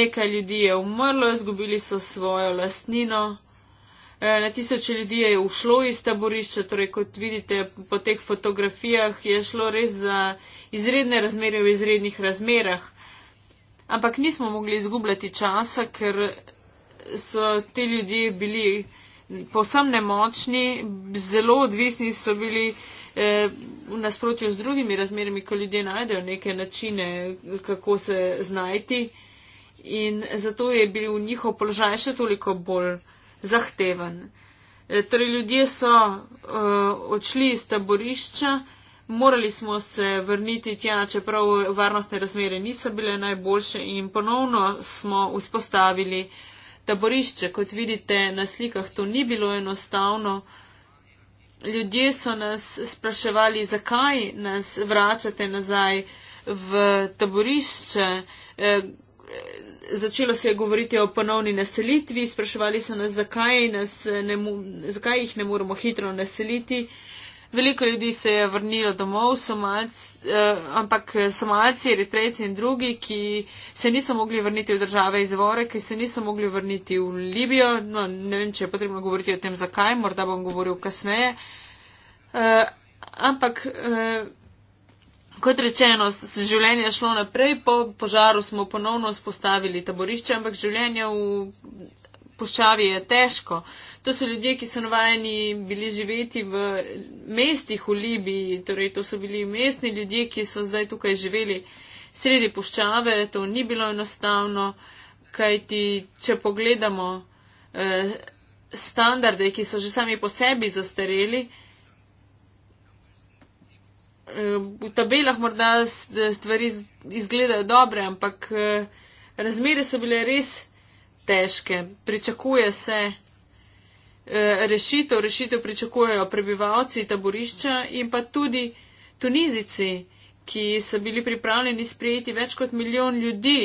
nekaj ljudi je umrlo, izgubili so svojo lastnino. Eh, na tisoče ljudi je ušlo iz taborišča, torej kot vidite po teh fotografijah, je šlo res za izredne razmere v izrednih razmerah. Ampak nismo mogli izgubljati časa, ker so ti ljudje bili povsem nemočni, zelo odvisni so bili eh, v nasprotju z drugimi razmerami, ko ljudje najdejo neke načine, kako se znajti. In zato je bil njihov položaj še toliko bolj zahteven. E, torej, ljudje so uh, odšli iz taborišča, morali smo se vrniti tja, čeprav varnostne razmere niso bile najboljše in ponovno smo vzpostavili taborišče. Kot vidite na slikah, to ni bilo enostavno. Ljudje so nas spraševali, zakaj nas vračate nazaj v taborišče. Eh, začelo se je govoriti o ponovni naselitvi, spraševali so nas, zakaj, nas ne, zakaj jih ne moremo hitro naseliti. Veliko ljudi se je vrnilo domov, somalci, eh, ampak somalci, eritrejci in drugi, ki se niso mogli vrniti v države izvore, ki se niso mogli vrniti v Libijo. No, ne vem, če je potrebno govoriti o tem, zakaj, morda bom govoril kasneje. Eh, ampak. Eh, kot rečeno, se življenje šlo naprej, po požaru smo ponovno spostavili taborišče, ampak življenje v puščavi je težko. To so ljudje, ki so navajeni bili živeti v mestih v Libiji, torej to so bili mestni ljudje, ki so zdaj tukaj živeli sredi puščave, to ni bilo enostavno, kajti če pogledamo eh, standarde, ki so že sami po sebi zastareli, eh, v tabelah morda stvari izgledajo dobre, ampak eh, razmere so bile res težke. Pričakuje se eh, rešitev, rešitev pričakujejo prebivalci taborišča in pa tudi tunizici, ki so bili pripravljeni sprejeti več kot milijon ljudi.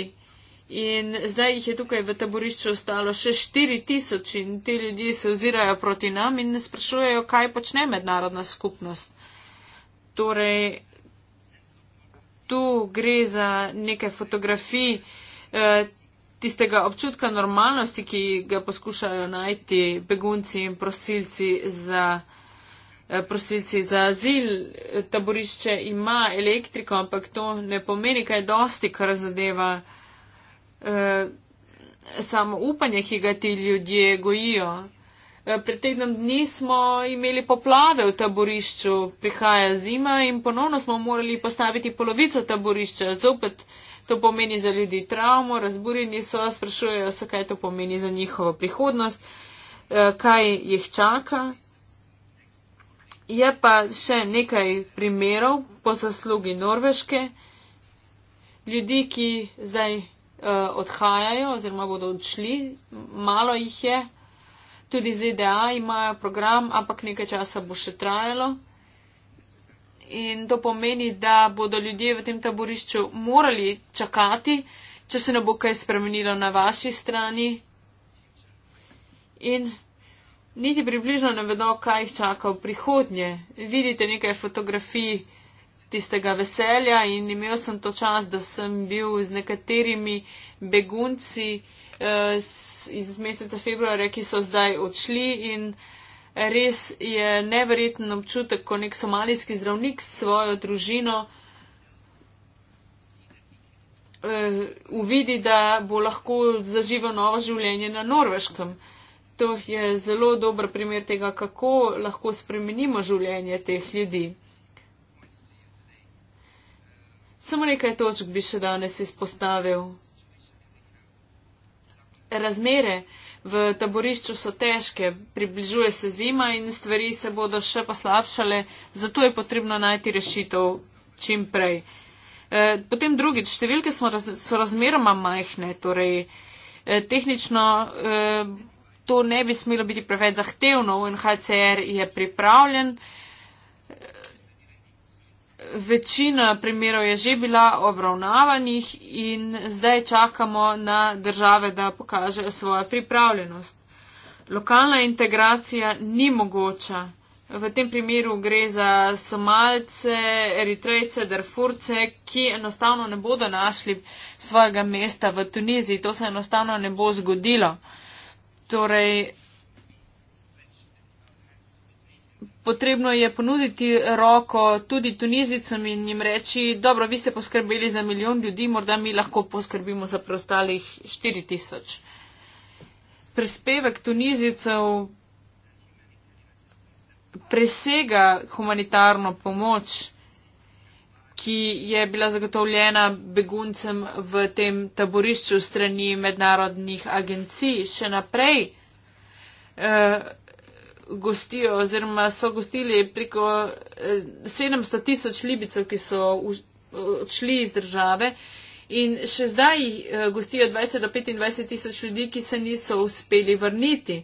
In zdaj jih je tukaj v taborišču ostalo še 4000 in te ljudje se ozirajo proti nam in sprašujejo, kaj počne mednarodna skupnost. Torej, tu gre za nekaj fotografij eh, tistega občutka normalnosti, ki ga poskušajo najti begunci in prosilci za, eh, prosilci za azil. Taborišče ima elektriko, ampak to ne pomeni kaj dosti, kar zadeva eh, samo upanje, ki ga ti ljudje gojijo. Eh, pred tednom dni smo imeli poplave v taborišču, prihaja zima in ponovno smo morali postaviti polovico taborišča. Zopet to pomeni za ljudi travmo, razburjeni so, sprašujejo se, kaj to pomeni za njihovo prihodnost, eh, kaj jih čaka. Je pa še nekaj primerov po zaslugi Norveške. Ljudi, ki zdaj uh, odhajajo oziroma bodo odšli, malo jih je, tudi ZDA imajo program, ampak nekaj časa bo še trajalo. In to pomeni, da bodo ljudje v tem taborišču morali čakati, če se ne bo kaj spremenilo na vaši strani. In niti približno ne vedo, kaj jih čaka v prihodnje. Vidite nekaj fotografij tistega veselja in imel sem to čas, da sem bil z nekaterimi begunci. Eh, iz meseca februarja, ki so zdaj odšli in res je neverjeten občutek, ko nek somalijski zdravnik s svojo družino eh, uvidi, da bo lahko zaživo novo življenje na norveškem. To je zelo dober primer tega, kako lahko spremenimo življenje teh ljudi. Samo nekaj točk bi še danes izpostavil razmere v taborišču so težke, približuje se zima in stvari se bodo še poslabšale, zato je potrebno najti rešitev čim prej. E, potem drugič, številke so, raz, so razmeroma majhne, torej eh, tehnično eh, to ne bi smelo biti preveč zahtevno. UNHCR je pripravljen eh, večina primerov je že bila obravnavanih in zdaj čakamo na države, da pokažejo svojo pripravljenost. Lokalna integracija ni mogoča. V tem primeru gre za somalce, eritrejce, darfurce, ki enostavno ne bodo našli svojega mesta v Tuniziji. To se enostavno ne bo zgodilo. Torej, potrebno je ponuditi roko tudi tunizicam in jim reči, dobro, vi ste poskrbeli za milijon ljudi, morda mi lahko poskrbimo za preostalih 4000. Prispevek tunizicev presega humanitarno pomoč, ki je bila zagotovljena beguncem v tem taborišču strani mednarodnih agencij. Še naprej. Uh, gostijo oziroma so gostili preko 700 eh, tisoč libicov, ki so odšli iz države. In še zdaj jih eh, gostijo 20 do 25 tisoč ljudi, ki se niso uspeli vrniti.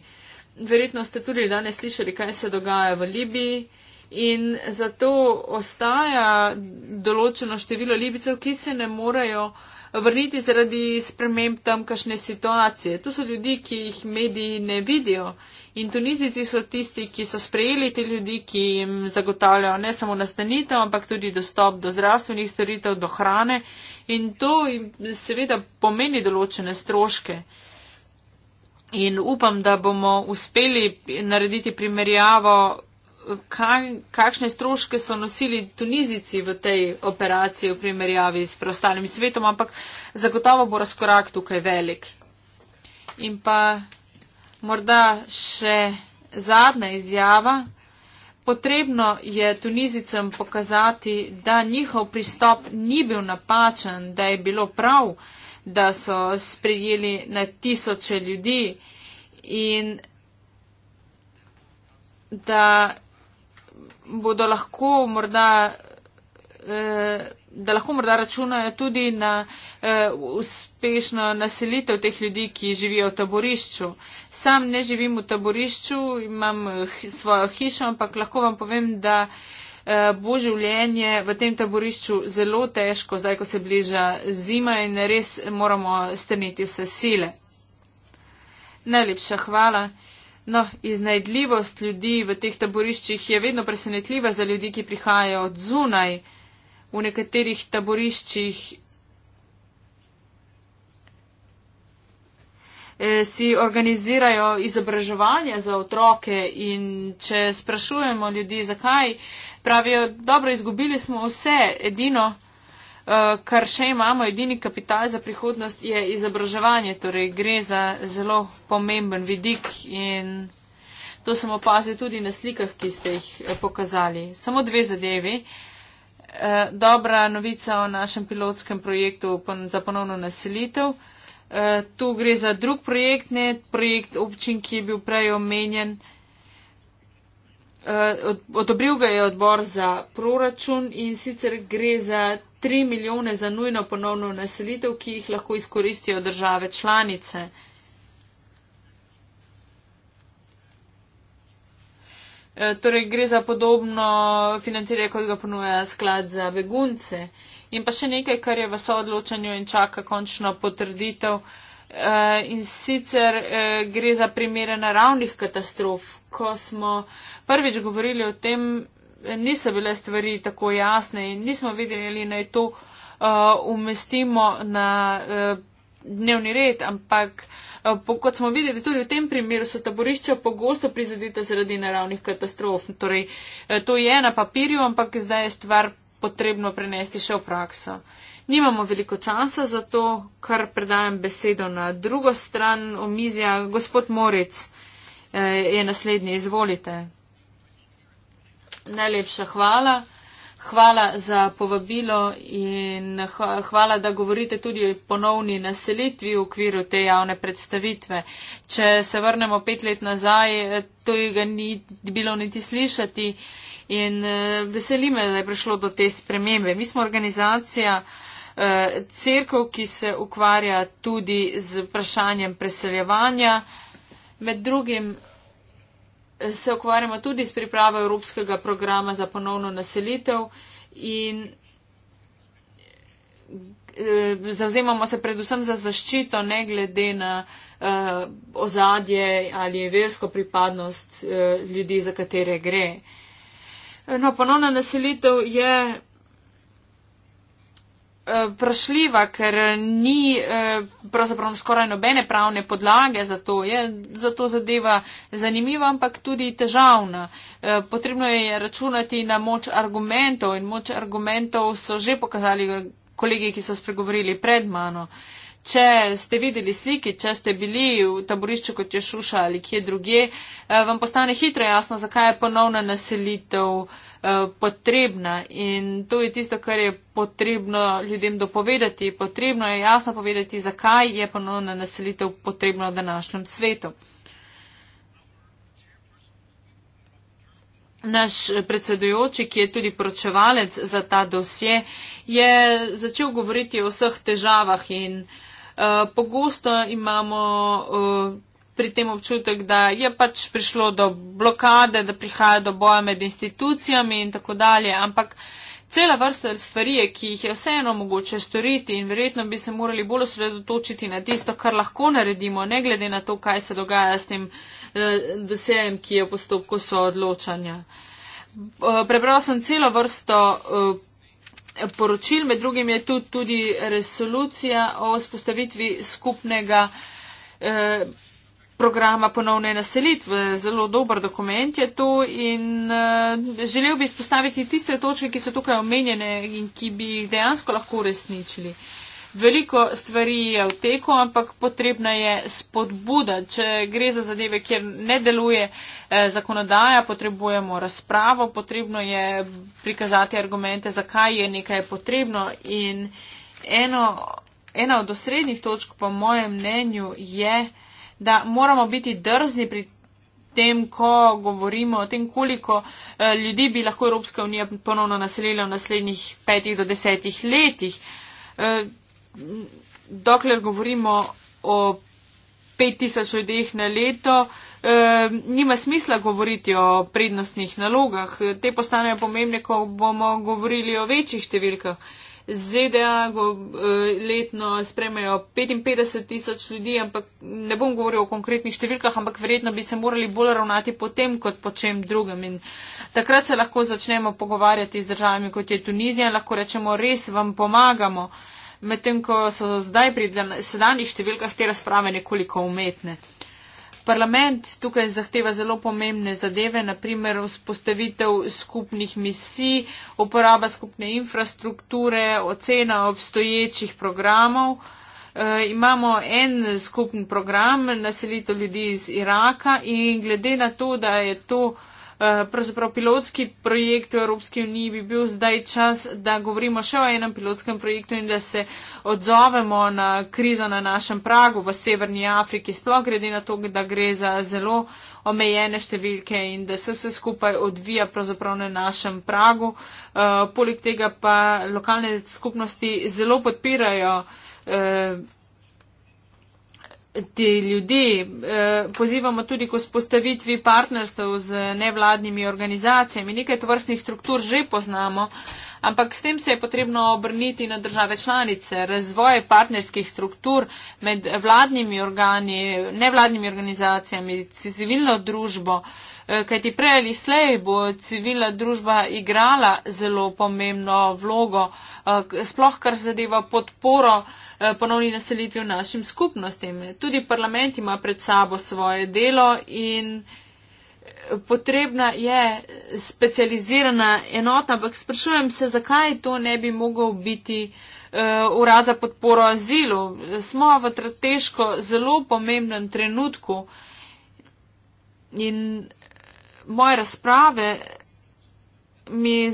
Verjetno ste tudi danes slišali, kaj se dogaja v Libiji. In zato ostaja določeno število libicev, ki se ne morejo vrniti zaradi sprememb tam kašne situacije. To so ljudi, ki jih mediji ne vidijo. In Tunizici so tisti, ki so sprejeli te ljudi, ki jim zagotavljajo ne samo nastanitev, ampak tudi dostop do zdravstvenih storitev, do hrane. In to seveda pomeni določene stroške. In upam, da bomo uspeli narediti primerjavo, kaj, kakšne stroške so nosili Tunizici v tej operaciji v primerjavi s preostalim svetom, ampak zagotovo bo razkorak tukaj velik. In pa Morda še zadnja izjava. Potrebno je Tunizicem pokazati, da njihov pristop ni bil napačen, da je bilo prav, da so sprejeli na tisoče ljudi in da bodo lahko morda. Eh, da lahko morda računajo tudi na uh, uspešno naselitev teh ljudi, ki živijo v taborišču. Sam ne živim v taborišču, imam eh, hi, svojo hišo, ampak lahko vam povem, da eh, bo življenje v tem taborišču zelo težko, zdaj, ko se bliža zima in res moramo strniti vse sile. Najlepša hvala. No, iznajdljivost ljudi v teh taboriščih je vedno presenetljiva za ljudi, ki prihajajo od zunaj v nekaterih taboriščih eh, si organizirajo izobraževanje za otroke in če sprašujemo ljudi, zakaj, pravijo, dobro, izgubili smo vse, edino, eh, kar še imamo, edini kapital za prihodnost je izobraževanje, torej gre za zelo pomemben vidik in to sem opazil tudi na slikah, ki ste jih eh, pokazali. Samo dve zadevi. Eh, dobra novica o našem pilotskem projektu za ponovno naselitev. Eh, tu gre za drug projekt, ne projekt občin, ki je bil prej omenjen. Eh, odobril ga je odbor za proračun in sicer gre za 3 milijone za nujno ponovno naselitev, ki jih lahko izkoristijo države članice. Eh, torej gre za podobno financiranje, kot ga ponuja sklad za begunce. In pa še nekaj, kar je v soodločanju in čaka končno potrditev. Eh, in sicer eh, gre za primere naravnih katastrof. Ko smo prvič govorili o tem, niso bile stvari tako jasne in nismo videli, ali naj to umestimo na dnevni red, ampak eh, kot smo videli tudi v tem primeru, so taborišča pogosto prizadeta zaradi naravnih katastrof. Torej, eh, to je na papirju, ampak zdaj je stvar potrebno prenesti še v prakso. Nimamo veliko časa za to, kar predajam besedo na drugo stran omizja. Gospod Moric eh, je naslednji, izvolite. Najlepša hvala. Hvala za povabilo in hvala, da govorite tudi o ponovni naselitvi v okviru te javne predstavitve. Če se vrnemo pet let nazaj, eh, to je ga ni bilo niti slišati in eh, veseli me, da je prišlo do te spremembe. Mi smo organizacija eh, crkv, ki se ukvarja tudi z vprašanjem preseljevanja. Med drugim se ukvarjamo tudi s pripravo Evropskega programa za ponovno naselitev in eh, zauzemamo se predvsem za zaščito, ne glede na uh, ozadje ali versko pripadnost uh, ljudi, za katere gre. No, ponovna naselitev je Eh, vprašljiva, ker eh, ni eh, pravzaprav skoraj nobene pravne podlage za to. Je zato zadeva zanimiva, ampak tudi težavna. Potrebno je računati na moč argumentov in moč argumentov so že pokazali kolegi, ki so spregovorili pred mano. Če ste videli slike, če ste bili v taborišču kot je Šuša ali kje drugje, vam postane hitro jasno, zakaj je ponovna naselitev. Eh, potrebna in to je tisto, kar je potrebno ljudem dopovedati. Potrebno je jasno povedati, zakaj je ponovna naselitev potrebna v današnjem svetu. Naš predsedujoči, ki je tudi poročevalec za ta dosje, je začel govoriti o vseh težavah in uh, pogosto imamo. Uh, pri tem občutek, da je pač prišlo do blokade, da prihaja do boja med institucijami in tako dalje, ampak cela vrsta stvari, ki jih je vseeno mogoče storiti in verjetno bi se morali bolj osredotočiti na tisto, kar lahko naredimo, ne glede na to, kaj se dogaja s tem eh, dosejem, ki je v postopku soodločanja. Eh, prebral sem celo vrsto eh, poročil, med drugim je tu tudi resolucija o spostavitvi skupnega programa ponovne naselitve. Zelo dober dokument je to in uh, želel bi izpostaviti tiste točke, ki so tukaj omenjene in ki bi jih dejansko lahko uresničili. Veliko stvari je v teku, ampak potrebna je spodbuda. Če gre za zadeve, kjer ne deluje eh, zakonodaja, potrebujemo razpravo, potrebno je prikazati argumente, zakaj je nekaj potrebno. In eno, ena od osrednjih točk, po mojem mnenju, je eh, da moramo biti drzni pri tem, ko govorimo o tem, koliko eh, ljudi bi lahko Evropska unija ponovno naselila v naslednjih petih do desetih letih. Eh, dokler govorimo o 5000 ljudeh na leto, eh, nima smisla govoriti o prednostnih nalogah. Te postanejo pomembne, ko bomo govorili o večjih številkah. ZDA eh, letno sprejmejo 55 tisoč ljudi, ampak ne bom govoril o konkretnih številkah, ampak verjetno bi se morali bolj ravnati po tem, kot po čem drugem. In takrat se lahko začnemo pogovarjati z državami, kot je Tunizija, lahko rečemo, res vam pomagamo, medtem ko so zdaj pri sedanjih številkah te razprave nekoliko umetne. Parlament tukaj zahteva zelo pomembne zadeve, naprimer vzpostavitev skupnih misij, uporaba skupne infrastrukture, ocena obstoječih programov. E, imamo en skupni program, naselitev ljudi iz Iraka in glede na to, da je to Eh, pravzaprav pilotski projekt v Evropski uniji, bi bil zdaj čas, da govorimo še o enem pilotskem projektu in da se odzovemo na krizo na našem pragu v Severni Afriki, sploh glede na to, da gre za zelo omejene številke in da se vse skupaj odvija pravzaprav na našem pragu. Eh, poleg tega pa lokalne skupnosti zelo podpirajo. Eh, te ljudi. Eh, pozivamo tudi k vzpostavitvi partnerstv z nevladnimi organizacijami. Nekaj tvrstnih struktur že poznamo ampak s tem se je potrebno obrniti na države članice. Razvoj partnerskih struktur med vladnimi organi, nevladnimi organizacijami, civilno družbo, eh, kajti prej ali slej bo civilna družba igrala zelo pomembno vlogo, eh, sploh kar zadeva podporo eh, ponovni naselitvi v našim skupnostim. Tudi parlament ima pred sabo svoje delo in potrebna je specializirana enota, ampak sprašujem se, zakaj to ne bi mogel biti uh, urad za podporo azilu. Smo v strateško zelo pomembnem trenutku in moje razprave, mi,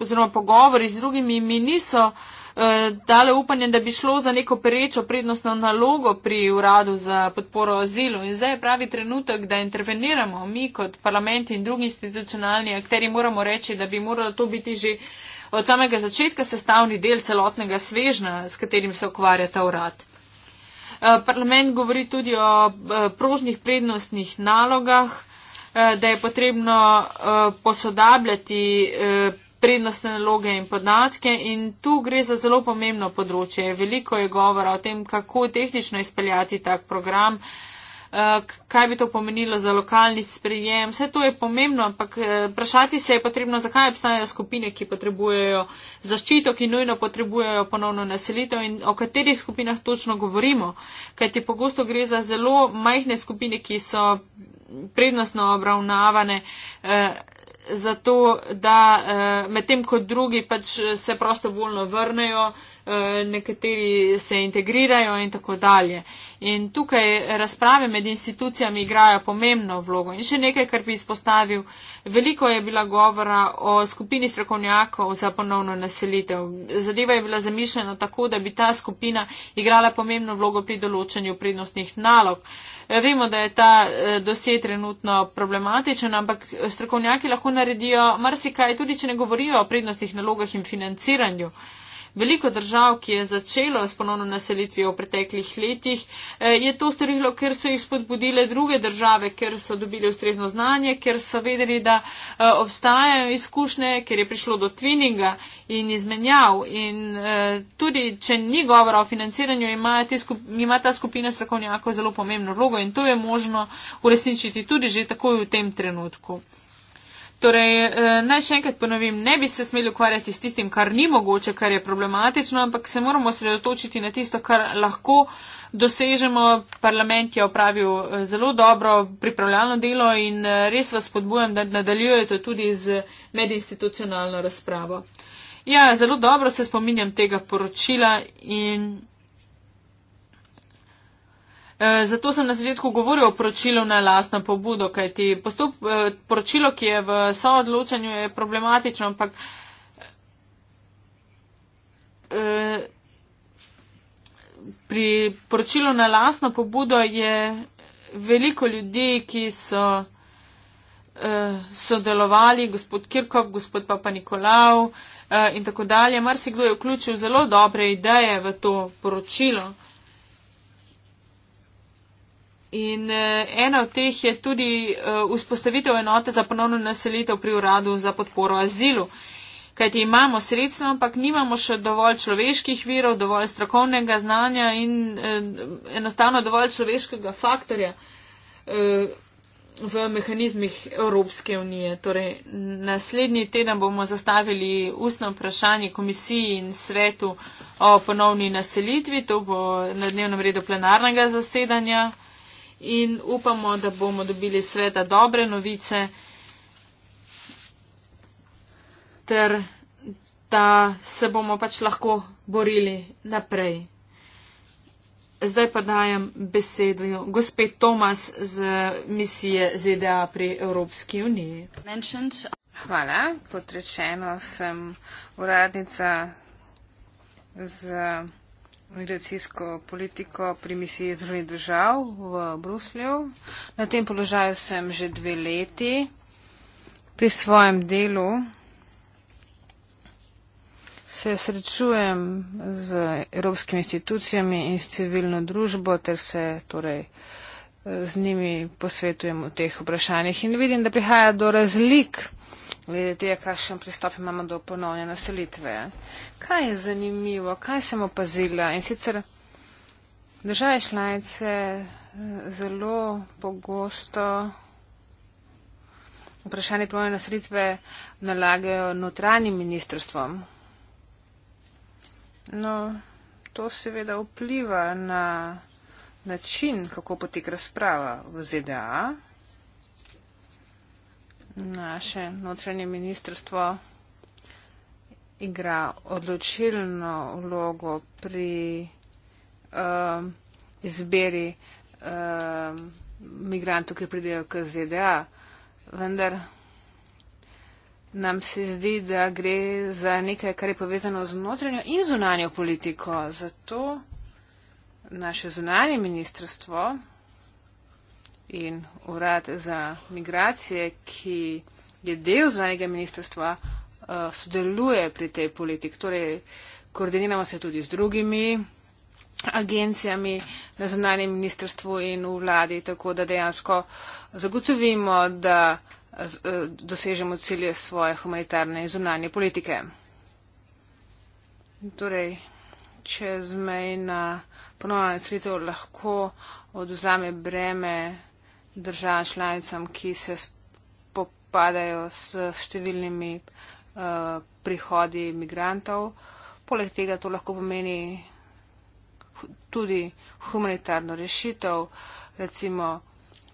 oziroma pogovori z drugimi, mi niso uh, Eh, dale upanje, da bi šlo za neko perečo prednostno nalogo pri uradu za podporo azilu. In zdaj je pravi trenutek, da interveniramo mi kot parlament in drugi institucionalni akteri. Moramo reči, da bi moralo to biti že od samega začetka sestavni del celotnega svežna, s katerim se ukvarja ta urad. Eh, parlament govori tudi o eh, prožnih prednostnih nalogah, da je potrebno posodabljati prednostne naloge in podatke in tu gre za zelo pomembno področje. Veliko je govora o tem, kako tehnično izpeljati tak program, eh, kaj bi to pomenilo za lokalni sprejem. Vse to je pomembno, ampak eh, vprašati se je potrebno, zakaj obstajajo skupine, ki potrebujejo zaščito, ki nujno potrebujejo ponovno naselitev in o katerih skupinah točno govorimo. Kajti pogosto gre za zelo majhne skupine, ki so prednostno obravnavane. Eh, zato, da eh, medtem ko drugi pač se prostovoljno vrnejo, Eh, nekateri se integrirajo in tako dalje. In tukaj razprave med institucijami igrajo pomembno vlogo. In še nekaj, kar bi izpostavil, veliko je bila govora o skupini strokovnjakov za ponovno naselitev. Zadeva je bila zamišljena tako, da bi ta skupina igrala pomembno vlogo pri določanju prednostnih nalog. Eh, vemo, da je ta eh, dosje trenutno problematičen, ampak strokovnjaki lahko naredijo marsikaj, tudi če ne govorijo o prednostnih nalogah in financiranju veliko držav, ki je začelo s ponovno naselitvijo v preteklih letih, eh, je to storilo, ker so jih spodbudile druge države, ker so dobili ustrezno znanje, ker so vedeli, da eh, obstajajo izkušnje, ker je prišlo do twinninga in izmenjav. In eh, tudi, če ni govora o financiranju, ima ta skupina strokovnjakov zelo pomembno vlogo in to je možno uresničiti tudi že takoj v tem trenutku. Torej, eh, naj še enkrat ponovim, ne bi se smeli ukvarjati s tistim, kar ni mogoče, kar je problematično, ampak se moramo sredotočiti na tisto, kar lahko dosežemo. Parlament je opravil eh, zelo dobro pripravljalno delo in eh, res vas podbujam, da nadaljujete tudi z medinstitucionalno razpravo. Ja, zelo dobro se spominjam tega poročila in. Eh, zato sem na začetku govoril o poročilu na lastno pobudo, kajti postop, eh, poročilo, ki je v soodločanju, je problematično, ampak eh, pri poročilu na lastno pobudo je veliko ljudi, ki so sodelovali, gospod Kirkov, gospod Papa Nikolaov in tako dalje. Mar si kdo je vključil zelo dobre ideje v to poročilo. In eh, ena od teh je tudi eh, vzpostavitev enote za ponovno naselitev pri uradu za podporo azilu. Kajti imamo sredstva, ampak nimamo še dovolj človeških virov, dovolj strokovnega znanja in eh, enostavno dovolj človeškega faktorja v mehanizmih Evropske unije. Torej, naslednji teden bomo zastavili ustno vprašanje komisiji in svetu o ponovni naselitvi. To bo na dnevnem redu plenarnega zasedanja in upamo, da bomo dobili sveta dobre novice ter da se bomo pač lahko borili naprej. Zdaj pa dajem besedo gospe Tomas z misije ZDA pri Evropski uniji. Hvala, kot rečeno sem uradnica z migracijsko politiko pri misiji Združenih držav v Bruslju. Na tem položaju sem že dve leti. Pri svojem delu se srečujem z evropskimi institucijami in s civilno družbo, ter se torej z njimi posvetujem v teh vprašanjih. In vidim, da prihaja do razlik glede, kakšen pristop imamo do ponovne naselitve. Kaj je zanimivo, kaj sem opazila in sicer države članice eh, zelo pogosto vprašanje ponovne naselitve nalagajo notranjim ministrstvom. No, to seveda vpliva na način, kako poteka razprava v ZDA naše notranje ministrstvo igra odločilno vlogo pri um, izbiri um, migrantov, ki pridejo k ZDA, vendar nam se zdi, da gre za nekaj, kar je povezano z notranjo in zunanjo politiko. Zato naše zunanje ministrstvo in urad za migracije, ki je del zvanjega ministrstva, uh, sodeluje pri tej politiki. Torej, koordiniramo se tudi z drugimi agencijami na zvanjem ministrstvu in v vladi, tako da dejansko zagotovimo, da uh, dosežemo cilje svoje humanitarne in zvanjanje politike. Torej, čezmejna ponovna sredstva lahko oduzame breme državam članicam, ki se spopadajo s številnimi uh, prihodi imigrantov. Poleg tega to lahko pomeni tudi humanitarno rešitev, recimo,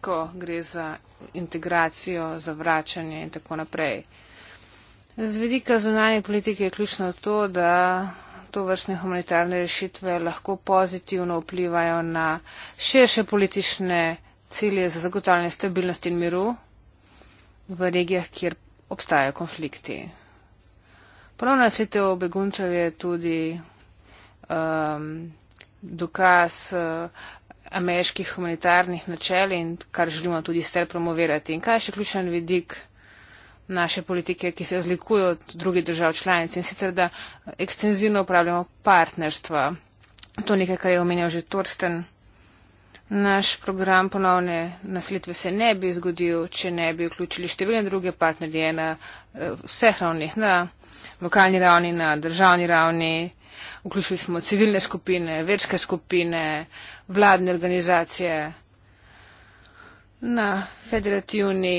ko gre za integracijo, za vračanje in tako naprej. Z vidika zunanje politike je ključno to, da to vrstne humanitarne rešitve lahko pozitivno vplivajo na širše politične cilje za zagotavljanje stabilnosti in miru v regijah, kjer obstajajo konflikti. Ponovna naslitev beguncev je tudi um, dokaz uh, ameriških humanitarnih načel in kar želimo tudi sel promovirati. In kaj je še ključen vidik naše politike, ki se razlikuje od drugih držav članic in sicer, da ekstenzivno upravljamo partnerstva. To nekaj, kar je omenjal že Torsten. Naš program ponovne nasletve se ne bi zgodil, če ne bi vključili številne druge partnerje na eh, vseh ravnih, na lokalni ravni, na državni ravni. Vključili smo civilne skupine, verske skupine, vladne organizacije, na federativni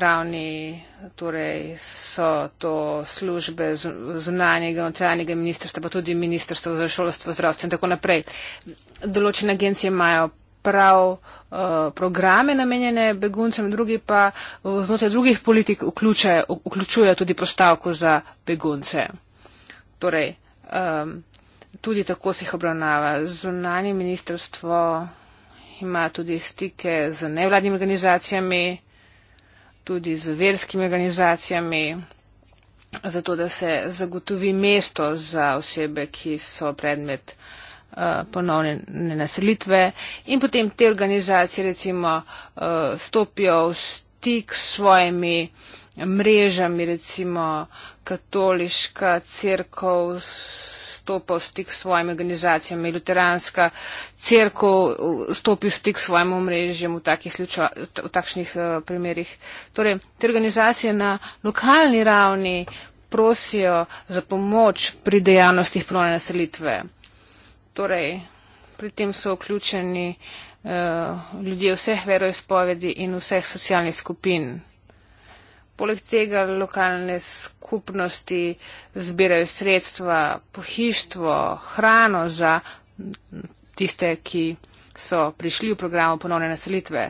ravni, torej so to službe zunanjega in notranjega ministrstva, pa tudi ministrstvo za šolstvo, zdravstvo in tako naprej. Določene agencije imajo prav uh, programe namenjene beguncem, drugi pa eh, znotraj drugih politik vključe, vključujejo tudi postavko za begunce. Torej, um, tudi tako se jih obravnava. Zunanje ministrstvo ima tudi stike z nevladnimi organizacijami, tudi z verskimi organizacijami, zato da se zagotovi mesto za osebe, ki so predmet uh, Eh, ponovne naselitve in potem te organizacije recimo eh, stopijo v stik s svojimi mrežami, recimo katoliška crkva stopa v stik s svojimi organizacijami, luteranska crkva eh, stopi v stik s svojim omrežjem v, v takšnih primerjih. Torej, te organizacije na lokalni ravni prosijo za pomoč pri dejavnostih ponovne naselitve torej pri tem so vključeni uh, ljudje vseh veroizpovedi in vseh socialnih skupin. Poleg tega lokalne skupnosti zbirajo sredstva, pohištvo, hrano za tiste, ki so prišli v programu ponovne naselitve.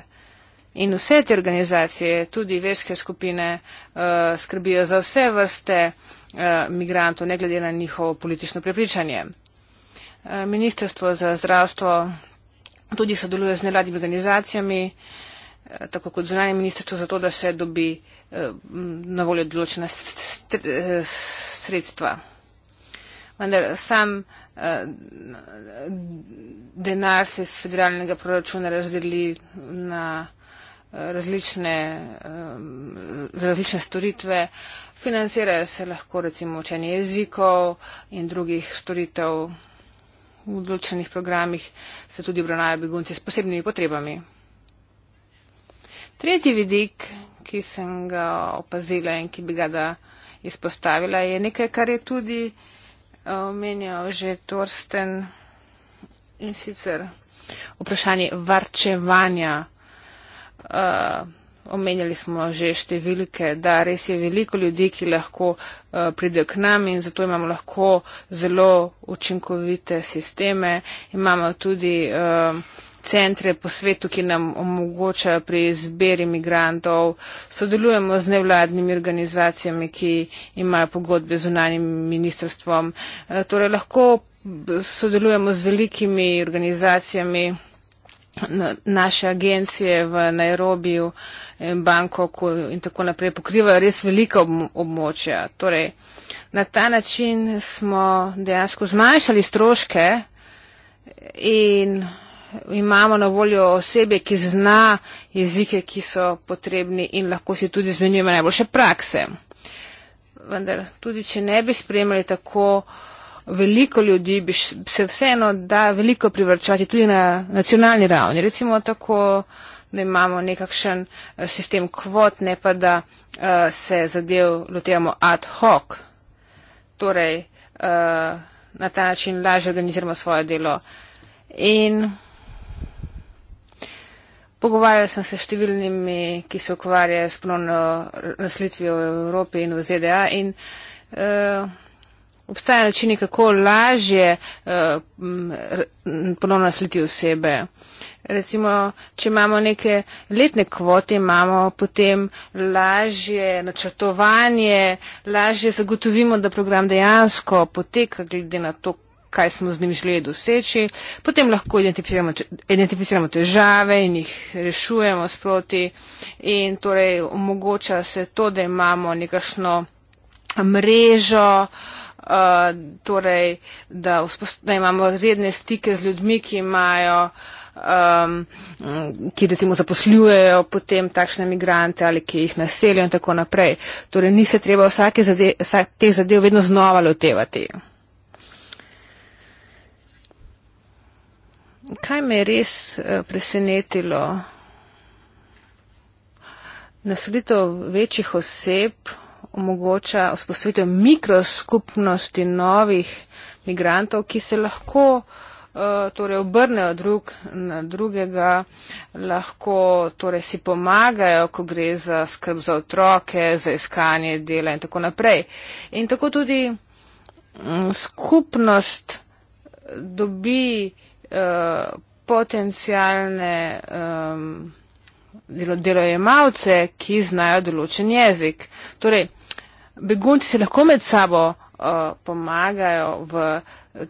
In vse te organizacije, tudi verske skupine, uh, skrbijo za vse vrste uh, migrantov, ne glede na njihovo politično prepričanje. Eh, ministrstvo za zdravstvo tudi sodeluje z nevladnimi organizacijami, eh, tako kot zunanje ministrstvo, zato da se dobi eh, na voljo določena sredstva. Vendar sam denar se iz federalnega proračuna razdeli na različne, za različne storitve. Financirajo se lahko recimo učenje jezikov in drugih storitev v določenih programih se tudi obravnajo begunci s posebnimi potrebami. Tretji vidik, ki sem ga opazila in ki bi ga da izpostavila, je nekaj, kar je tudi eh, omenjal že Torsten in sicer vprašanje varčevanja. Uh, omenjali smo že številke, da res je veliko ljudi, ki lahko uh, pride k nam in zato imamo lahko zelo učinkovite sisteme. Imamo tudi uh, centre po svetu, ki nam omogočajo pri izberi migrantov. Sodelujemo z nevladnimi organizacijami, ki imajo pogodbe z unanim ministrstvom. Eh, torej lahko sodelujemo z velikimi organizacijami, naše agencije v Nairobiju, Bankoku in tako naprej pokrivajo res velika območja. Torej, na ta način smo dejansko zmanjšali stroške in imamo na voljo osebe, ki zna jezike, ki so potrebni in lahko si tudi zmenjujemo najboljše prakse. Vendar tudi, če ne bi spremljali tako, veliko ljudi bi se vseeno da veliko privrčati tudi na nacionalni ravni. Recimo tako, da imamo nekakšen eh, sistem kvot, ne pa da uh, se zadev lotevamo ad hoc. Torej, uh, na ta način lažje organiziramo svoje delo. In pogovarjala sem se številnimi, ki se ukvarjajo s ponovno naslitvijo v Evropi in v ZDA. In, uh, obstajajo načini, kako lažje eh, ponovno slediti osebe. Recimo, če imamo neke letne kvote, imamo potem lažje načrtovanje, lažje zagotovimo, da program dejansko poteka glede na to, kaj smo z njim želeli doseči. Potem lahko identificiramo, identificiramo težave in jih rešujemo sproti in torej omogoča se to, da imamo nekašno mrežo. Uh, Uh, torej, da, da imamo redne stike z ljudmi, ki imajo, um, ki recimo zaposlujejo potem takšne migrante ali ki jih naselijo in tako naprej. Torej, ni se treba vsake zadev, vsak te zadev vedno znova lotevati. Kaj me je res eh, presenetilo? Naselitev večjih oseb omogoča vzpostavitev mikroskupnosti novih migrantov, ki se lahko eh, torej obrnejo drug na drugega, lahko torej si pomagajo, ko gre za skrb za otroke, za iskanje dela in tako naprej. In tako tudi mm, skupnost dobi eh, potencijalne um, delo, delojemalce, ki znajo določen jezik. Torej, begunci se lahko med sabo uh, pomagajo, v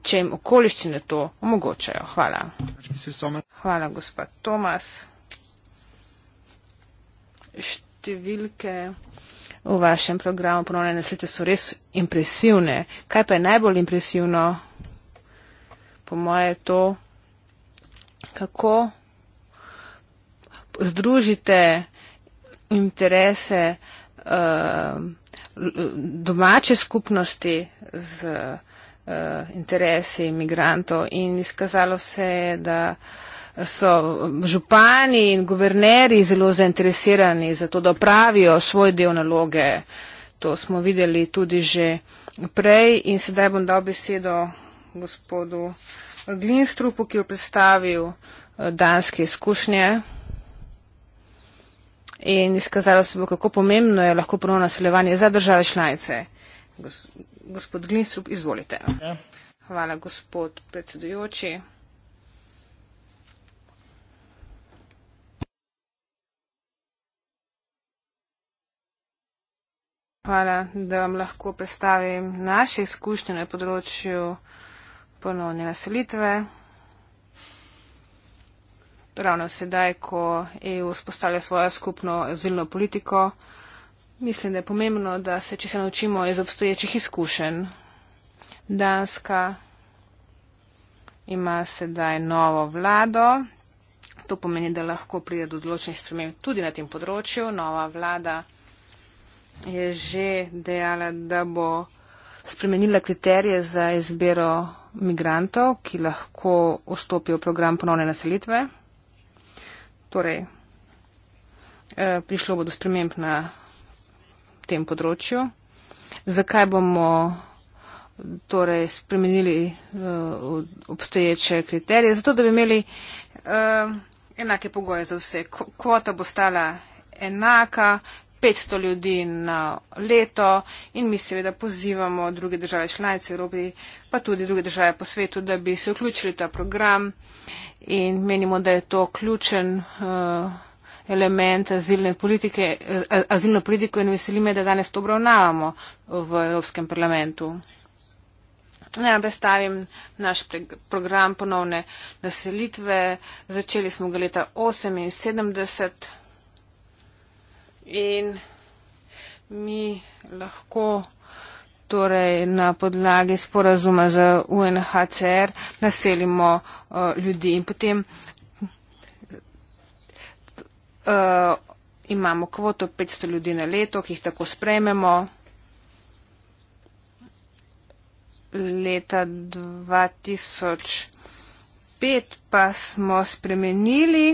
čem okoliščine to omogočajo. Hvala. Hvala, gospod Tomas. Številke v vašem programu ponovne naslete so res impresivne. Kaj pa je najbolj impresivno? Po moje je to, kako združite interese uh, domače skupnosti z uh, interesi imigrantov in izkazalo se je, da so župani in guvernerji zelo zainteresirani za to, da opravijo svoj del naloge. To smo videli tudi že prej in sedaj bom dal besedo gospodu Glinstrupu, ki je predstavil eh, danske izkušnje in izkazalo se bo, kako pomembno je lahko ponovno naseljevanje za države članice. Gospod Glinstrup, izvolite. Ja. Hvala, gospod predsedujoči. Hvala, da vam lahko predstavim naše izkušnje na področju ponovne naselitve ravno sedaj, ko EU spostavlja svojo skupno azilno politiko, mislim, da je pomembno, da se če se naučimo iz obstoječih izkušenj. Danska ima sedaj novo vlado. To pomeni, da lahko pride do odločnih sprememb tudi na tem področju. Nova vlada je že dejala, da bo spremenila kriterije za izbiro migrantov, ki lahko vstopijo v program ponovne naselitve. Torej, eh, prišlo bo do sprememb na tem področju. Zakaj bomo torej, spremenili eh, obstoječe kriterije? Zato, da bi imeli eh, enake pogoje za vse. Kvota bo stala enaka. 500 ljudi na leto in mi seveda pozivamo druge države članice Evropi, pa tudi druge države po svetu, da bi se vključili v ta program in menimo, da je to ključen eh, element azilne politike, eh, azilno politiko in veseli me, da danes to obravnavamo v Evropskem parlamentu. Ja, predstavim naš program ponovne naselitve. Začeli smo ga leta 78 in mi lahko torej na podlagi sporazuma z UNHCR naselimo uh, ljudi. In potem uh, imamo kvoto 500 ljudi na leto, ki jih tako sprejmemo. Leta 2005 pa smo spremenili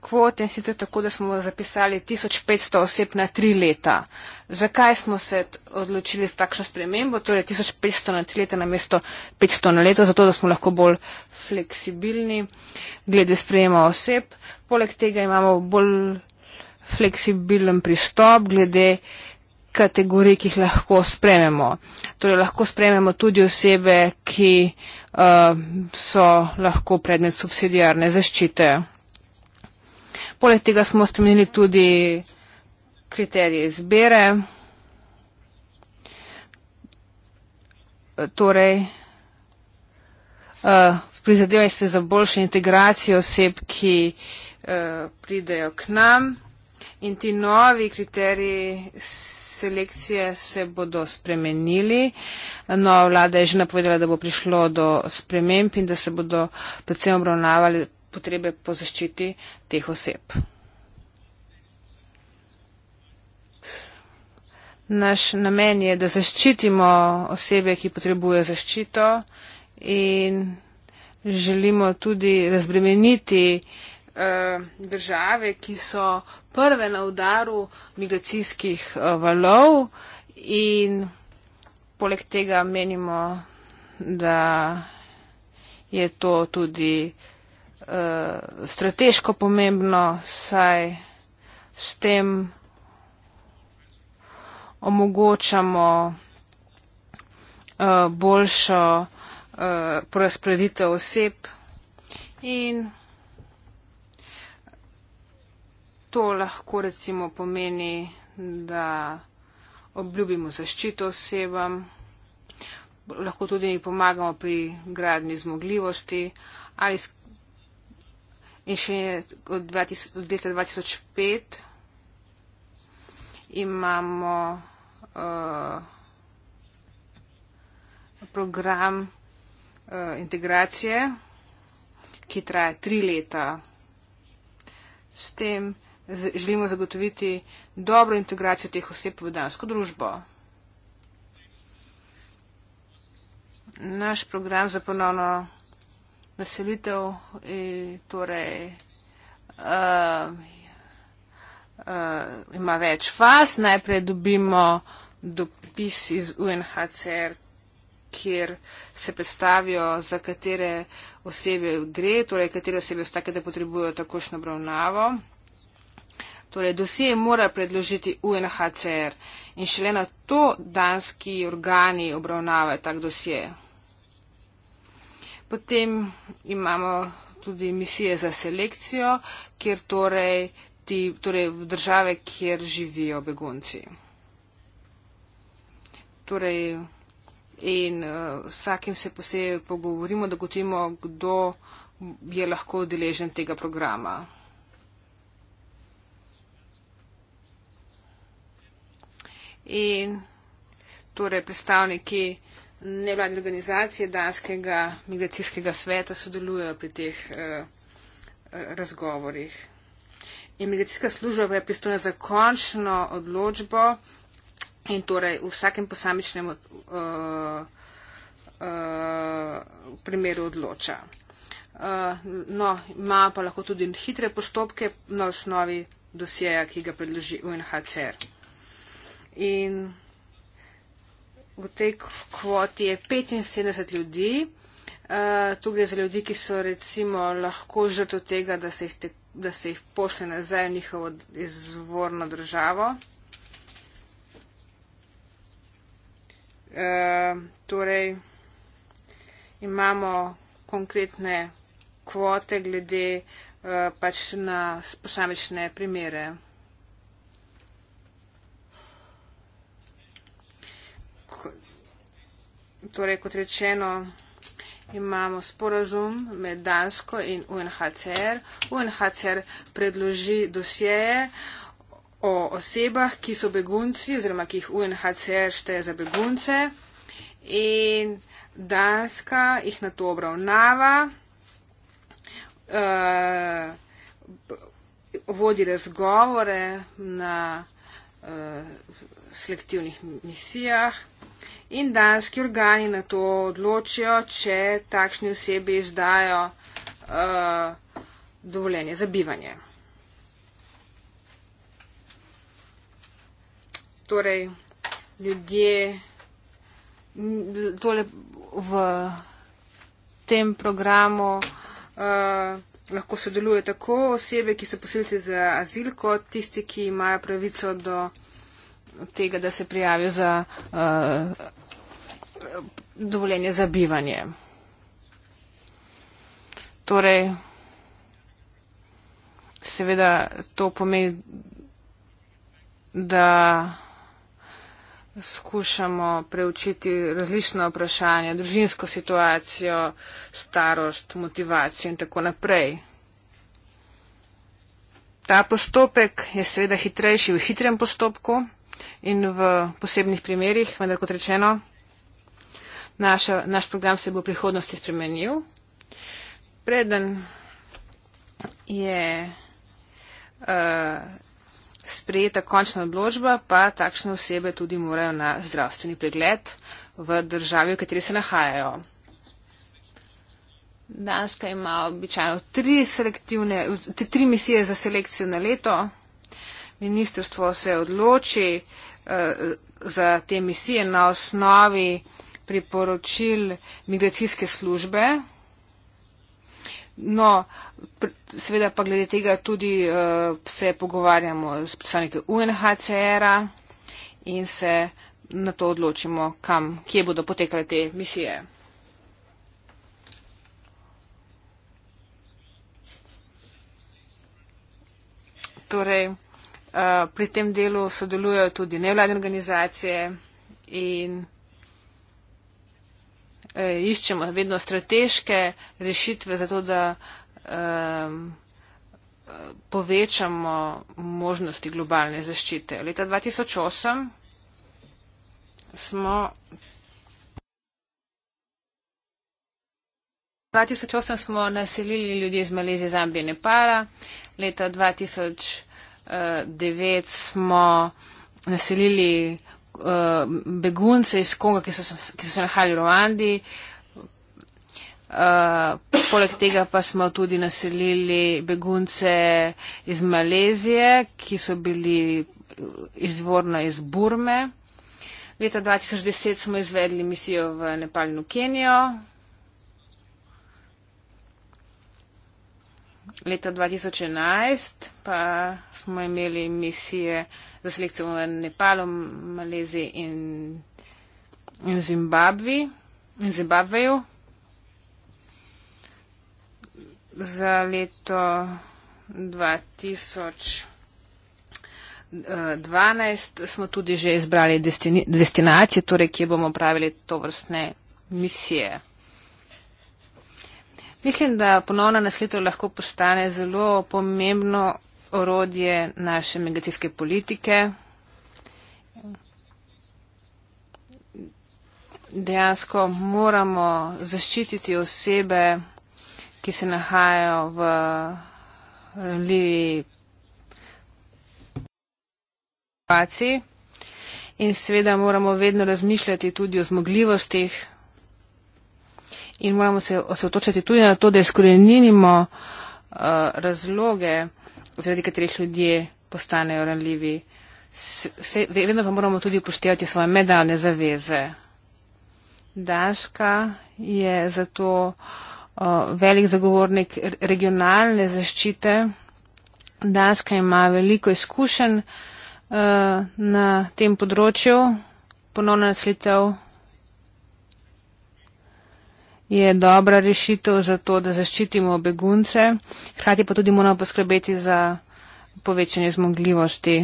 kvote in sicer tako, da smo zapisali 1500 oseb na tri leta. Zakaj smo se odločili za takšno spremembo, torej 1500 na tri leta namesto 500 na leto, zato da smo lahko bolj fleksibilni glede sprejema oseb. Poleg tega imamo bolj fleksibilen pristop glede kategorij, ki jih lahko sprememo. Torej lahko sprememo tudi osebe, ki uh, so lahko predmet subsidijarne zaščite. Poleg tega smo spremenili tudi kriterije izbere. Torej, eh, prizadevaj se za boljšo integracijo oseb, ki eh, pridejo k nam in ti novi kriteriji selekcije se bodo spremenili. Nova vlada je že napovedala, da bo prišlo do sprememb in da se bodo predvsem obravnavali potrebe po zaščiti teh oseb. Naš namen je, da zaščitimo osebe, ki potrebujejo zaščito in želimo tudi razbremeniti eh, države, ki so prve na udaru migracijskih eh, valov in poleg tega menimo, da je to tudi eh, uh, strateško pomembno, saj s tem omogočamo uh, boljšo uh, eh, porazpreditev oseb in to lahko recimo pomeni, da obljubimo zaščito osebam. Lahko tudi pomagamo pri gradni zmogljivosti ali In še od leta 2005 imamo uh, program uh, integracije, ki traja tri leta. S tem želimo zagotoviti dobro integracijo teh oseb v dansko družbo. Naš program za ponovno veselitev, torej eh, eh, ima več faz. Najprej dobimo dopis iz UNHCR, kjer se predstavijo, za katere osebe gre, torej katere osebe so take, da potrebujejo takošno obravnavo. Torej, dosije mora predložiti UNHCR in šele na to danski organi obravnavajo tak dosije. Potem imamo tudi misije za selekcijo, kjer torej ti, torej v države, kjer živijo begunci. Torej, in uh, vsakim se posebej pogovorimo, da gotovimo, kdo je lahko deležen tega programa. In torej predstavniki nevladne organizacije Danskega migracijskega sveta sodelujejo pri teh eh, eh razgovorjih. In migracijska služba je pristojna za končno odločbo in torej v vsakem posamičnem eh, eh, primeru odloča. Eh, no, ima pa lahko tudi hitre postopke na osnovi dosjeja, ki ga predloži UNHCR. In v tej kvoti je 75 ljudi. Eh, tu gre za ljudi, ki so recimo lahko žrtev tega, da se jih, te, da se jih pošle nazaj v njihovo izvorno državo. Eh, torej, imamo konkretne kvote glede eh, pač na posamične primere. Torej, kot rečeno, imamo sporazum med Dansko in UNHCR. UNHCR predloži dosjeje o osebah, ki so begunci oziroma ki jih UNHCR šteje za begunce in Danska jih na to obravnava, uh, vodi razgovore na uh, selektivnih misijah in danski organi na to odločijo, če takšni osebi izdajo uh, dovoljenje za bivanje. Torej, ljudje tole v tem programu uh, lahko sodeluje tako osebe, ki so posilci za azil, kot tisti, ki imajo pravico do tega, da se prijavijo za uh, dovoljenje za bivanje. Torej, seveda to pomeni, da skušamo preučiti različna vprašanja, družinsko situacijo, starost, motivacijo in tako naprej. Ta postopek je seveda hitrejši v hitrem postopku in v posebnih primerjih, vendar kot rečeno, naša, naš program se bo v prihodnosti spremenil. Preden je uh, sprejeta končna odločba, pa takšne osebe tudi morajo na zdravstveni pregled v državi, v kateri se nahajajo. Danska ima običajno tri, tri, tri misije za selekcijo na leto. Ministrstvo se odloči uh, za te misije na osnovi uh, priporočil migracijske službe. No, seveda pa glede tega tudi uh, se pogovarjamo s predstavniki UNHCR-a in se na to odločimo, kam, kje bodo potekale te misije. Torej, uh, pri tem delu sodelujejo tudi nevladne organizacije in eh, iščemo vedno strateške rešitve za to, da eh, povečamo možnosti globalne zaščite. Leta 2008 smo. 2008 smo naselili ljudi iz Malezije, Zambije in Nepala, leta 2009 eh, smo naselili Eh, begunce iz Konga, ki so, ki so se nahajali v Rwandi. Uh, eh, poleg tega pa smo tudi naselili begunce iz Malezije, ki so bili izvorno iz Burme. Leta 2010 smo izvedli misijo v Nepalnu Kenijo. Leta 2011 pa smo imeli misije uh, za selekcijo v Nepalu, Maleziji in, in Zimbabvi. In Zimbabveju. Za leto 2012 eh, smo tudi že izbrali destini, destinacije, torej kje bomo pravili to vrstne misije. Mislim, da ponovno nasletov lahko postane zelo pomembno orodje naše migracijske politike. Dejansko moramo zaščititi osebe, ki se nahajajo v ranljivi situaciji in seveda moramo vedno razmišljati tudi o zmogljivostih in moramo se osotočati tudi na to, da izkorenimo uh, eh, razloge, zaradi katerih ljudje postanejo ranljivi. Se, se, vedno pa moramo tudi upoštevati svoje medaljne zaveze. Danska je zato uh, velik zagovornik regionalne zaščite. Danska ima veliko izkušenj uh, na tem področju. Ponovna naslitev je dobra rešitev za to, da zaščitimo begunce, hkrati pa tudi moramo poskrbeti za povečanje zmogljivosti.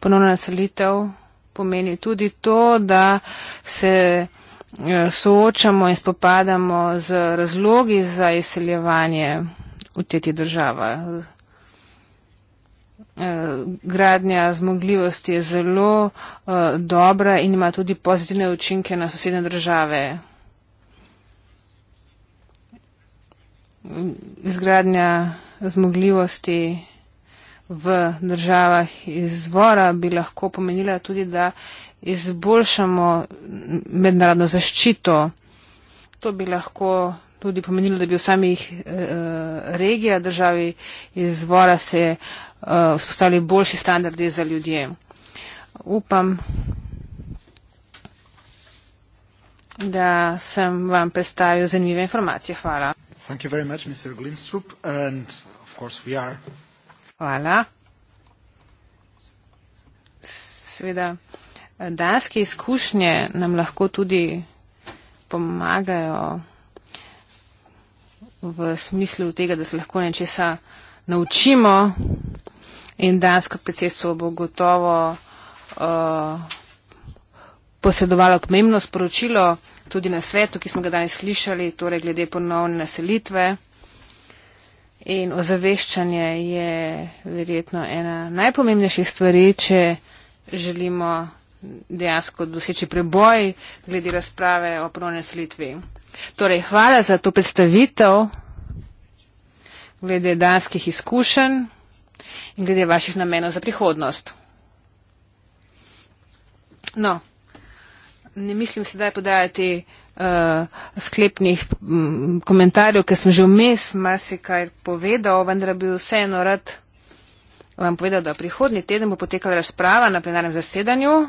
Ponovna naselitev pomeni tudi to, da se eh, soočamo in spopadamo z razlogi za izseljevanje v teti država. Eh, gradnja zmogljivosti je zelo eh, dobra in ima tudi pozitivne učinke na sosedne države. izgradnja zmogljivosti v državah izvora bi lahko pomenila tudi, da izboljšamo mednarodno zaščito. To bi lahko tudi pomenilo, da bi v samih uh, regijah državi izvora se uh, vzpostavili boljši standardi za ljudje. Upam, da sem vam predstavil zanimive informacije. Hvala. Thank you very much, Mr. Glinstrup, and of course we are. Hvala. Seveda, danske izkušnje nam lahko tudi pomagajo v smislu tega, da se lahko nečesa naučimo in dansko predsedstvo bo gotovo uh, posedovalo pomembno sporočilo tudi na svetu, ki smo ga danes slišali, torej glede ponovne naselitve. In ozaveščanje je verjetno ena najpomembnejših stvari, če želimo dejansko doseči preboj glede razprave o ponovne naselitvi. Torej, hvala za to predstavitev glede danskih izkušenj in glede vaših namenov za prihodnost. No, ne mislim sedaj podajati uh, sklepnih m, mm, komentarjev, ker sem že vmes marsikaj povedal, vendar bi vseeno rad vam povedal, da prihodni teden bo potekala razprava na plenarnem zasedanju.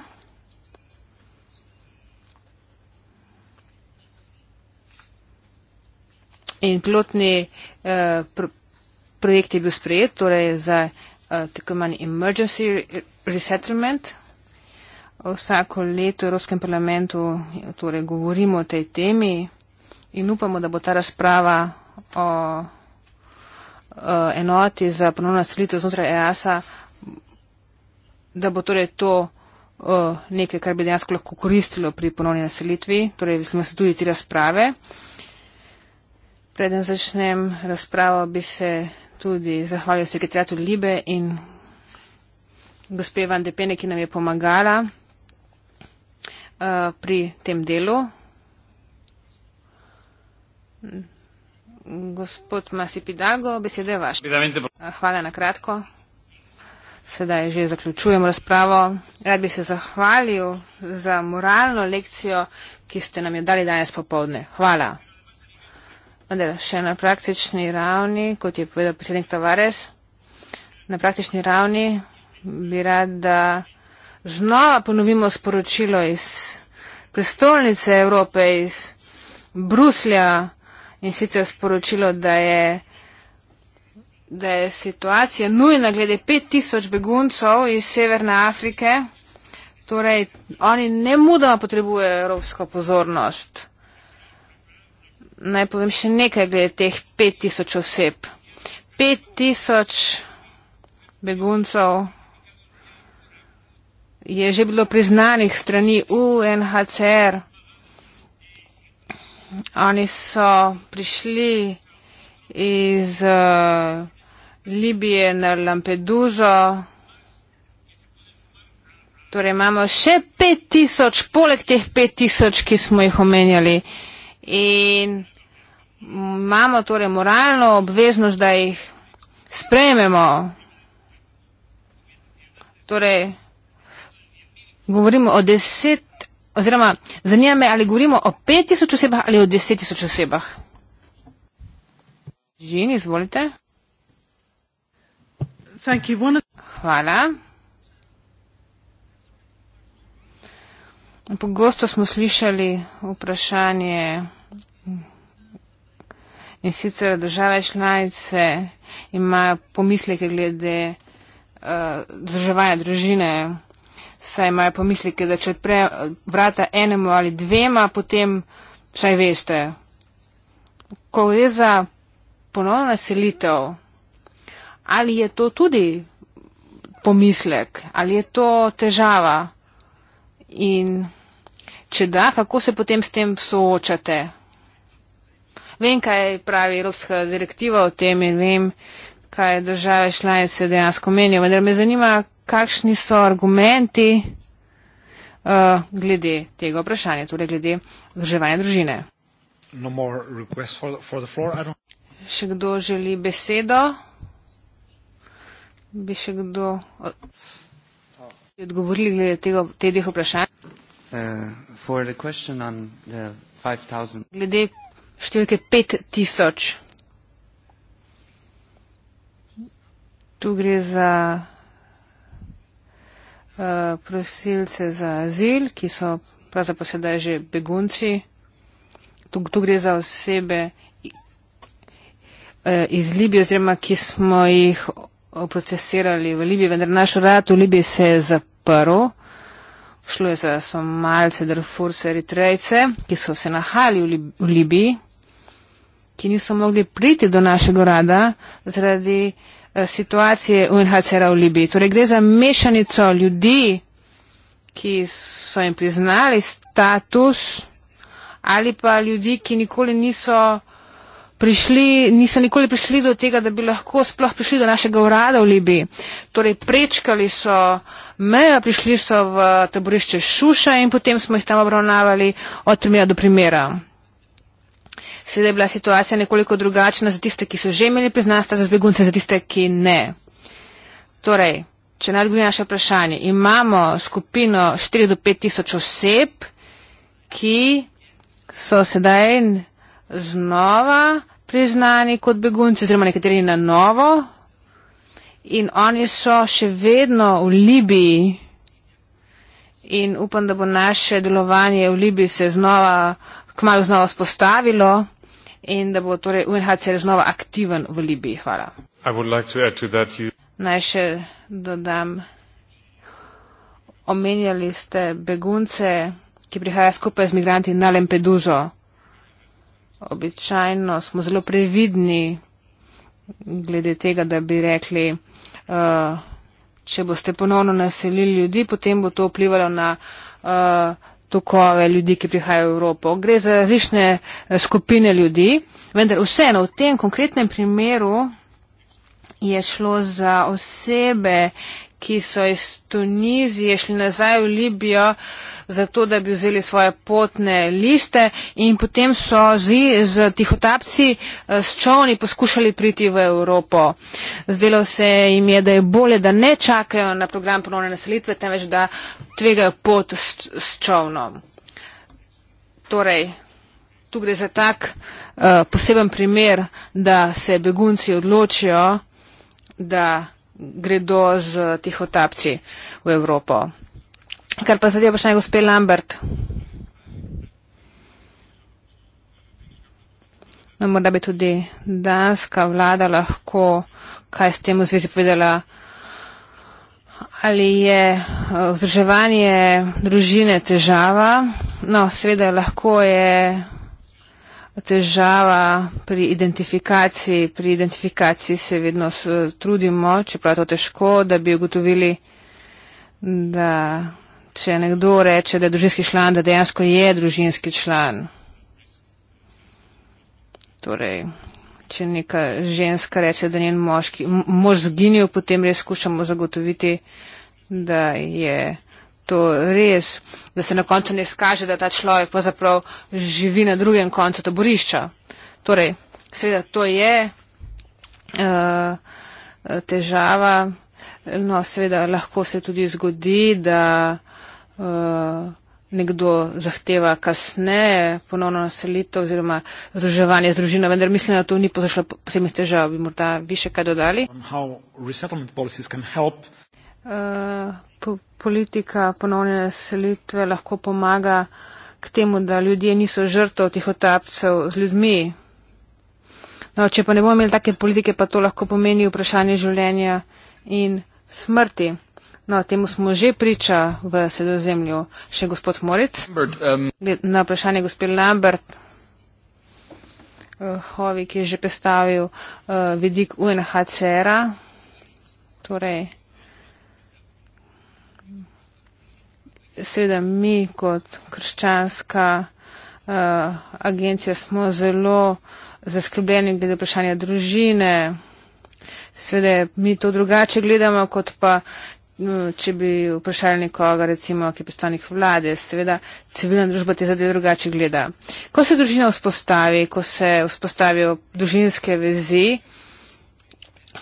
In pilotni eh, pr projekt je bil sprejet, torej za eh, tako imenovani emergency resettlement. Re re re re re re re vsako leto v Evropskem parlamentu torej, govorimo o tej temi in upamo, da bo ta razprava o enoti za ponovno naselitev znotraj EASA, da bo torej to nekaj, kar bi dejansko lahko koristilo pri ponovni naselitvi. Torej, veselimo se tudi te razprave. Preden začnem razpravo, bi se tudi zahvalil sekretariatu Libe in gospe Van Depene, ki nam je pomagala. Eh, pri tem delu. Gospod Masipidago, beseda je vaša. Eh, hvala na kratko. Sedaj že zaključujem razpravo. Rad bi se zahvalil za moralno lekcijo, ki ste nam jo dali danes popovdne. Hvala. Vendar še na praktični ravni, kot je povedal predsednik Tavares, na praktični ravni bi rad, da znova ponovimo sporočilo iz prestolnice Evrope, iz Bruslja in sicer sporočilo, da je, da je situacija nujna glede 5000 beguncov iz Severne Afrike. Torej, oni ne mudoma potrebujejo evropsko pozornost. Naj povem še nekaj glede teh 5000 oseb. 5000 beguncov je že bilo priznanih strani UNHCR. Oni so prišli iz eh, Libije na Lampeduzo. Torej imamo še pet tisoč, poleg teh pet tisoč, ki smo jih omenjali. In imamo torej moralno obveznost, da jih sprejmemo. Torej, Govorimo o deset, oziroma zanima me, ali govorimo o pet tisoč osebah ali o deset tisoč osebah. Žin, izvolite. Hvala. Pogosto smo slišali vprašanje in sicer države članice imajo pomisleke glede uh, eh, državaja družine saj imajo pomislike, da če odpre eh, vrata enemu ali dvema, potem saj veste. Ko gre za ponovno naselitev, ali je to tudi pomislek, ali je to težava in če da, kako se potem s tem soočate? Vem, kaj pravi Evropska direktiva o tem in vem, kaj države članice dejansko menijo, vendar me zanima, kakšni so argumenti uh, glede tega vprašanja, torej glede vzdrževanja družine. No for the, for the še kdo želi besedo? Bi še kdo od... Eh, odgovorili glede tega, teh vprašanj? Uh, glede številke 5000. Tu gre za Eh, prosilce za azil, ki so pravzaprav sedaj že begunci. Tu, tu gre za osebe eh, iz Libije, oziroma ki smo jih procesirali v Libiji, vendar naš rad v Libiji se je zaprl. Šlo je za somalce, drfurce, eritrejce, ki so se nahali v, Lib v Libiji, ki niso mogli priti do našega rada zaradi Eh, situacije UNHCR-a v Libiji. Torej gre za mešanico ljudi, ki so jim priznali status ali pa ljudi, ki nikoli niso prišli, niso nikoli prišli do tega, da bi lahko sploh prišli do našega urada v Libiji. Torej prečkali so mejo, prišli so v taborišče Šuša in potem smo jih tam obravnavali od primera do primera. Seveda je bila situacija nekoliko drugačna za tiste, ki so že imeli priznanstva za begunce, za tiste, ki ne. Torej, če naj odgovorim naše vprašanje, imamo skupino 4 do 5 tisoč oseb, ki so sedaj znova priznani kot begunci, oziroma nekateri na novo. In oni so še vedno v Libiji. In upam, da bo naše delovanje v Libiji se znova, kmalo znova spostavilo in da bo torej UNHCR znova aktiven v Libiji. Hvala. Like you... Naj še dodam. Omenjali ste begunce, ki prihajajo skupaj z migranti na Lempeduzo. Običajno smo zelo previdni glede tega, da bi rekli, uh, če boste ponovno naselili ljudi, potem bo to vplivalo na. Uh, tokove ljudi, ki prihajajo v Evropo. Gre za različne eh, skupine ljudi, vendar vseeno v tem konkretnem primeru je šlo za osebe, ki so iz Tunizije šli nazaj v Libijo, zato da bi vzeli svoje potne liste in potem so z, z tihotapci eh, s čovni poskušali priti v Evropo. Zdelo se jim je, da je bolje, da ne čakajo na program ponovne naselitve, temveč da tvegajo pot s, s čovnom. Torej, tu gre za tak uh, poseben primer, da se begunci odločijo, da gredo z tihotapci v Evropo. Kar pa zadeva še gospe Lambert. No, morda bi tudi danska vlada lahko kaj s tem v zvezi povedala. Ali je eh, vzdrževanje družine težava? No, seveda lahko je težava pri identifikaciji. Pri identifikaciji se vedno trudimo, čeprav je to težko, da bi ugotovili, da če nekdo reče, da je družinski član, da dejansko je družinski član. Torej, če neka ženska reče, da njen moški, mož zginil, potem res skušamo zagotoviti, da je to res, da se na koncu ne skaže, da ta človek pravzaprav živi na drugem koncu taborišča. Torej, seveda to je uh, težava. No, seveda lahko se tudi zgodi, da uh, nekdo zahteva kasneje ponovno naselitev oziroma združevanje z družino, vendar mislim, da to ni pozašlo posebnih težav, bi morda vi še kaj dodali. Eh, po, politika ponovne naselitve lahko pomaga k temu, da ljudje niso žrtov tih otapcev z ljudmi. No, če pa ne bomo imeli take politike, pa to lahko pomeni vprašanje življenja in smrti. No, temu smo že priča v sredozemlju, še gospod Moric. Lambert, um... Na vprašanje gospod Lambert. Eh, Hovi, ki je že predstavil uh, vidik UNHCR-a, torej seveda mi kot krščanska uh, agencija smo zelo zaskrbljeni glede vprašanja družine. Seveda mi to drugače gledamo, kot pa eh, če bi vprašali nekoga, recimo, ki je predstavnik vlade. Seveda civilna družba te zadeve drugače gleda. Ko se družina vzpostavi, ko se vzpostavijo družinske vezi,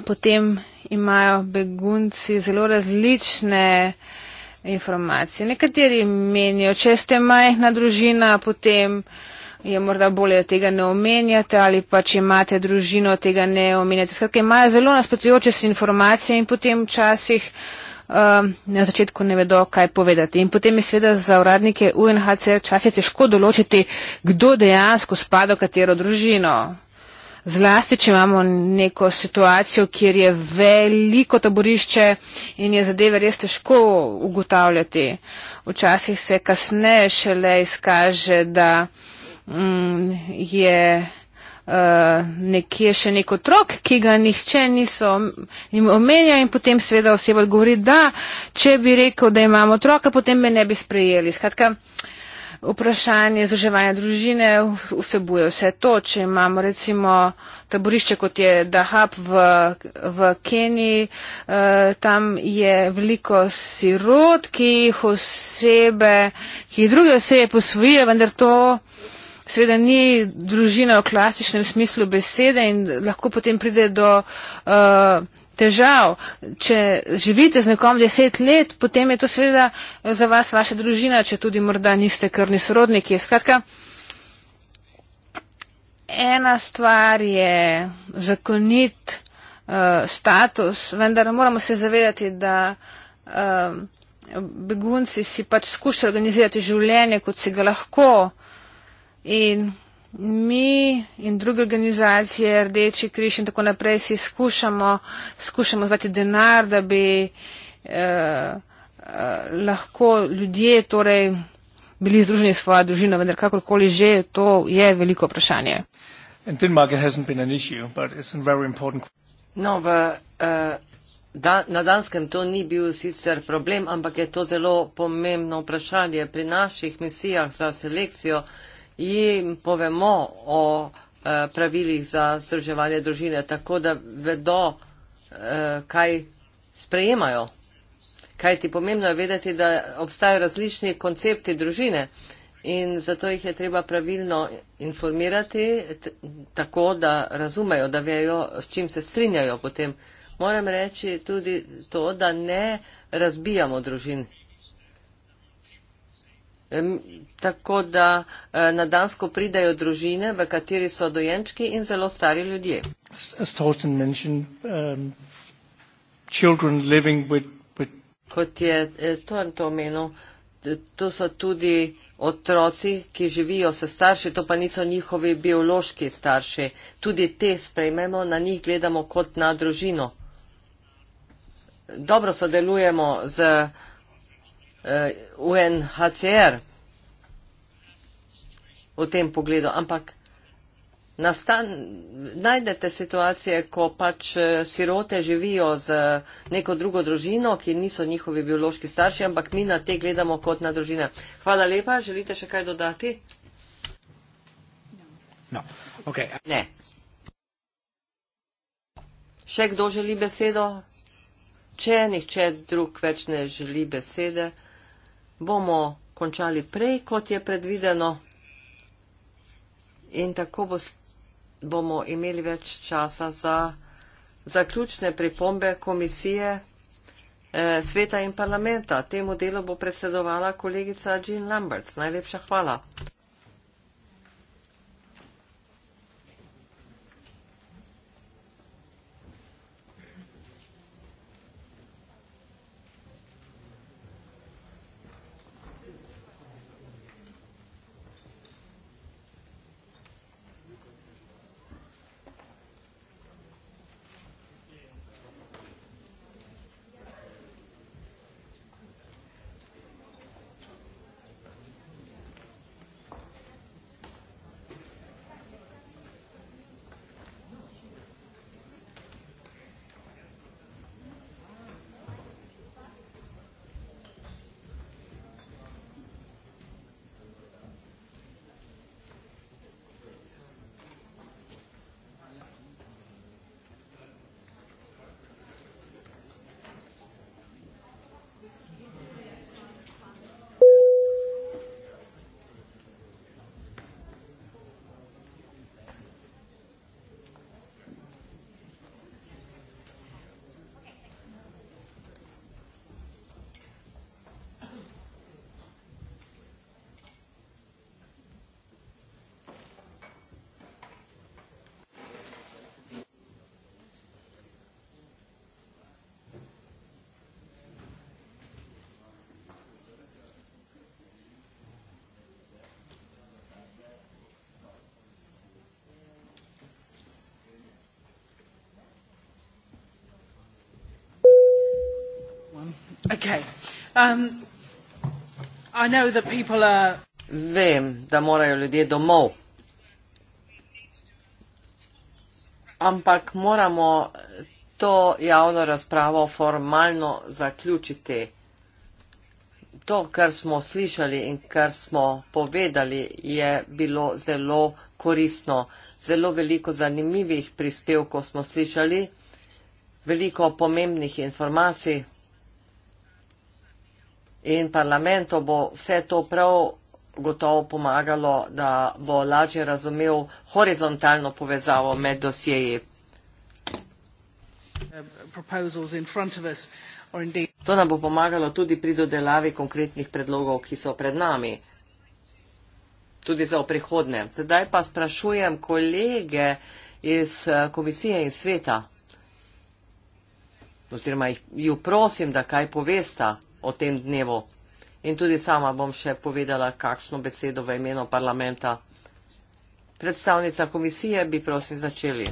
potem imajo begunci zelo različne uh, informacije. Nekateri menijo, če ste majhna družina, potem je morda bolje, da tega ne omenjate ali pa če imate družino, tega ne omenjate. Skratka, imajo zelo nasprotujoče se informacije in potem včasih um, na začetku ne vedo, kaj povedati. In potem je seveda za uradnike UNHCR čas je težko določiti, kdo dejansko spada v katero družino. Zlasti, če imamo neko situacijo, kjer je veliko taborišče in je zadeve res težko ugotavljati. Včasih se kasneje šele izkaže, da mm, je uh, nekje še nek otrok, ki ga nihče niso omenja in potem seveda oseba odgovori, da če bi rekel, da imamo otroka, potem me ne bi sprejeli. Skratka, uh, vprašanje izraževanja družine vsebuje vse to, če imamo recimo taborišče kot je Dahab v, v Keniji, eh, tam je veliko sirot, ki jih osebe, ki jih druge osebe posvojijo, vendar to seveda ni družina v klasičnem smislu besede in lahko potem pride do. Eh, težav. Če živite z nekom deset let, potem je to seveda eh, za vas vaša družina, če tudi morda niste krvni sorodniki. Skratka, ena stvar je zakonit uh, status, vendar moramo se zavedati, da uh, begunci si pač skušajo organizirati življenje, kot si ga lahko. In mi in druge organizacije, Rdeči križ in tako naprej, si skušamo, skušamo zbrati denar, da bi eh, eh, lahko ljudje torej, bili združeni s svojo družino, vendar kakorkoli že, to je veliko vprašanje. No, v, uh, da, na Danskem to ni bil sicer problem, ampak je to zelo pomembno vprašanje. Pri naših misijah za selekcijo uh, jim povemo o eh, pravilih za združevanje družine, tako da vedo, eh, kaj sprejemajo. Kaj ti pomembno je vedeti, da obstajajo različni koncepti družine in zato jih je treba pravilno informirati, tako da razumejo, da vejo, s čim se strinjajo potem. Moram reči tudi to, da ne razbijamo družin tako da eh, na Dansko pridajo družine, v kateri so dojenčki in zelo stari ljudje. Um, kot je eh, to in to omenil, eh, to so tudi otroci, ki živijo se starši, to pa niso njihovi biološki starši. Tudi te sprejmemo, na njih gledamo kot na družino. Dobro sodelujemo z UNHCR v tem pogledu. Ampak nastan, najdete situacije, ko pač eh, sirote živijo z neko drugo družino, ki niso njihovi biološki starši, ampak mi na te gledamo kot na družine. Hvala lepa. Želite še kaj dodati? No. Okay. Ne. Še kdo želi besedo? Če nihče drug več ne želi besede, bomo končali prej, kot je predvideno in tako bo, bomo imeli več časa za zaključne pripombe komisije eh, sveta in parlamenta. Temu delu bo predsedovala kolegica Jean Lambert. Najlepša hvala. okay. Um, I know that people are... Vem, da morajo ljudje domov. Ampak moramo to javno razpravo formalno zaključiti. To, kar smo slišali in kar smo povedali, je bilo zelo koristno. Zelo veliko zanimivih prispevkov smo slišali, veliko pomembnih informacij. In parlamentu bo vse to prav gotovo pomagalo, da bo lažje razumel horizontalno povezavo med dosjeji. To nam bo pomagalo tudi pri dodelavi konkretnih predlogov, ki so pred nami, tudi za prihodnje. Sedaj pa sprašujem kolege iz eh, komisije in sveta, oziroma jih prosim, da kaj povesta o tem dnevu. In tudi sama bom še povedala, kakšno besedo v imenu parlamenta. Predstavnica komisije bi prosim začeli.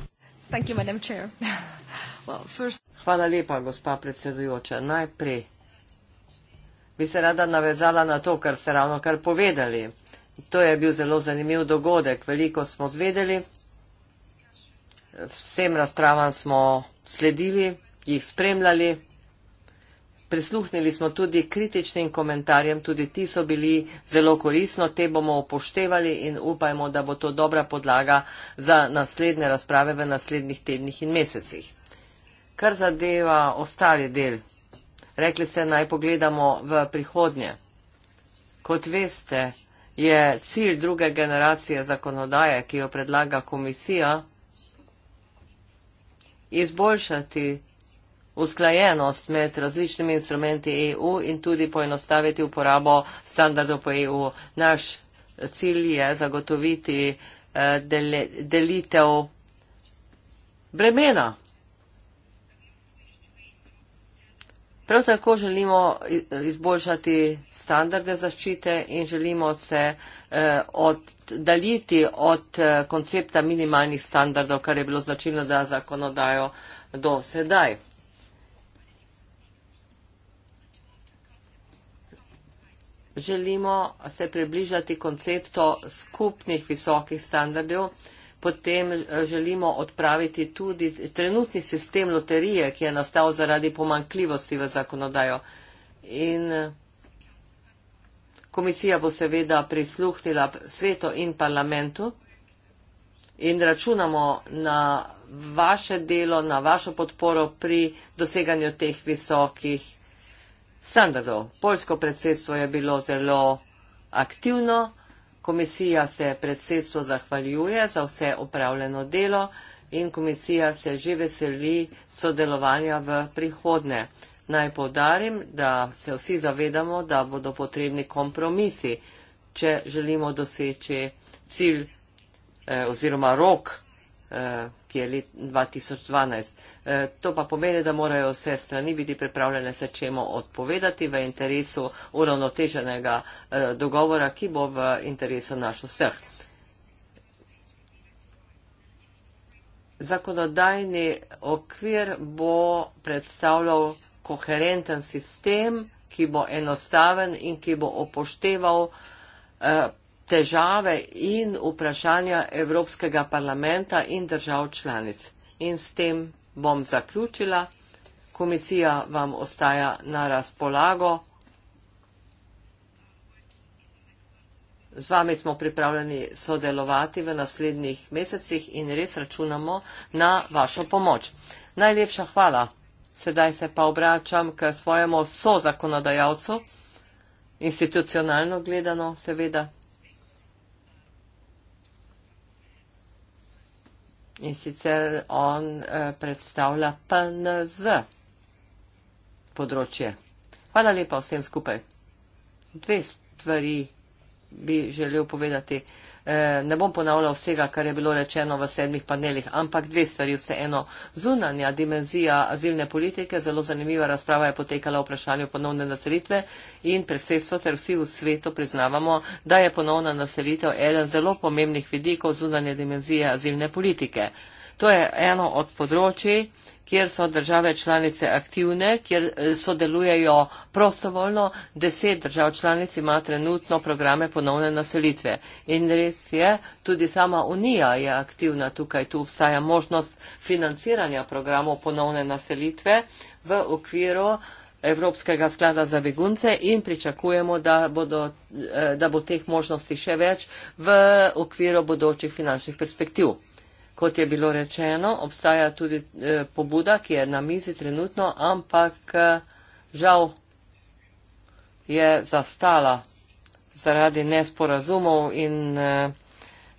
Hvala lepa, gospa predsedujoča. Najprej bi se rada navezala na to, kar ste ravno kar povedali. To je bil zelo zanimiv dogodek. Veliko smo zvedeli. Vsem razpravam smo sledili, jih spremljali. Prisluhnili smo tudi kritičnim komentarjem, tudi ti so bili zelo korisno, te bomo upoštevali in upajmo, da bo to dobra podlaga za naslednje razprave v naslednjih tednih in mesecih. Kar zadeva ostali del, rekli ste, naj pogledamo v prihodnje. Kot veste, je cilj druge generacije zakonodaje, ki jo predlaga komisija, izboljšati usklajenost med različnimi instrumenti EU in tudi poenostaviti uporabo standardov po EU. Naš cilj je zagotoviti eh, dele, delitev bremena. Prav tako želimo izboljšati standarde zaščite in želimo se eh, oddaljiti od eh, koncepta minimalnih standardov, kar je bilo značilno, da zakonodajo do sedaj. želimo se približati konceptu skupnih visokih standardov, potem eh, želimo odpraviti tudi trenutni sistem loterije, ki je nastal zaradi pomankljivosti v zakonodajo. In eh, komisija bo seveda prisluhnila svetu in parlamentu in računamo na vaše delo, na vašo podporo pri doseganju teh visokih standardov standardov. Polsko predsedstvo je bilo zelo aktivno, komisija se predsedstvo zahvaljuje za vse opravljeno delo in komisija se že veseli sodelovanja v prihodne. Naj povdarim, da se vsi zavedamo, da bodo potrebni kompromisi, če želimo doseči cilj eh, oziroma rok ki je let 2012. E, to pa pomeni, da morajo vse strani biti pripravljene se čemu odpovedati v interesu uravnoteženega e, dogovora, ki bo v interesu naš vseh. Zakonodajni okvir bo predstavljal koherenten sistem, ki bo enostaven in ki bo upošteval e, težave in vprašanja Evropskega parlamenta in držav članic. In s tem bom zaključila. Komisija vam ostaja na razpolago. Z vami smo pripravljeni sodelovati v naslednjih mesecih in res računamo na vašo pomoč. Najlepša hvala. Sedaj se pa obračam k svojemu sozakonodajalcu, institucionalno gledano seveda. in sicer on eh, predstavlja PNZ področje. Hvala lepa vsem skupaj. Dve stvari bi želel povedati. Eh, ne bom ponavljal vsega, kar je bilo rečeno v sedmih panelih, ampak dve stvari vseeno. Zunanja dimenzija azilne politike, zelo zanimiva razprava je potekala o vprašanju ponovne naselitve in predsedstvo ter vsi v svetu priznavamo, da je ponovna naselitev eden zelo pomembnih vidikov zunanje dimenzije azilne politike. To je eno od področji, kjer so države članice aktivne, kjer eh, sodelujejo prostovoljno. Deset držav članic ima trenutno programe ponovne naselitve. In res je, tudi sama Unija je aktivna tukaj, tu obstaja možnost financiranja programov ponovne naselitve v okviru Evropskega sklada za begunce in pričakujemo, da, bodo, eh, da bo teh možnosti še več v okviru bodočih finančnih perspektiv kot je bilo rečeno, obstaja tudi eh, pobuda, ki je na mizi trenutno, ampak eh, žal je zastala zaradi nesporazumov in eh,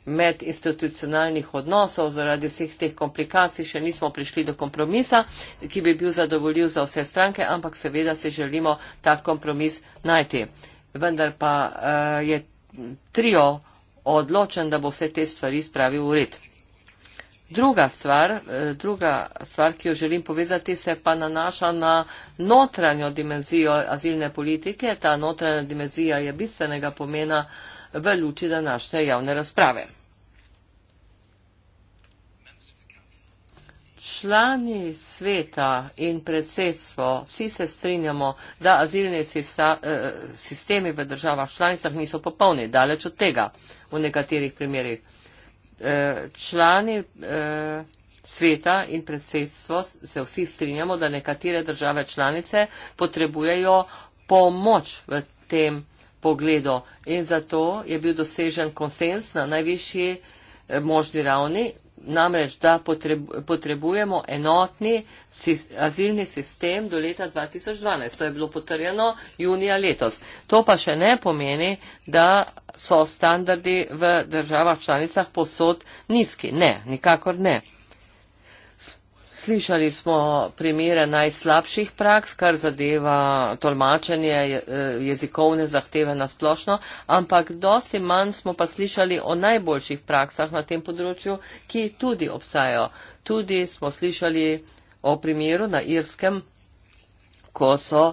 medinstitucionalnih odnosov, zaradi vseh teh komplikacij še nismo prišli do kompromisa, ki bi bil zadovoljiv za vse stranke, ampak seveda se želimo ta kompromis najti. Vendar pa eh, je trio odločen, da bo vse te stvari spravil v red. Druga stvar, eh, druga stvar, ki jo želim povezati, se pa nanaša na notranjo dimenzijo azilne politike. Ta notranja dimenzija je bistvenega pomena v luči današnje javne razprave. Člani sveta in predsedstvo, vsi se strinjamo, da azilni eh, sistemi v državah članicah niso popolni, daleč od tega v nekaterih primerih. Eh, člani eh, sveta in predsedstvo se vsi strinjamo, da nekatere države članice potrebujejo pomoč v tem pogledu in zato je bil dosežen konsens na najvišji eh, možni ravni, namreč, da potrebujemo enotni azilni sistem do leta 2012. To je bilo potrjeno junija letos. To pa še ne pomeni, da so standardi v državah članicah posod nizki. Ne, nikakor ne. Slišali smo primere najslabših praks, kar zadeva tolmačenje eh, jezikovne zahteve na splošno, ampak dosti manj smo pa slišali o najboljših praksah na tem področju, ki tudi obstajajo. Tudi smo slišali o primeru na Irskem, ko so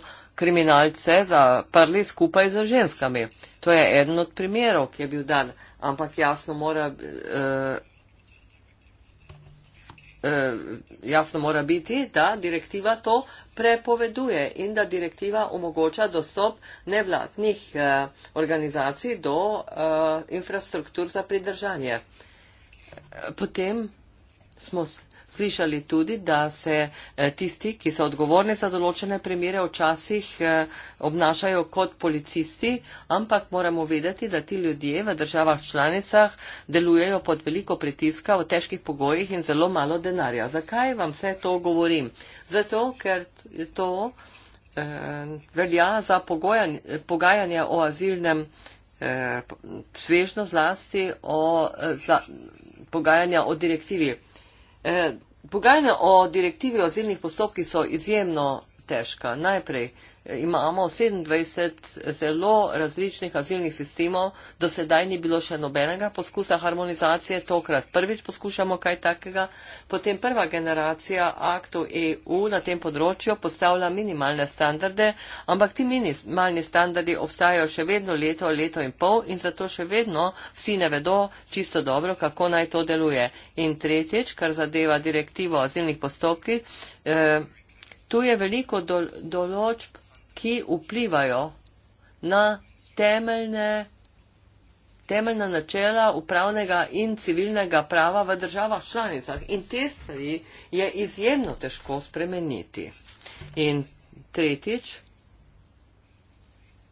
kriminalce zaprli skupaj z ženskami. To je eden od primerov, ki je bil dan, ampak jasno mora. Uh, Eh, jasno mora biti, da direktiva to prepoveduje in da direktiva omogoča dostop nevladnih eh, organizacij do eh, infrastruktur za pridržanje. Potem smo slišali tudi, da se eh, tisti, ki so odgovorni za določene primere, včasih eh, obnašajo kot policisti, ampak moramo vedeti, da ti ljudje v državah članicah delujejo pod veliko pritiska v težkih pogojih in zelo malo denarja. Zakaj vam vse to govorim? Zato, ker to eh, velja za pogajanja o azilnem svežno zlasti o zla, pogajanja o direktivi. E, pogajanja o direktivi o zimnih postopkih so izjemno težka. Najprej imamo 27 zelo različnih azilnih sistemov, do sedaj ni bilo še nobenega poskusa harmonizacije, tokrat prvič poskušamo kaj takega, potem prva generacija aktov EU na tem področju postavlja minimalne standarde, ampak ti minimalni standardi obstajajo še vedno leto, leto in pol in zato še vedno vsi ne vedo čisto dobro, kako naj to deluje. In tretjič, kar zadeva direktivo o azilnih postopkih, eh, Tu je veliko določb ki vplivajo na temeljne, temeljna načela upravnega in civilnega prava v državah članicah. In te stvari je izjemno težko spremeniti. In tretjič,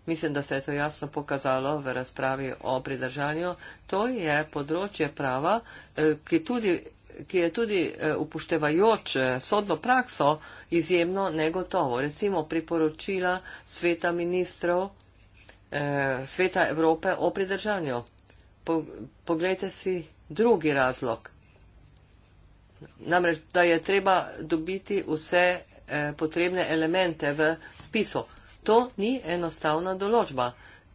mislim, da se je to jasno pokazalo v razpravi o pridržanju, to je področje prava, eh, ki tudi ki je tudi eh, upoštevajoč eh, sodno prakso izjemno negotovo. Recimo priporočila sveta ministrov, eh, sveta Evrope o pridržanju. Poglejte si drugi razlog. Namreč, da je treba dobiti vse potrebne elemente v spisu. To ni enostavna določba.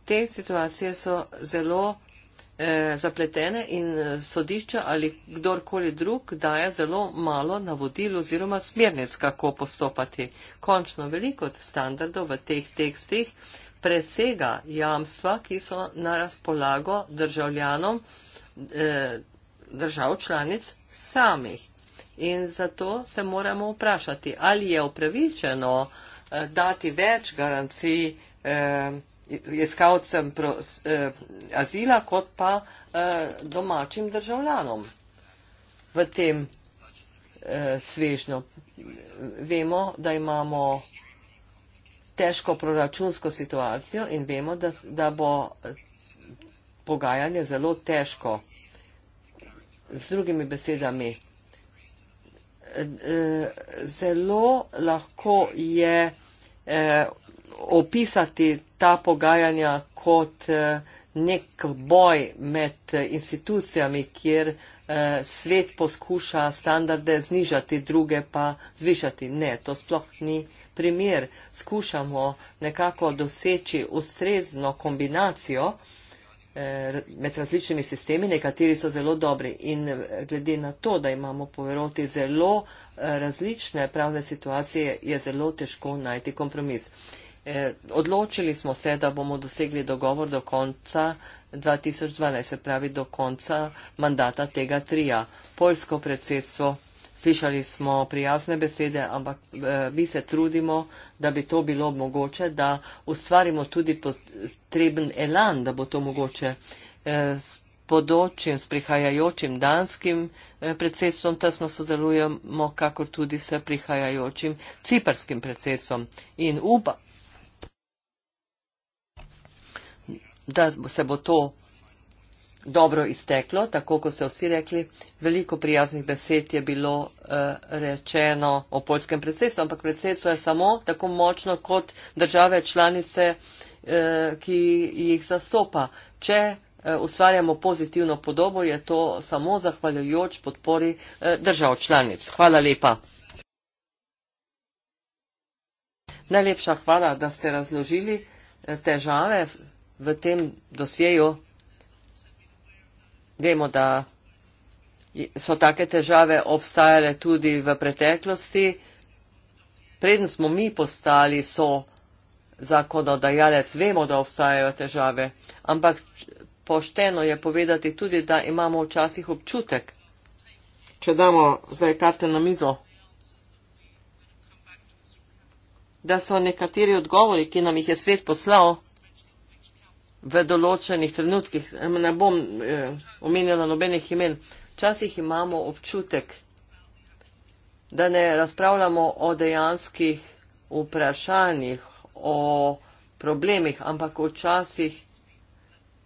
Te situacije so zelo Eh, zapletene in eh, sodišča ali kdorkoli drug daje zelo malo navodil oziroma smernic, kako postopati. Končno veliko standardov v teh tekstih presega jamstva, ki so na razpolago državljanom eh, držav članic samih. In zato se moramo vprašati, ali je upravičeno dati več garancij iskalcem pros, eh, azila, kot pa eh, domačim državljanom v tem eh, svežnju. Vemo, da imamo težko proračunsko situacijo in vemo, da, da bo pogajanje zelo težko. Z drugimi besedami, eh, zelo lahko je eh, opisati ta pogajanja kot eh, nek boj med institucijami, kjer eh, svet poskuša standarde znižati, druge pa zvišati. Ne, to sploh ni primer. Skušamo nekako doseči ustrezno kombinacijo eh, med različnimi sistemi, nekateri so zelo dobri in glede na to, da imamo poveroti zelo različne pravne situacije, je zelo težko najti kompromis. Eh, odločili smo se, da bomo dosegli dogovor do konca 2012, se pravi do konca mandata tega trija. Polsko predsedstvo, slišali smo prijazne besede, ampak eh, mi se trudimo, da bi to bilo mogoče, da ustvarimo tudi potreben elan, da bo to mogoče eh, s podočjem, s prihajajočim danskim predsedstvom tesno sodelujemo, kakor tudi s prihajajočim ciperskim predsedstvom. In upa, da se bo to dobro izteklo, tako kot ste vsi rekli. Veliko prijaznih besed je bilo uh, rečeno o polskem predsedstvu, ampak predsedstvo je samo tako močno kot države članice, uh, ki jih zastopa. Če eh, ustvarjamo pozitivno podobo, je to samo zahvaljujoč podpori držav članic. Hvala lepa. Najlepša hvala, da ste razložili težave v tem dosjeju. Vemo, da so take težave obstajale tudi v preteklosti. Preden smo mi postali so zakonodajalec, vemo, da obstajajo težave, ampak pošteno je povedati tudi, da imamo včasih občutek. Če damo zdaj karte na mizo, da so nekateri odgovori, ki nam jih je svet poslal, v določenih trenutkih, ne bom eh, omenjala nobenih imen, včasih imamo občutek, da ne razpravljamo o dejanskih vprašanjih, o problemih, ampak včasih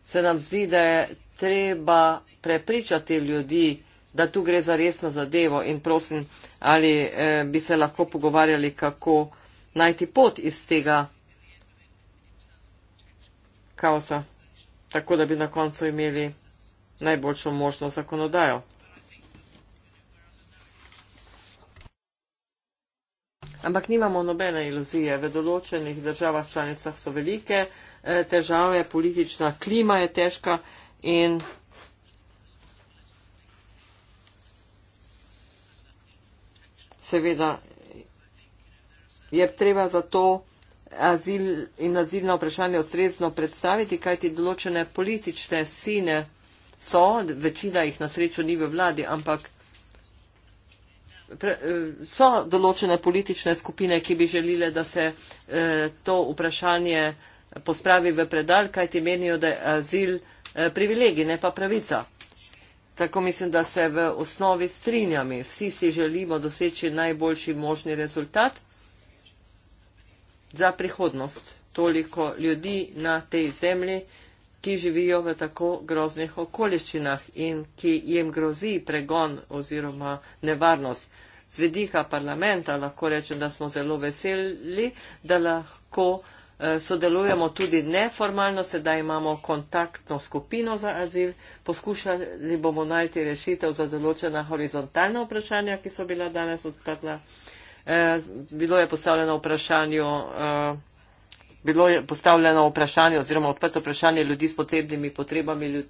se nam zdi, da je treba prepričati ljudi, da tu gre za resno zadevo in prosim, ali eh, bi se lahko pogovarjali, kako najti pot iz tega kaosa, tako da bi na koncu imeli najboljšo možno zakonodajo. Ampak nimamo nobene iluzije. V določenih državah članicah so velike eh, težave, politična klima je težka in seveda je treba za to azil in azilno vprašanje ustrezno predstaviti, kajti določene politične sine so, večina jih na srečo ni v vladi, ampak eh, so določene politične skupine, ki bi želile, da se eh, to vprašanje pospravi v predal, kajti menijo, da je azil eh, privilegij, ne pa pravica. Tako mislim, da se v osnovi strinjami. Vsi si želimo doseči najboljši možni rezultat za prihodnost toliko ljudi na tej zemlji, ki živijo v tako groznih okoliščinah in ki jim grozi pregon oziroma nevarnost. Z vidika parlamenta lahko rečem, da smo zelo veseli, da lahko eh, sodelujemo tudi neformalno, sedaj imamo kontaktno skupino za azil, poskušali bomo najti rešitev za določena horizontalna vprašanja, ki so bila danes odprta. Eh, bilo je postavljeno vprašanje, uh, bilo je postavljeno vprašanje oziroma odprto vprašanje ljudi s potrebnimi potrebami. Ljud...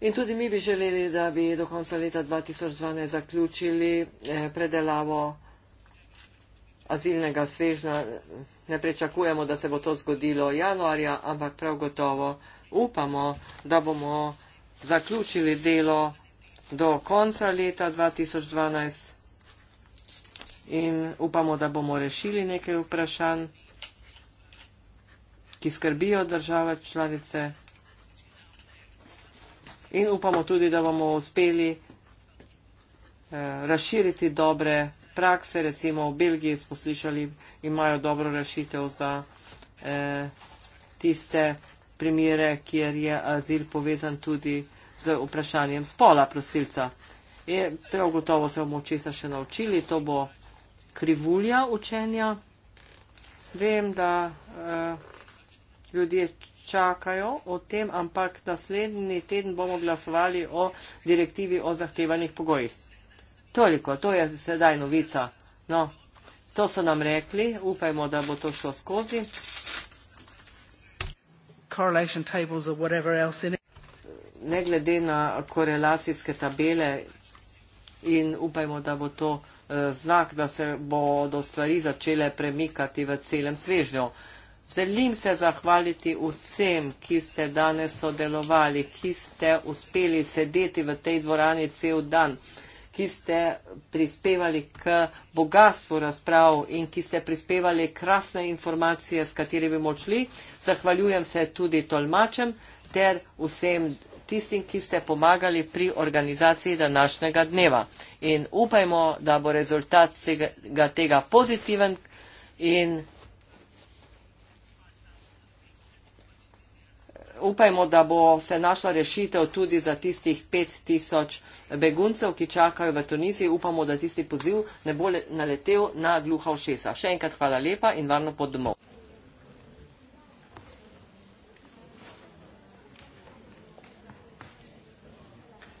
In tudi mi bi želeli, da bi do konca leta 2012 zaključili eh, predelavo azilnega svežna. Ne prečakujemo, da se bo to zgodilo januarja, ampak prav gotovo upamo, da bomo zaključili delo do konca leta 2012 in upamo, da bomo rešili nekaj vprašanj, ki skrbijo države članice. In upamo tudi, da bomo uspeli eh, razširiti dobre prakse. Recimo v Belgiji smo slišali, imajo dobro rešitev za eh, tiste primere, kjer je azil povezan tudi z vprašanjem spola prosilca. Prav gotovo se bomo česa še naučili, to bo krivulja učenja. Vem, da eh, ljudje čakajo o tem, ampak naslednji teden bomo glasovali o direktivi o zahtevanih pogojih. Toliko, to je sedaj novica. No, to so nam rekli, upajmo, da bo to šlo skozi. Ne glede na korelacijske tabele in upajmo, da bo to eh, znak, da se bodo stvari začele premikati v celem svežnju. Želim se zahvaliti vsem, ki ste danes sodelovali, ki ste uspeli sedeti v tej dvorani cel dan, ki ste prispevali k bogatstvu razprav in ki ste prispevali krasne informacije, s katerimi močli. Zahvaljujem se tudi tolmačem ter vsem tistim, ki ste pomagali pri organizaciji današnjega dneva. In upajmo, da bo rezultat tega, tega pozitiven in eh, upajmo, da bo se našla rešitev tudi za tistih 5000 beguncev, ki čakajo v Tuniziji. Upamo, da tisti poziv ne bo naletel na gluha všesa. Še enkrat hvala lepa in varno pod domov.